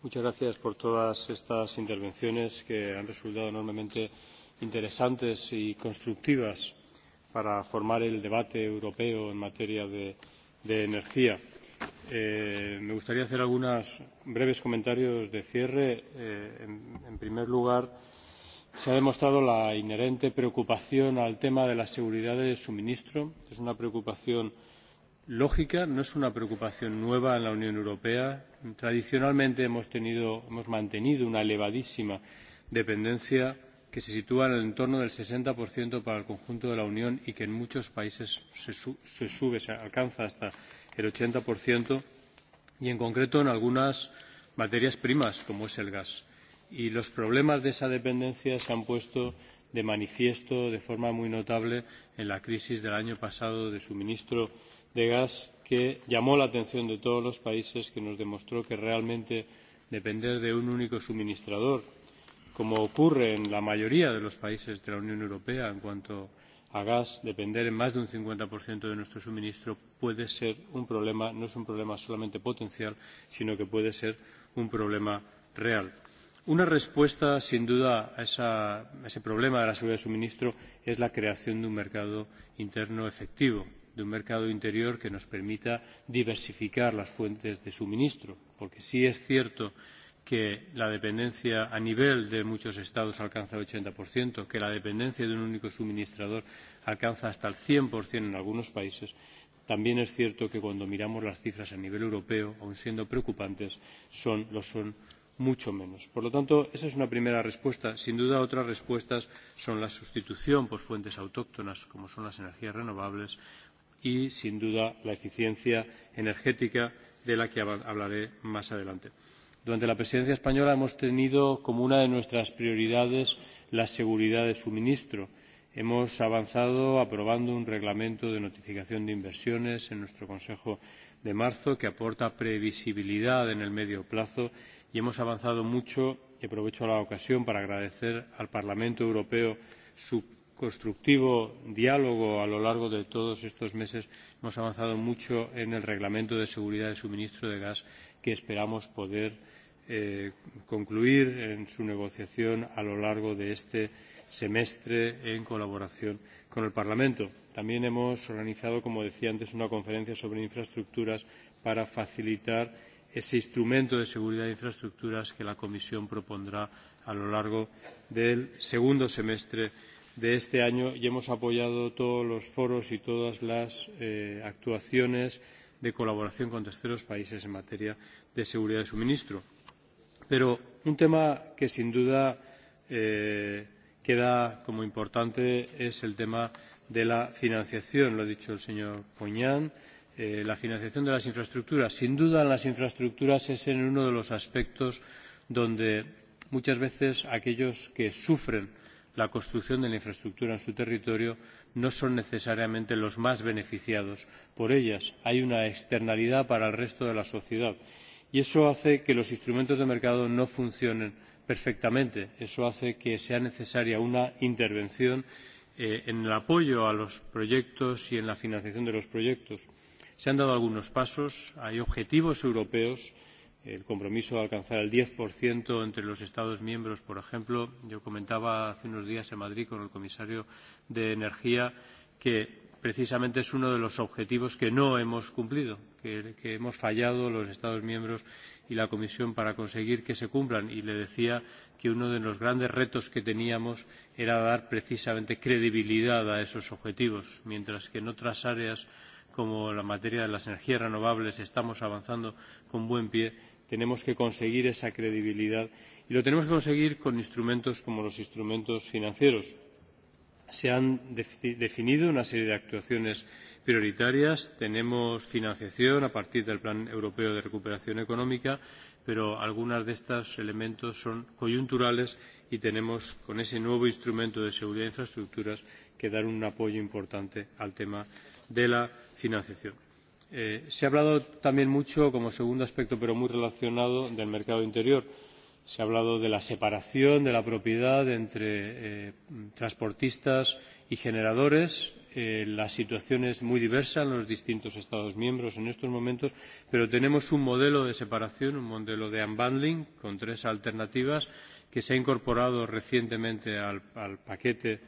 Muchas gracias por todas estas intervenciones que han resultado enormemente interesantes y constructivas para formar el debate europeo en materia de, de energía. Eh, me gustaría hacer algunos breves comentarios de cierre. Eh, en, en primer lugar, se ha demostrado la inherente preocupación al tema de la seguridad de suministro. Es una preocupación lógica, no es una preocupación nueva en la Unión Europea. Tradicionalmente hemos, tenido, hemos mantenido una elevadísima dependencia que se sitúa en el entorno del 60% para el conjunto de la Unión y que en muchos países se, su, se sube, se alcanza hasta el ochenta y en concreto en algunas materias primas como es el gas. Y los problemas de esa dependencia se han puesto de manifiesto de forma muy notable en la crisis del año pasado de suministro de gas que llamó la atención de todos los países, que nos demostró que realmente depender de un único suministrador, como ocurre en la mayoría de los países de la Unión Europea en cuanto a a gas, depender en más de un 50% de nuestro suministro puede ser un problema, no es un problema solamente potencial, sino que puede ser un problema real. Una respuesta, sin duda, a, esa, a ese problema de la seguridad de suministro es la creación de un mercado interno efectivo, de un mercado interior que nos permita diversificar las fuentes de suministro, porque sí es cierto que que la dependencia a nivel de muchos estados alcanza el 80%, que la dependencia de un único suministrador alcanza hasta el 100% en algunos países, también es cierto que cuando miramos las cifras a nivel europeo, aun siendo preocupantes, son, lo son mucho menos. Por lo tanto, esa es una primera respuesta. Sin duda, otras respuestas son la sustitución por fuentes autóctonas, como son las energías renovables, y, sin duda, la eficiencia energética, de la que hablaré más adelante. Durante la presidencia española hemos tenido como una de nuestras prioridades la seguridad de suministro. Hemos avanzado aprobando un reglamento de notificación de inversiones en nuestro Consejo de marzo que aporta previsibilidad en el medio plazo y hemos avanzado mucho y aprovecho la ocasión para agradecer al Parlamento Europeo su constructivo diálogo a lo largo de todos estos meses hemos avanzado mucho en el reglamento de seguridad de suministro de gas que esperamos poder eh, concluir en su negociación a lo largo de este semestre en colaboración con el Parlamento. También hemos organizado, como decía antes, una conferencia sobre infraestructuras para facilitar ese instrumento de seguridad de infraestructuras que la Comisión propondrá a lo largo del segundo semestre de este año y hemos apoyado todos los foros y todas las eh, actuaciones de colaboración con terceros países en materia de seguridad de suministro. Pero un tema que sin duda eh, queda como importante es el tema de la financiación, lo ha dicho el señor Poñán, eh, la financiación de las infraestructuras. Sin duda, las infraestructuras es en uno de los aspectos donde muchas veces aquellos que sufren la construcción de la infraestructura en su territorio no son necesariamente los más beneficiados por ellas. Hay una externalidad para el resto de la sociedad y eso hace que los instrumentos de mercado no funcionen perfectamente. Eso hace que sea necesaria una intervención eh, en el apoyo a los proyectos y en la financiación de los proyectos. Se han dado algunos pasos, hay objetivos europeos, el compromiso de alcanzar el diez entre los Estados miembros, por ejemplo. Yo comentaba hace unos días en Madrid con el comisario de Energía que precisamente es uno de los objetivos que no hemos cumplido, que, que hemos fallado los Estados miembros y la Comisión para conseguir que se cumplan. Y le decía que uno de los grandes retos que teníamos era dar precisamente credibilidad a esos objetivos, mientras que en otras áreas como la materia de las energías renovables estamos avanzando con buen pie, tenemos que conseguir esa credibilidad y lo tenemos que conseguir con instrumentos como los instrumentos financieros se han definido una serie de actuaciones prioritarias. Tenemos financiación a partir del Plan Europeo de Recuperación Económica, pero algunos de estos elementos son coyunturales y tenemos, con ese nuevo instrumento de seguridad de infraestructuras, que dar un apoyo importante al tema de la financiación. Eh, se ha hablado también mucho, como segundo aspecto, pero muy relacionado, del mercado interior Se ha hablado de la separación de la propiedad entre eh, transportistas y generadores. Eh, la situación es muy diversa en los distintos Estados miembros en estos momentos, pero tenemos un modelo de separación, un modelo de unbundling con tres alternativas que se ha incorporado recientemente al, al paquete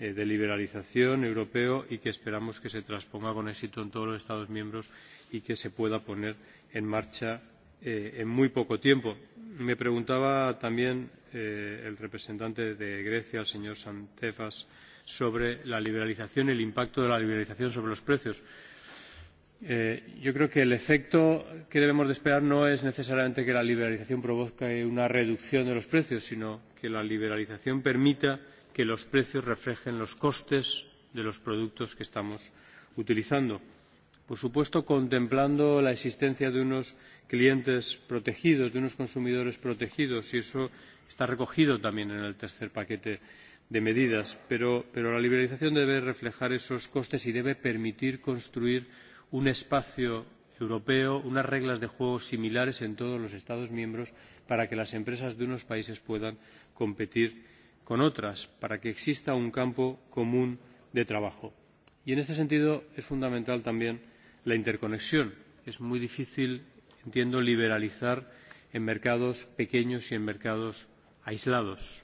eh, de liberalización europeo y que esperamos que se transponga con éxito en todos los Estados miembros y que se pueda poner en marcha eh, en muy poco tiempo. Me preguntaba también eh, el representante de Grecia, el señor Santefas, sobre la liberalización y el impacto de la liberalización sobre los precios. Eh, yo creo que el efecto que debemos de esperar no es necesariamente que la liberalización provoque una reducción de los precios, sino que la liberalización permita que los precios reflejen los costes de los productos que estamos utilizando por supuesto contemplando la existencia de unos clientes protegidos, de unos consumidores protegidos, y eso está recogido también en el tercer paquete de medidas, pero, pero la liberalización debe reflejar esos costes y debe permitir construir un espacio europeo, unas reglas de juego similares en todos los Estados miembros para que las empresas de unos países puedan competir con otras, para que exista un campo común de trabajo. Y en este sentido es fundamental también la interconexión. Es muy difícil, entiendo, liberalizar en mercados pequeños y en mercados aislados.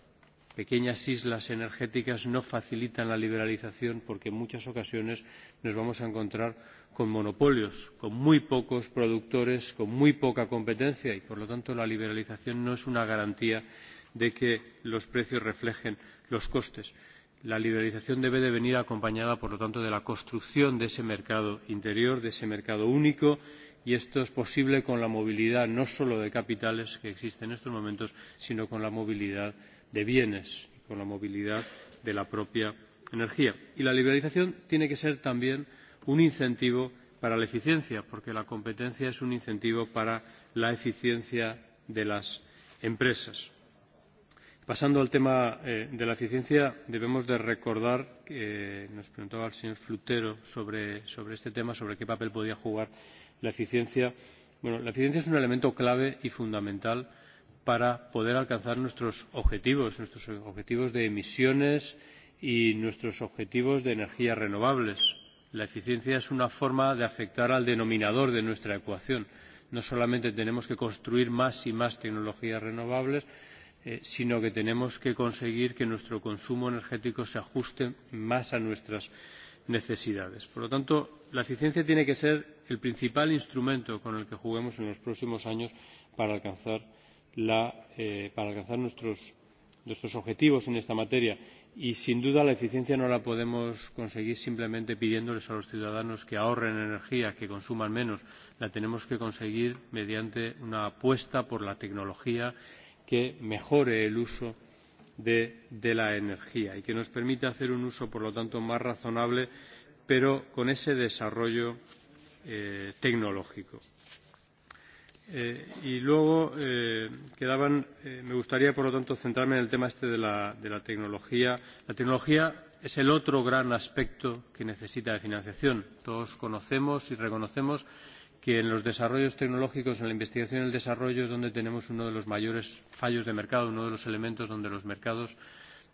Pequeñas islas energéticas no facilitan la liberalización porque en muchas ocasiones nos vamos a encontrar con monopolios, con muy pocos productores, con muy poca competencia y, por lo tanto, la liberalización no es una garantía de que los precios reflejen los costes. La liberalización debe de venir acompañada, por lo tanto, de la construcción de ese mercado interior, de ese mercado único, y esto es posible con la movilidad no solo de capitales que existe en estos momentos, sino con la movilidad de bienes y con la movilidad de la propia energía. Y la liberalización tiene que ser también un incentivo para la eficiencia, porque la competencia es un incentivo para la eficiencia de las empresas. Pasando al tema eh, de la eficiencia, debemos de recordar que eh, nos preguntaba el señor Flutero sobre, sobre este tema, sobre qué papel podía jugar la eficiencia. Bueno, la eficiencia es un elemento clave y fundamental para poder alcanzar nuestros objetivos, nuestros objetivos de emisiones y nuestros objetivos de energías renovables. La eficiencia es una forma de afectar al denominador de nuestra ecuación. No solamente tenemos que construir más y más tecnologías renovables, Eh, sino que tenemos que conseguir que nuestro consumo energético se ajuste más a nuestras necesidades. Por lo tanto, la eficiencia tiene que ser el principal instrumento con el que juguemos en los próximos años para alcanzar, la, eh, para alcanzar nuestros, nuestros objetivos en esta materia. Y sin duda la eficiencia no la podemos conseguir simplemente pidiéndoles a los ciudadanos que ahorren energía, que consuman menos. La tenemos que conseguir mediante una apuesta por la tecnología, que mejore el uso de, de la energía y que nos permita hacer un uso, por lo tanto, más razonable, pero con ese desarrollo eh, tecnológico. Eh, y luego eh, quedaban, eh, me gustaría por lo tanto centrarme en el tema este de la, de la tecnología. La tecnología es el otro gran aspecto que necesita de financiación. Todos conocemos y reconocemos que en los desarrollos tecnológicos, en la investigación y el desarrollo es donde tenemos uno de los mayores fallos de mercado, uno de los elementos donde los mercados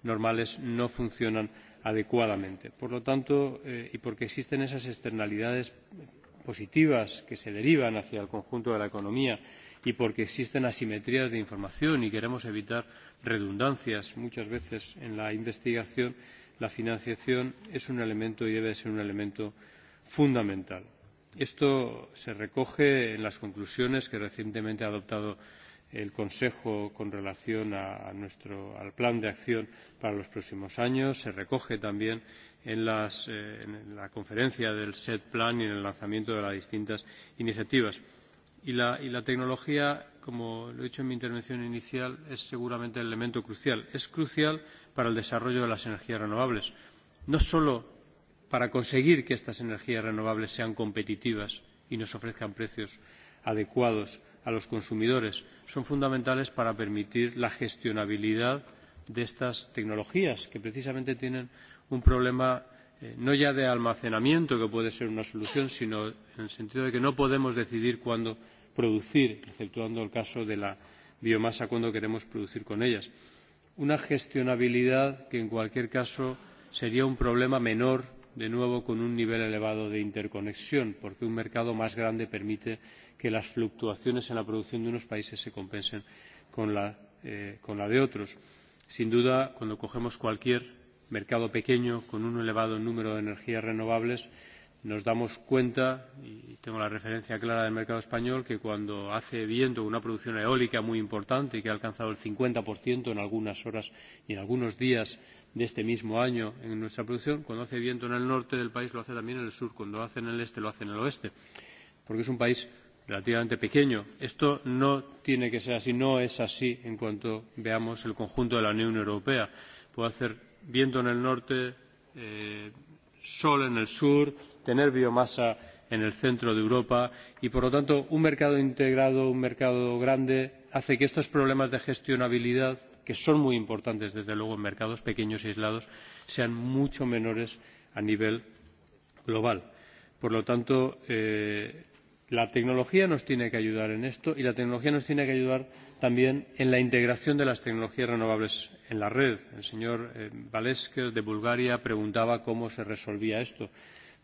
normales no funcionan adecuadamente. Por lo tanto, eh, y porque existen esas externalidades positivas que se derivan hacia el conjunto de la economía y porque existen asimetrías de información y queremos evitar redundancias muchas veces en la investigación, la financiación es un elemento y debe ser un elemento fundamental. Esto se recoge en las conclusiones que recientemente ha adoptado el Consejo con relación a, a nuestro, al plan de acción para los próximos años. Se recoge también en, las, eh, en la conferencia del SET Plan y en el lanzamiento de las distintas iniciativas. Y la, y la tecnología, como lo he dicho en mi intervención inicial, es seguramente el elemento crucial. Es crucial para el desarrollo de las energías renovables, no solo para conseguir que estas energías renovables sean competitivas y nos ofrezcan precios adecuados a los consumidores son fundamentales para permitir la gestionabilidad de estas tecnologías que precisamente tienen un problema eh, no ya de almacenamiento que puede ser una solución sino en el sentido de que no podemos decidir cuándo producir exceptuando el caso de la biomasa cuándo queremos producir con ellas una gestionabilidad que en cualquier caso sería un problema menor de nuevo con un nivel elevado de interconexión, porque un mercado más grande permite que las fluctuaciones en la producción de unos países se compensen con la, eh, con la de otros. Sin duda, cuando cogemos cualquier mercado pequeño con un elevado número de energías renovables, nos damos cuenta, y tengo la referencia clara del mercado español, que cuando hace viento una producción eólica muy importante que ha alcanzado el 50% en algunas horas y en algunos días de este mismo año en nuestra producción. Cuando hace viento en el norte del país lo hace también en el sur, cuando hace en el este lo hace en el oeste, porque es un país relativamente pequeño. Esto no tiene que ser así, no es así en cuanto veamos el conjunto de la Unión Europea. Puede hacer viento en el norte, eh, sol en el sur, tener biomasa en el centro de Europa y, por lo tanto, un mercado integrado, un mercado grande, hace que estos problemas de gestionabilidad que son muy importantes desde luego en mercados pequeños y aislados, sean mucho menores a nivel global. Por lo tanto, eh, la tecnología nos tiene que ayudar en esto y la tecnología nos tiene que ayudar también en la integración de las tecnologías renovables en la red. El señor eh, Valesquez de Bulgaria preguntaba cómo se resolvía esto.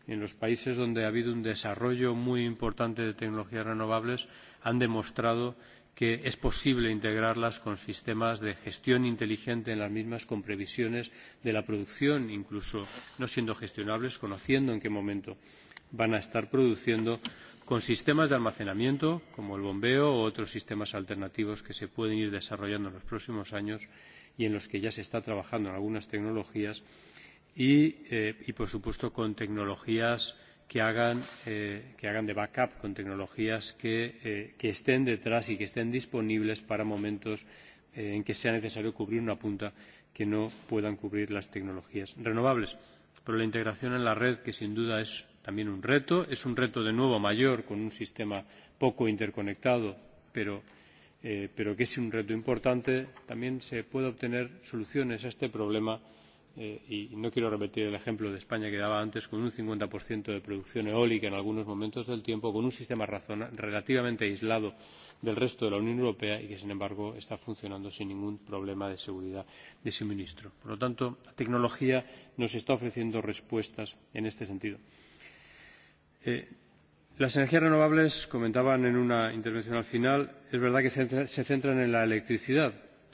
En los países donde ha habido un desarrollo muy importante de tecnologías renovables han demostrado que es posible integrarlas con sistemas de gestión inteligente en las mismas, con previsiones de la producción, incluso no siendo gestionables, conociendo en qué momento van a estar produciendo, con sistemas de almacenamiento, como el bombeo o otros sistemas alternativos que se pueden ir desarrollando en los próximos años y en los que ya se está trabajando en algunas tecnologías, y, eh, y por supuesto, con tecnologías que hagan, eh, que hagan de backup con tecnologías que, eh, que estén detrás y que estén disponibles para momentos eh, en que sea necesario cubrir una punta que no puedan cubrir las tecnologías renovables. Pero la integración en la red, que sin duda es también un reto, es un reto de nuevo mayor con un sistema poco interconectado, pero, eh, pero que es un reto importante, también se puede obtener soluciones a este problema eh, y no quiero repetir el ejemplo de España que daba antes, con un 50% de producción eólica en algunos momentos del tiempo, con un sistema relativamente aislado del resto de la Unión Europea y que, sin embargo, está funcionando sin ningún problema de seguridad de suministro. Por lo tanto, la tecnología nos está ofreciendo respuestas en este sentido. Eh, las energías renovables, comentaban en una intervención al final, es verdad que se, se centran en la electricidad,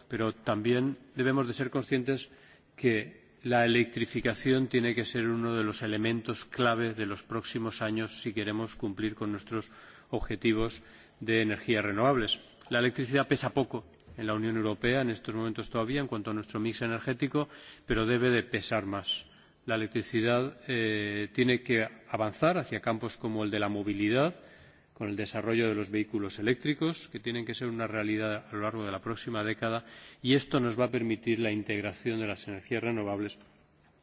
pero también debemos de ser conscientes que la electrificación tiene que ser uno de los elementos clave de los próximos años si queremos cumplir con nuestros objetivos de energías renovables. La electricidad pesa poco en la Unión Europea en estos momentos todavía en cuanto a nuestro mix energético, pero debe de pesar más. La electricidad eh, tiene que avanzar hacia campos como el de la movilidad, con el desarrollo de los vehículos eléctricos, que tienen que ser una realidad a lo largo de la próxima década, y esto nos va a permitir la integración de las energías renovables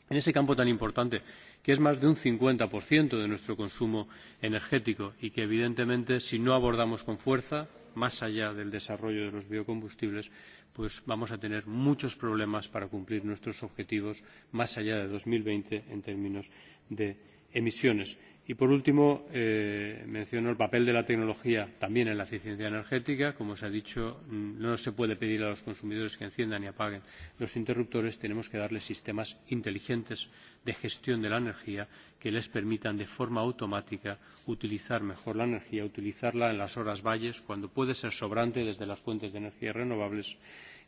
en ese campo tan importante, que es más de un 50% de nuestro consumo energético y que, evidentemente, si no abordamos con fuerza, más allá del desarrollo de los biocombustibles, pues vamos a tener muchos problemas para cumplir nuestros objetivos más allá de dos mil veinte en términos de emisiones. Y por último, eh, menciono el papel de la tecnología también en la eficiencia energética. Como se ha dicho, mm, no se puede pedir a los consumidores que enciendan y apaguen los interruptores. Tenemos que darles sistemas inteligentes de gestión de la energía que les permitan de forma automática utilizar mejor la energía, utilizarla en las horas valles, cuando puede ser sobrante desde las fuentes de energía renovables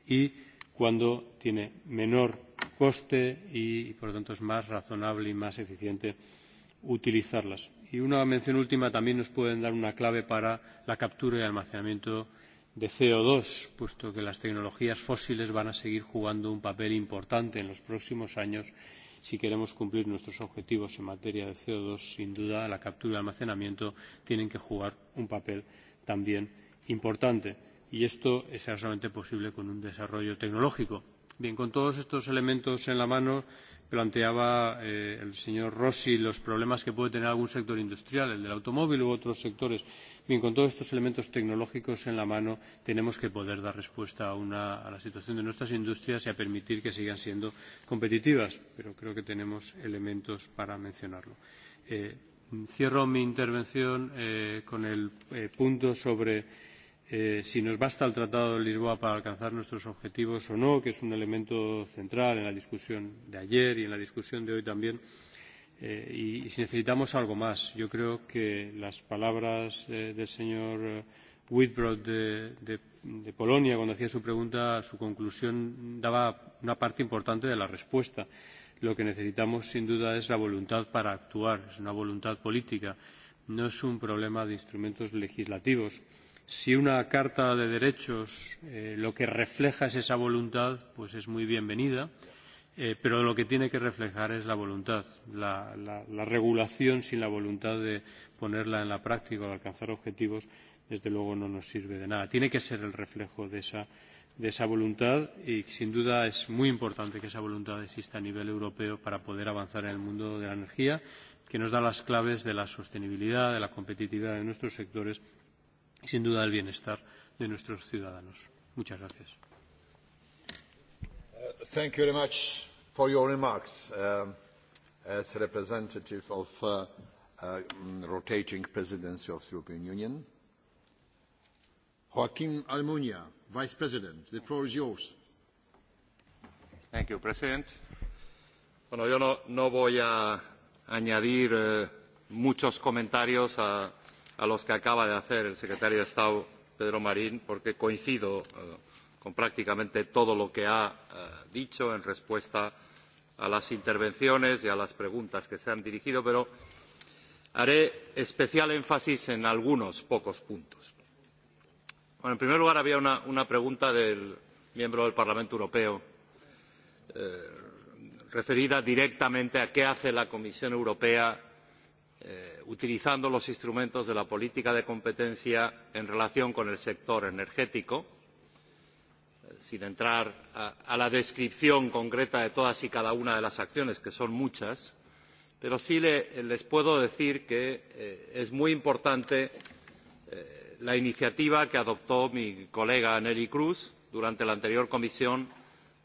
y cuando tiene menor coste y, y por lo tanto, es más razonable y más eficiente utilizarlas. Y una mención última también nos pueden dar una clave para la captura y almacenamiento de co dos, puesto que las tecnologías fósiles van a seguir jugando un papel importante en los próximos años si queremos cumplir nuestros objetivos en materia de co dos, sin duda la captura y el almacenamiento tienen que jugar un papel también importante. Y esto es solamente posible con un desarrollo tecnológico. Bien, con todos estos elementos en la mano, planteaba eh, el señor Rossi los problemas que puede tener algún sector industrial, el del automóvil u otros sectores. Bien, con todos estos elementos tecnológicos en la mano tenemos que poder dar respuesta a, una, a la situación de nuestras industrias y a permitir que sigan siendo competitivas, pero creo que tenemos elementos para mencionarlo. Eh, cierro mi intervención eh, con el eh, punto sobre eh, si nos basta el Tratado de Lisboa para alcanzar nuestros objetivos o no, que es un elemento central en la discusión de ayer y en la discusión de hoy también, eh, y, y si necesitamos algo más. Yo creo que las palabras eh, del señor eh, Whitbrod de, de, de Polonia, cuando hacía su pregunta, su conclusión daba una parte importante de la respuesta. Lo que necesitamos, sin duda, es la voluntad para actuar, es una voluntad política, no es un problema de instrumentos legislativos si una Carta de Derechos eh, lo que refleja es esa voluntad, pues es muy bienvenida, eh, pero lo que tiene que reflejar es la voluntad, la, la, la regulación sin la voluntad de ponerla en la práctica o de alcanzar objetivos, desde luego no nos sirve de nada. Tiene que ser el reflejo de esa, de esa voluntad y sin duda es muy importante que esa voluntad exista a nivel europeo para poder avanzar en el mundo de la energía, que nos da las claves de la sostenibilidad, de la competitividad de nuestros sectores sin duda al bienestar de nuestros ciudadanos. Muchas gracias. Uh, thank you very much for your remarks uh, as representative of uh, uh, mm, rotating presidency of the European Union. Joaquim Almunia, Vice President, the floor is yours. Thank you, President. Bueno, yo no, no voy a añadir eh, muchos comentarios a, a los que acaba de hacer el secretario de Estado, Pedro Marín, porque coincido eh, con prácticamente todo lo que ha eh, dicho en respuesta a las intervenciones y a las preguntas que se han dirigido, pero haré especial énfasis en algunos pocos puntos. Bueno, en primer lugar, había una, una, pregunta del miembro del Parlamento Europeo eh, referida directamente a qué hace la Comisión Europea eh, utilizando los instrumentos de la política de competencia en relación con el sector energético sin entrar a, a la descripción concreta de todas y cada una de las acciones que son muchas pero sí le, les puedo decir que eh, es muy importante eh, la iniciativa que adoptó mi colega Nelly Cruz durante la anterior comisión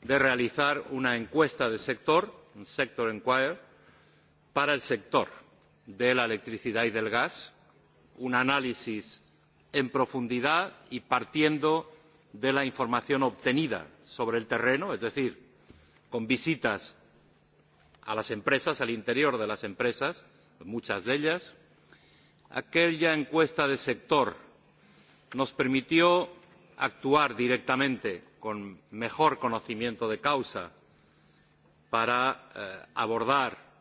de realizar una encuesta de sector, un sector inquiry, para el sector de la electricidad y del gas, un análisis en profundidad y partiendo de la información obtenida sobre el terreno, es decir, con visitas a las empresas, al interior de las empresas, muchas de ellas. Aquella encuesta de sector nos permitió actuar directamente con mejor conocimiento de causa para eh, abordar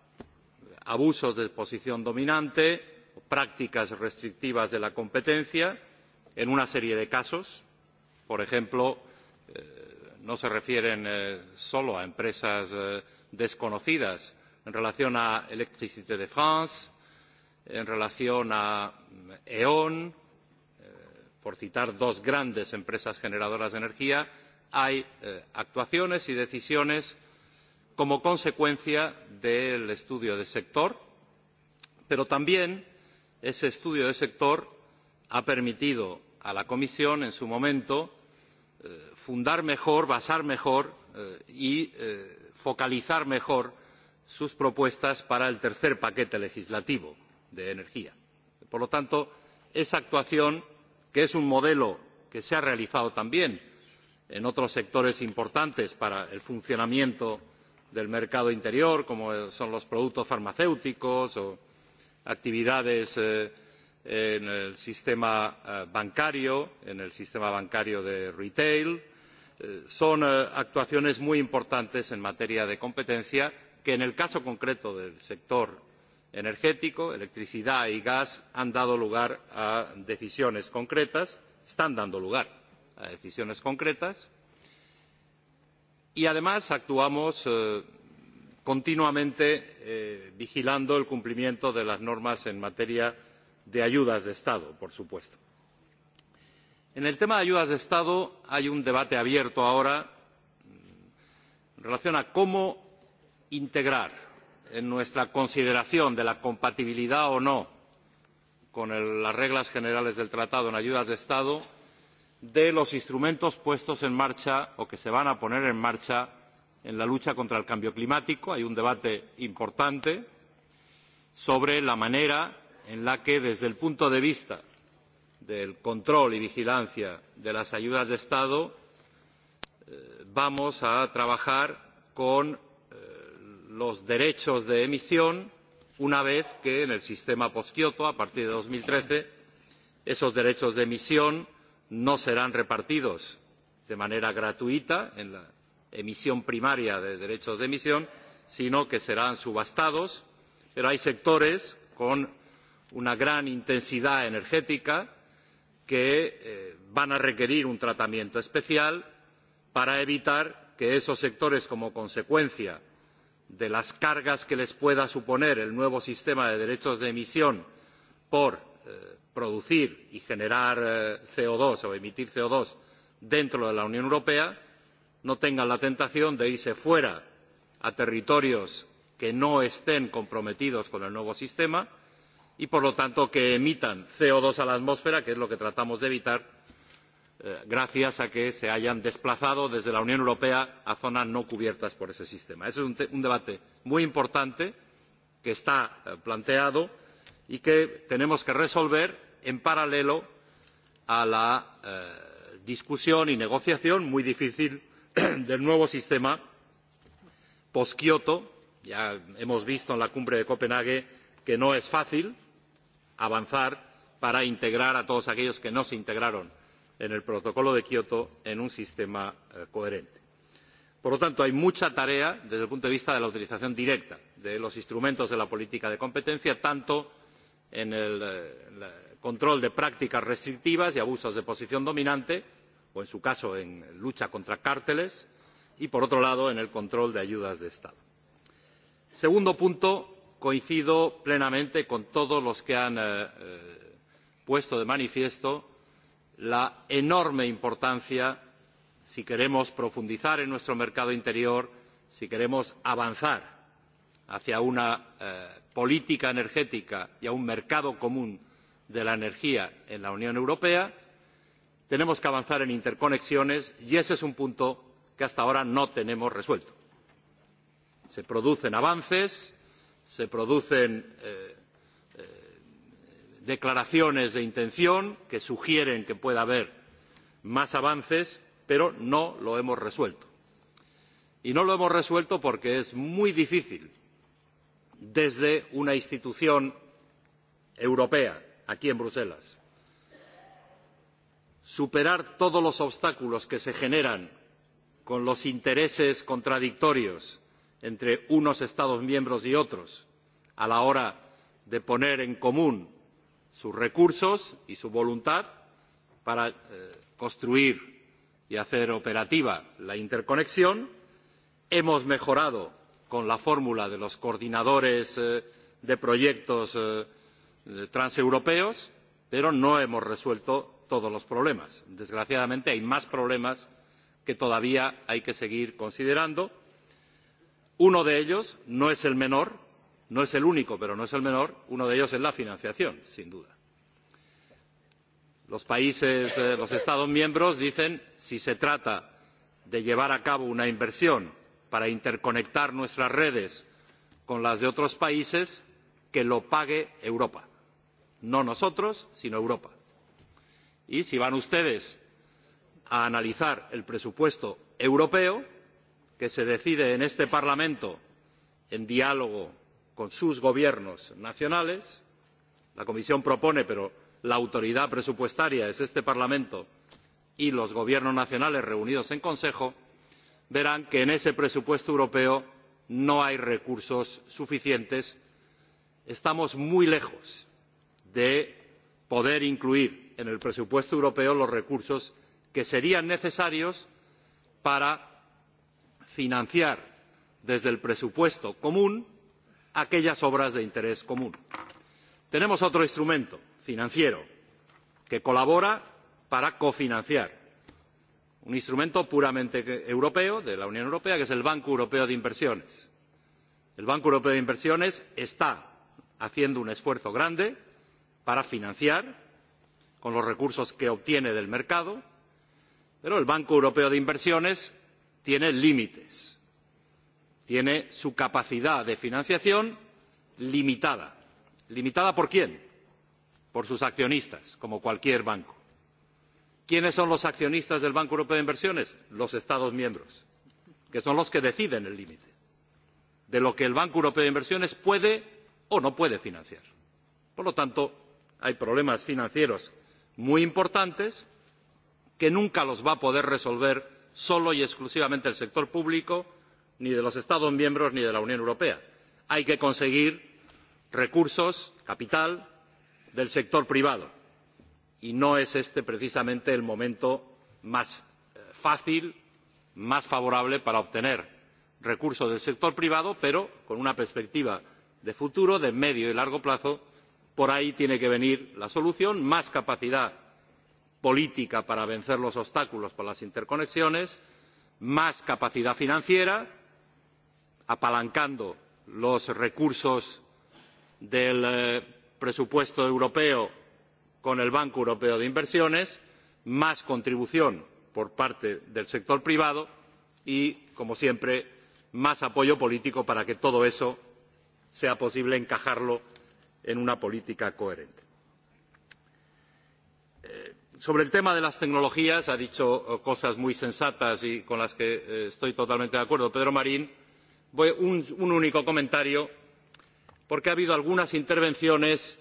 abusos de posición dominante prácticas restrictivas de la competencia en una serie de casos por ejemplo eh, no se refieren eh, solo a empresas eh, desconocidas en relación a Electricité de France, en relación a E.ON, e por citar dos grandes empresas generadoras de energía, hay actuaciones y decisiones como consecuencia del estudio de sector, pero también ese estudio de sector ha permitido a la Comisión en su momento eh, fundar mejor, basar mejor eh, y eh, focalizar mejor sus propuestas para el tercer paquete legislativo de energía. Por lo tanto, esa actuación, que es un modelo que se ha realizado también en otros sectores importantes para el funcionamiento del mercado interior, como son los productos farmacéuticos o actividades eh, en el sistema eh, bancario, en el sistema bancario de retail. Eh, son actuaciones muy importantes en materia de competencia que en el caso concreto del sector energético, electricidad y gas, han dado lugar a decisiones concretas, están dando lugar a decisiones concretas y además actuamos eh, continuamente eh, vigilando el cumplimiento de las normas en materia de ayudas de Estado, por supuesto. En el tema de ayudas de Estado hay un debate abierto ahora mm, en relación a cómo integrar en nuestra consideración de la compatibilidad o no con las reglas generales del Tratado en ayudas de Estado de los instrumentos puestos en marcha o que se van a poner en marcha en la lucha contra el cambio climático. Hay un debate importante sobre la manera en la que, desde el punto de vista del control y vigilancia de las ayudas de Estado, eh, vamos a trabajar con eh, los derechos de emisión una vez que en el sistema post Kyoto, a partir de dos mil trece, esos derechos de emisión no serán repartidos de manera gratuita en la emisión primaria de derechos de emisión, sino que serán subastados, pero hay sectores con una gran intensidad energética que eh, van a requerir un tratamiento especial para evitar que esos sectores, como consecuencia de las cargas que les pueda suponer el nuevo sistema de derechos de emisión por eh, producir y generar eh, co dos o emitir co dos dentro de la Unión Europea no tengan la tentación de irse fuera a territorios que no estén comprometidos con el nuevo sistema y por lo tanto que emitan co dos a la atmósfera, que es lo que tratamos de evitar eh, gracias a que se hayan desplazado desde la Unión Europea a zonas no cubiertas por ese sistema. Ese es un, un debate muy importante que está eh, planteado y que tenemos que resolver en paralelo a la eh, discusión y negociación muy difícil [CLEARS THROAT] del nuevo sistema post Kioto. Ya hemos visto en la cumbre de Copenhague que no es fácil avanzar para integrar a todos aquellos que no se integraron en el protocolo de Kioto en un sistema eh, coherente. Por lo tanto, hay mucha tarea desde el punto de vista de la utilización directa de los instrumentos de la política de competencia, tanto en el, el eh, control de prácticas restrictivas y abusos de posición dominante o en su caso en lucha contra cárteles y por otro lado en el control de ayudas de estado. segundo punto coincido plenamente con todos los que han eh, eh puesto de manifiesto la enorme importancia si queremos profundizar en nuestro mercado interior si queremos avanzar hacia una eh, política energética y a un mercado común de la energía en la Unión Europea. Tenemos que avanzar en interconexiones y ese es un punto que hasta ahora no tenemos resuelto. Se producen avances, se producen eh, eh, declaraciones de intención que sugieren que pueda haber más avances, pero no lo hemos resuelto. Y no lo hemos resuelto porque es muy difícil desde una institución europea aquí en Bruselas. Superar todos los obstáculos que se generan con los intereses contradictorios entre unos Estados miembros y otros a la hora de poner en común sus recursos y su voluntad para eh, construir y hacer operativa la interconexión. Hemos mejorado con la fórmula de los coordinadores eh, de proyectos eh, transeuropeos, pero no hemos resuelto todos los problemas. Desgraciadamente hay más problemas que todavía hay que seguir considerando. Uno de ellos no es el menor, no es el único, pero no es el menor, uno de ellos es la financiación, sin duda. Los países, eh, los Estados miembros dicen si se trata de llevar a cabo una inversión para interconectar nuestras redes con las de otros países que lo pague Europa. No nosotros, sino Europa. Y si van ustedes a analizar el presupuesto europeo, que se decide en este Parlamento en diálogo con sus gobiernos nacionales, la Comisión propone, pero la autoridad presupuestaria es este Parlamento y los gobiernos nacionales reunidos en Consejo, verán que en ese presupuesto europeo no hay recursos suficientes. Estamos muy lejos de poder incluir en el presupuesto europeo los recursos que serían necesarios para financiar desde el presupuesto común aquellas obras de interés común. Tenemos otro instrumento financiero que colabora para cofinanciar un instrumento puramente europeo de la Unión Europea, que es el Banco Europeo de Inversiones. El Banco Europeo de Inversiones está haciendo un esfuerzo grande para financiar con los recursos que obtiene del mercado, pero el Banco Europeo de Inversiones tiene límites, tiene su capacidad de financiación limitada. ¿Limitada por quién? Por sus accionistas, como cualquier banco. ¿Quiénes son los accionistas del Banco Europeo de Inversiones? Los Estados miembros, que son los que deciden el límite de lo que el Banco Europeo de Inversiones puede o no puede financiar. Por lo tanto, hay problemas financieros muy importantes que nunca los va a poder resolver solo y exclusivamente el sector público, ni de los Estados miembros, ni de la Unión Europea. Hay que conseguir recursos, capital, del sector privado y no es este precisamente el momento más eh, fácil, más favorable para obtener recursos del sector privado, pero con una perspectiva de futuro, de medio y largo plazo, por ahí tiene que venir la solución, más capacidad política para vencer los obstáculos para las interconexiones, más capacidad financiera, apalancando los recursos del eh, presupuesto europeo con el banco europeo de inversiones más contribución por parte del sector privado y como siempre más apoyo político para que todo eso sea posible encajarlo en una política coherente. Eh, sobre el tema de las tecnologías ha dicho oh, cosas muy sensatas y con las que eh, estoy totalmente de acuerdo Pedro Marín. Voy un, un único comentario porque ha habido algunas intervenciones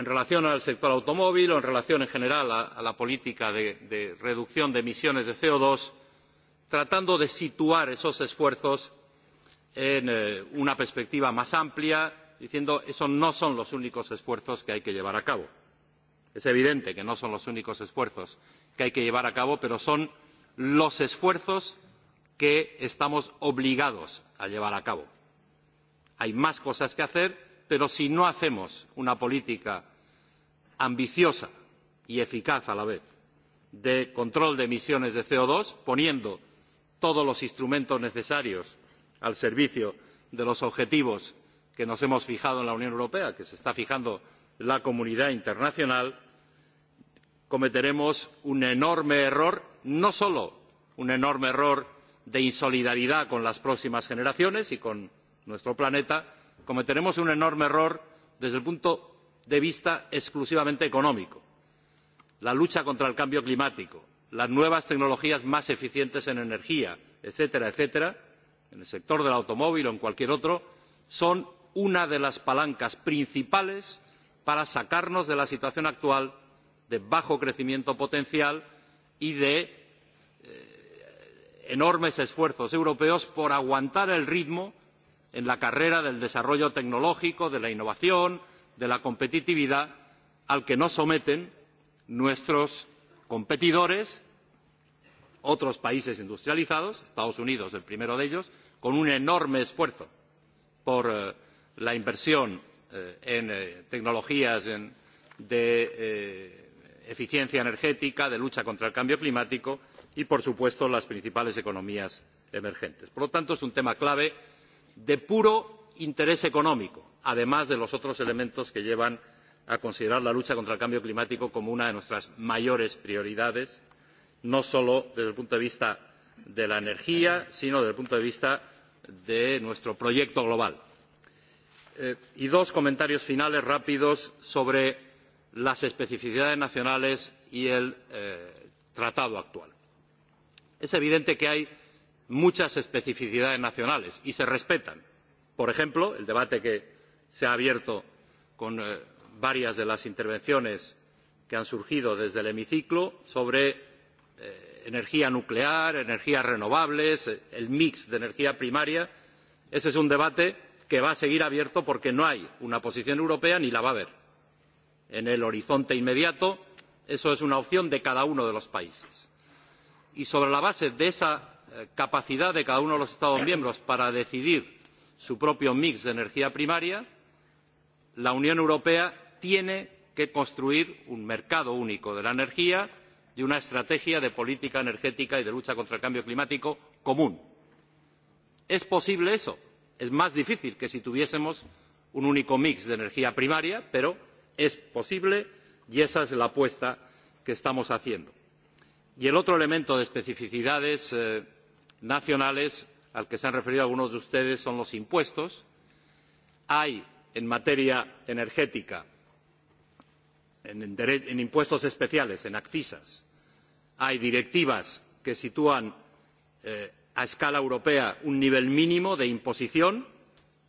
en relación con el sector automóvil o en relación en general a, a la política de, de, reducción de emisiones de co dos tratando de situar esos esfuerzos en eh, una perspectiva más amplia diciendo que esos no son los únicos esfuerzos que hay que llevar a cabo. es evidente que no son los únicos esfuerzos que hay que llevar a cabo pero son los esfuerzos que estamos obligados a llevar a cabo. hay más cosas que hacer pero si no hacemos una política ambiciosa y eficaz a la vez de control de emisiones de co dos poniendo todos los instrumentos necesarios al servicio de los objetivos que nos hemos fijado en la Unión Europea, que se está fijando la comunidad internacional, cometeremos un enorme error, no solo un enorme error de insolidaridad con las próximas generaciones y con nuestro planeta, cometeremos un enorme error desde el punto de vista exclusivamente económico la lucha contra el cambio climático las nuevas tecnologías más eficientes en energía etcétera etcétera en el sector del automóvil o en cualquier otro son una de las palancas principales para sacarnos de la situación actual de bajo crecimiento potencial y de eh, enormes esfuerzos europeos por aguantar el ritmo en la carrera del desarrollo tecnológico de la innovación de la competitividad al que nos someten nuestros competidores otros países industrializados Estados Unidos el primero de ellos con un enorme esfuerzo por eh, la inversión eh, en eh, tecnologías en, de eh, eficiencia energética de lucha contra el cambio climático y por supuesto las principales economías emergentes. por lo tanto es un tema clave de puro interés económico además de los otros elementos que llevan a considerar la lucha contra el cambio climático como una de nuestras mayores prioridades no solo desde el punto de vista de la energía sino desde el punto de vista de nuestro proyecto global. Eh, y dos comentarios finales rápidos sobre las especificidades nacionales y el eh, tratado actual. Es evidente que hay muchas especificidades nacionales y se respetan. Por ejemplo, el debate que se ha abierto con eh, varias de las intervenciones que han surgido desde el hemiciclo sobre eh, energía nuclear, energías renovables, eh, el mix de energía primaria. Ese es un debate que va a seguir abierto porque no hay una posición europea ni la va a haber. En el horizonte inmediato, eso es una opción de cada uno de los países. Y sobre la base de esa eh, capacidad de cada uno de los Estados miembros para decidir su propio mix de energía primaria, la Unión Europea tiene que construir un mercado único de la energía y una estrategia de política energética y de lucha contra el cambio climático común. Es posible eso. Es más difícil que si tuviésemos un único mix de energía primaria, pero es posible y esa es la apuesta que estamos haciendo. Y el otro elemento de especificidades eh, nacionales al que se han referido algunos de ustedes son los impuestos. Hay en materia energética, en, impuestos especiales, en accisas. Hay directivas que sitúan eh, a escala europea un nivel mínimo de imposición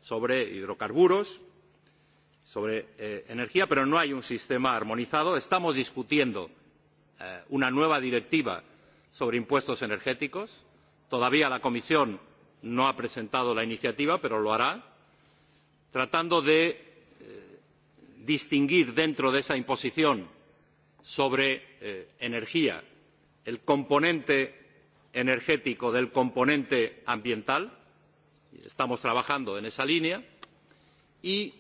sobre hidrocarburos, sobre eh, energía, pero no hay un sistema armonizado. Estamos discutiendo eh, una nueva directiva sobre impuestos energéticos. Todavía la Comisión no ha presentado la iniciativa, pero lo hará tratando de eh, distinguir dentro de esa imposición sobre eh, energía el componente energético del componente ambiental estamos trabajando en esa línea y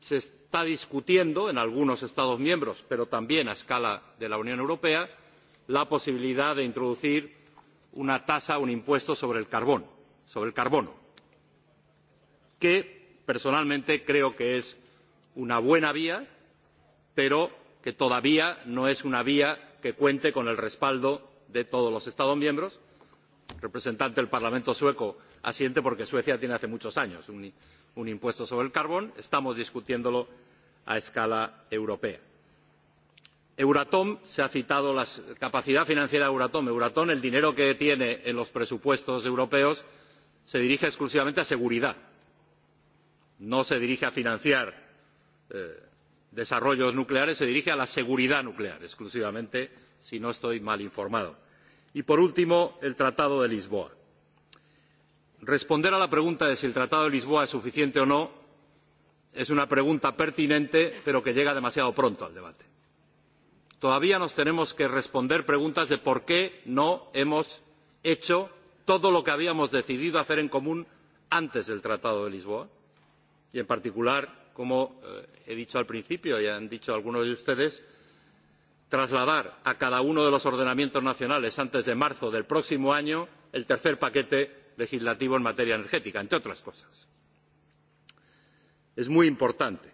se está discutiendo en algunos estados miembros pero también a escala de la unión europea la posibilidad de introducir una tasa un impuesto sobre el carbón sobre el carbono que personalmente creo que es una buena vía, pero que todavía no es una vía que cuente con el respaldo de todos los Estados miembros. El representante del Parlamento sueco asiente porque Suecia tiene hace muchos años un, un impuesto sobre el carbón. Estamos discutiéndolo a escala europea. Euratom, se ha citado la capacidad financiera de Euratom. Euratom, el dinero que tiene en los presupuestos europeos, se dirige exclusivamente a seguridad no se dirige a financiar eh, desarrollos nucleares, se dirige a la seguridad nuclear exclusivamente, si no estoy mal informado. Y por último, el Tratado de Lisboa. Responder a la pregunta de si el Tratado de Lisboa es suficiente o no es una pregunta pertinente, pero que llega demasiado pronto al debate. Todavía nos tenemos que responder preguntas de por qué no hemos hecho todo lo que habíamos decidido hacer en común antes del Tratado de Lisboa y en particular, como eh, he dicho al principio y han dicho algunos de ustedes, trasladar a cada uno de los ordenamientos nacionales antes de marzo del próximo año el tercer paquete legislativo en materia energética, entre otras cosas. Es muy importante.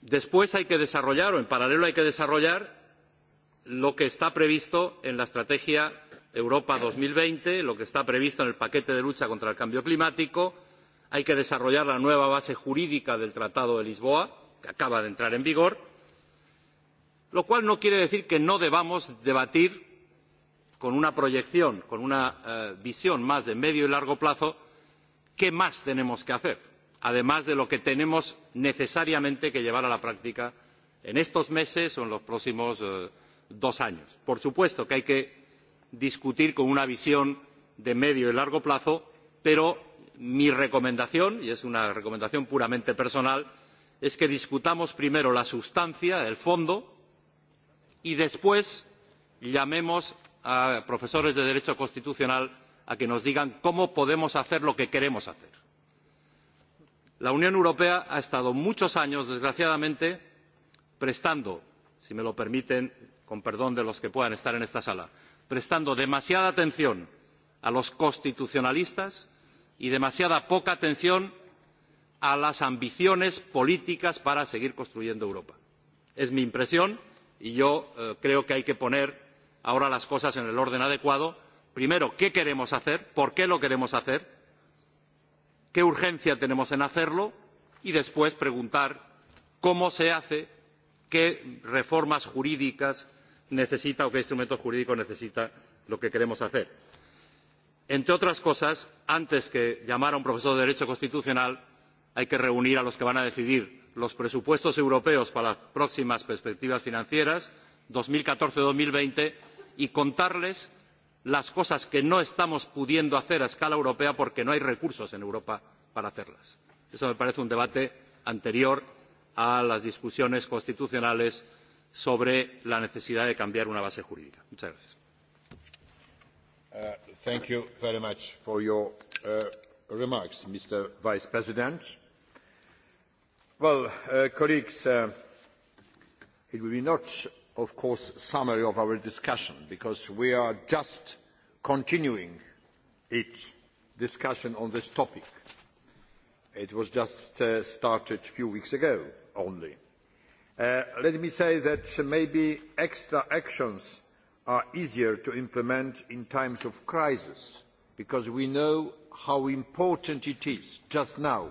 Después hay que desarrollar, o en paralelo hay que desarrollar, lo que está previsto en la Estrategia Europa dos mil veinte, lo que está previsto en el paquete de lucha contra el cambio climático, hay que desarrollar la nueva base jurídica del Tratado de Lisboa, que acaba de entrar en vigor, lo cual no quiere decir que no debamos debatir con una proyección, con una eh, visión más de medio y largo plazo, qué más tenemos que hacer, además de lo que tenemos necesariamente que llevar a la práctica en estos meses o en los próximos eh, dos años. Por supuesto que hay que discutir con una visión de medio y largo plazo, pero mi recomendación y es una recomendación puramente personal es que discutamos primero la sustancia el fondo y después llamemos a profesores de derecho constitucional a que nos digan cómo podemos hacer lo que queremos hacer. La Unión Europea ha estado muchos años, desgraciadamente, prestando, si me lo permiten, con perdón de los que puedan estar en esta sala, prestando demasiada atención a los constitucionalistas y demasiada poca atención a las ambiciones políticas para seguir construyendo Europa. Es mi impresión y yo eh, creo que hay que poner ahora las cosas en el orden adecuado. Primero, ¿qué queremos hacer? ¿Por qué lo queremos hacer? ¿Qué urgencia tenemos en hacerlo? Y después preguntar cómo se hace, qué reformas jurídicas necesita o qué instrumentos jurídicos necesita lo que queremos hacer entre otras cosas antes que llamar a un profesor de derecho constitucional hay que reunir a los que van a decidir los presupuestos europeos para las próximas perspectivas financieras dos mil catorce dos mil veinte y contarles las cosas que no estamos pudiendo hacer a escala europea porque no hay recursos en Europa para hacerlas. Eso me parece un debate anterior a las discusiones constitucionales sobre la necesidad de cambiar una base jurídica. Muchas gracias. Uh, thank you very much for your uh, remarks, Mr. Vice President. Well, uh, colleagues, uh, it will be not, of course, a summary of our discussion because we are just continuing it discussion on this topic. It was just uh, started a few weeks ago only. Uh, let me say that maybe extra actions are easier to implement in times of crisis because we know how important it is just now.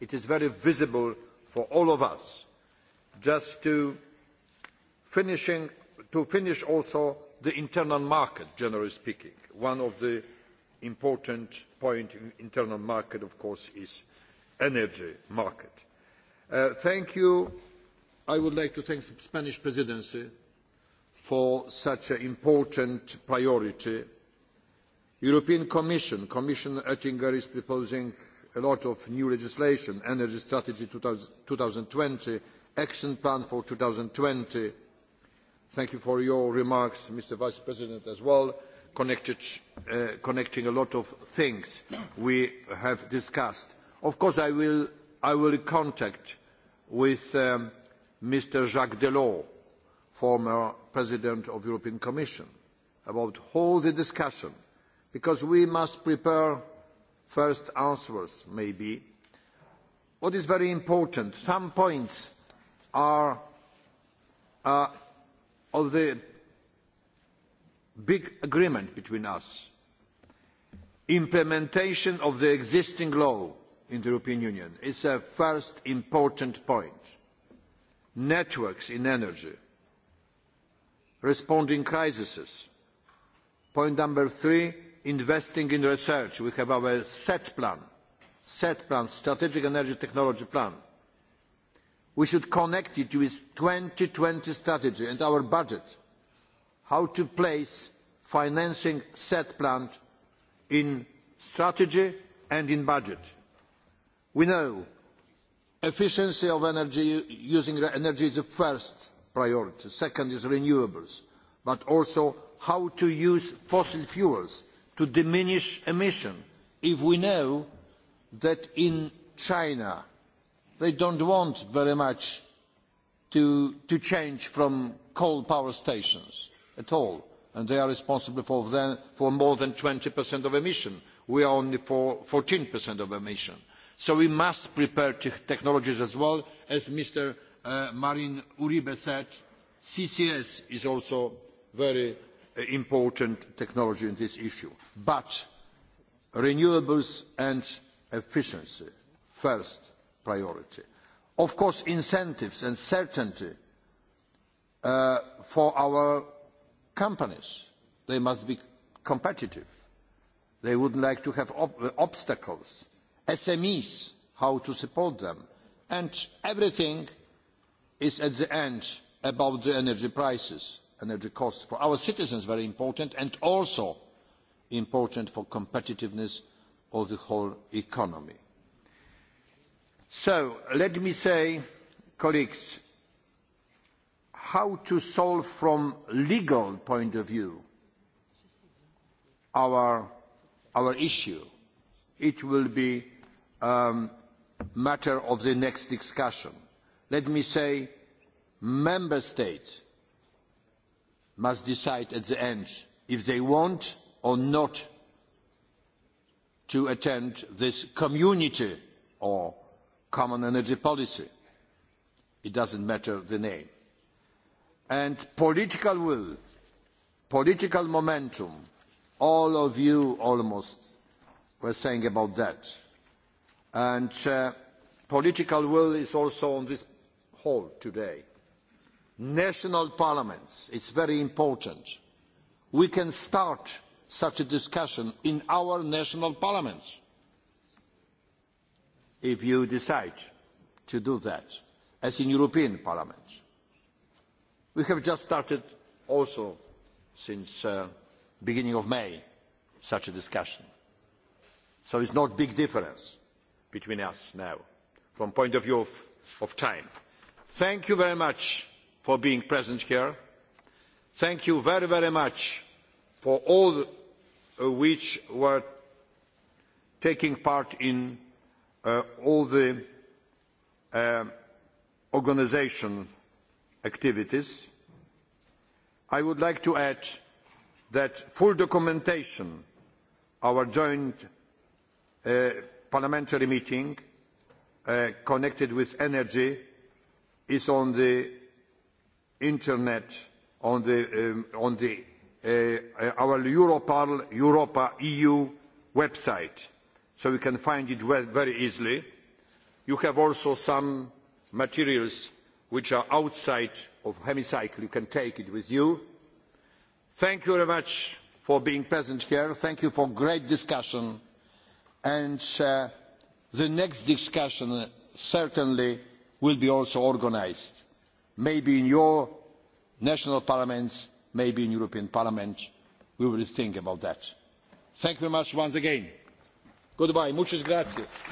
It is very visible for all of us. Just to, finishing, to finish also the internal market, generally speaking. One of the important points in internal market, of course, is energy market. Uh, thank you. I would like to thank the Spanish presidency for such an important priority. The European Commission, Commissioner Oettinger is proposing a lot of new legislation, Energy Strategy twenty, Action Plan for twenty. Thank you for your remarks, Mr. Vice President, as well, connected, uh, connecting a lot of things we have discussed. Of course, I will, I will contact with um, Mr. Jacques Delors, former President of the European Commission about all the discussion because we must prepare first answers maybe. What is very important, some points are uh, of the big agreement between us. Implementation of the existing law in the European Union is a first important point. Networks in energy, responding crises. Point number three, investing in research. We have our SET plan, SET plan, Strategic Energy Technology Plan. We should connect it with the twenty strategy and our budget, how to place financing SET plan in strategy and in budget. We know efficiency of energy using energy is the first priority. Second is renewables, but also how to use fossil fuels to diminish emissions. If we know that in China they do not want very much to, to change from coal power stations at all, and they are responsible for, them, for more than 20% of emissions. We are only for 14% of emissions. So we must prepare technologies as well, as Mr. Uh, Marin Uribe said, CCS is also very uh, important technology in this issue. But renewables and efficiency, first priority. Of course, incentives and certainty uh, for our companies. They must be competitive. They would like to have ob uh, obstacles. SMEs, how to support them. And everything is at the end about the energy prices, energy costs for our citizens very important and also important for competitiveness of the whole economy. So let me say, colleagues, how to solve from legal point of view our, our issue. It will be a um, matter of the next discussion let me say, member states must decide at the end if they want or not to attend this community or common energy policy. It doesn't matter the name. And political will, political momentum, all of you almost were saying about that. And uh, political will is also on this whole today. National parliaments, it's very important. We can start such a discussion in our national parliaments if you decide to do that, as in European Parliament. We have just started also since uh, beginning of May such a discussion. So it's not big difference between us now from point of view of, of time. Thank you very much for being present here. Thank you very, very much for all uh, which were taking part in uh, all the uh, organisation activities. I would like to add that full documentation our joint uh, parliamentary meeting uh, connected with energy is on the internet, on the, um, on the uh, our Europarl Europa EU website, so you can find it very easily. You have also some materials which are outside of hemicycle. You can take it with you. Thank you very much for being present here. Thank you for great discussion. And uh, the next discussion certainly will be also organised, maybe in your national parliaments, maybe in European Parliament. We will think about that. Thank you very much once again. Goodbye. Muchas gracias.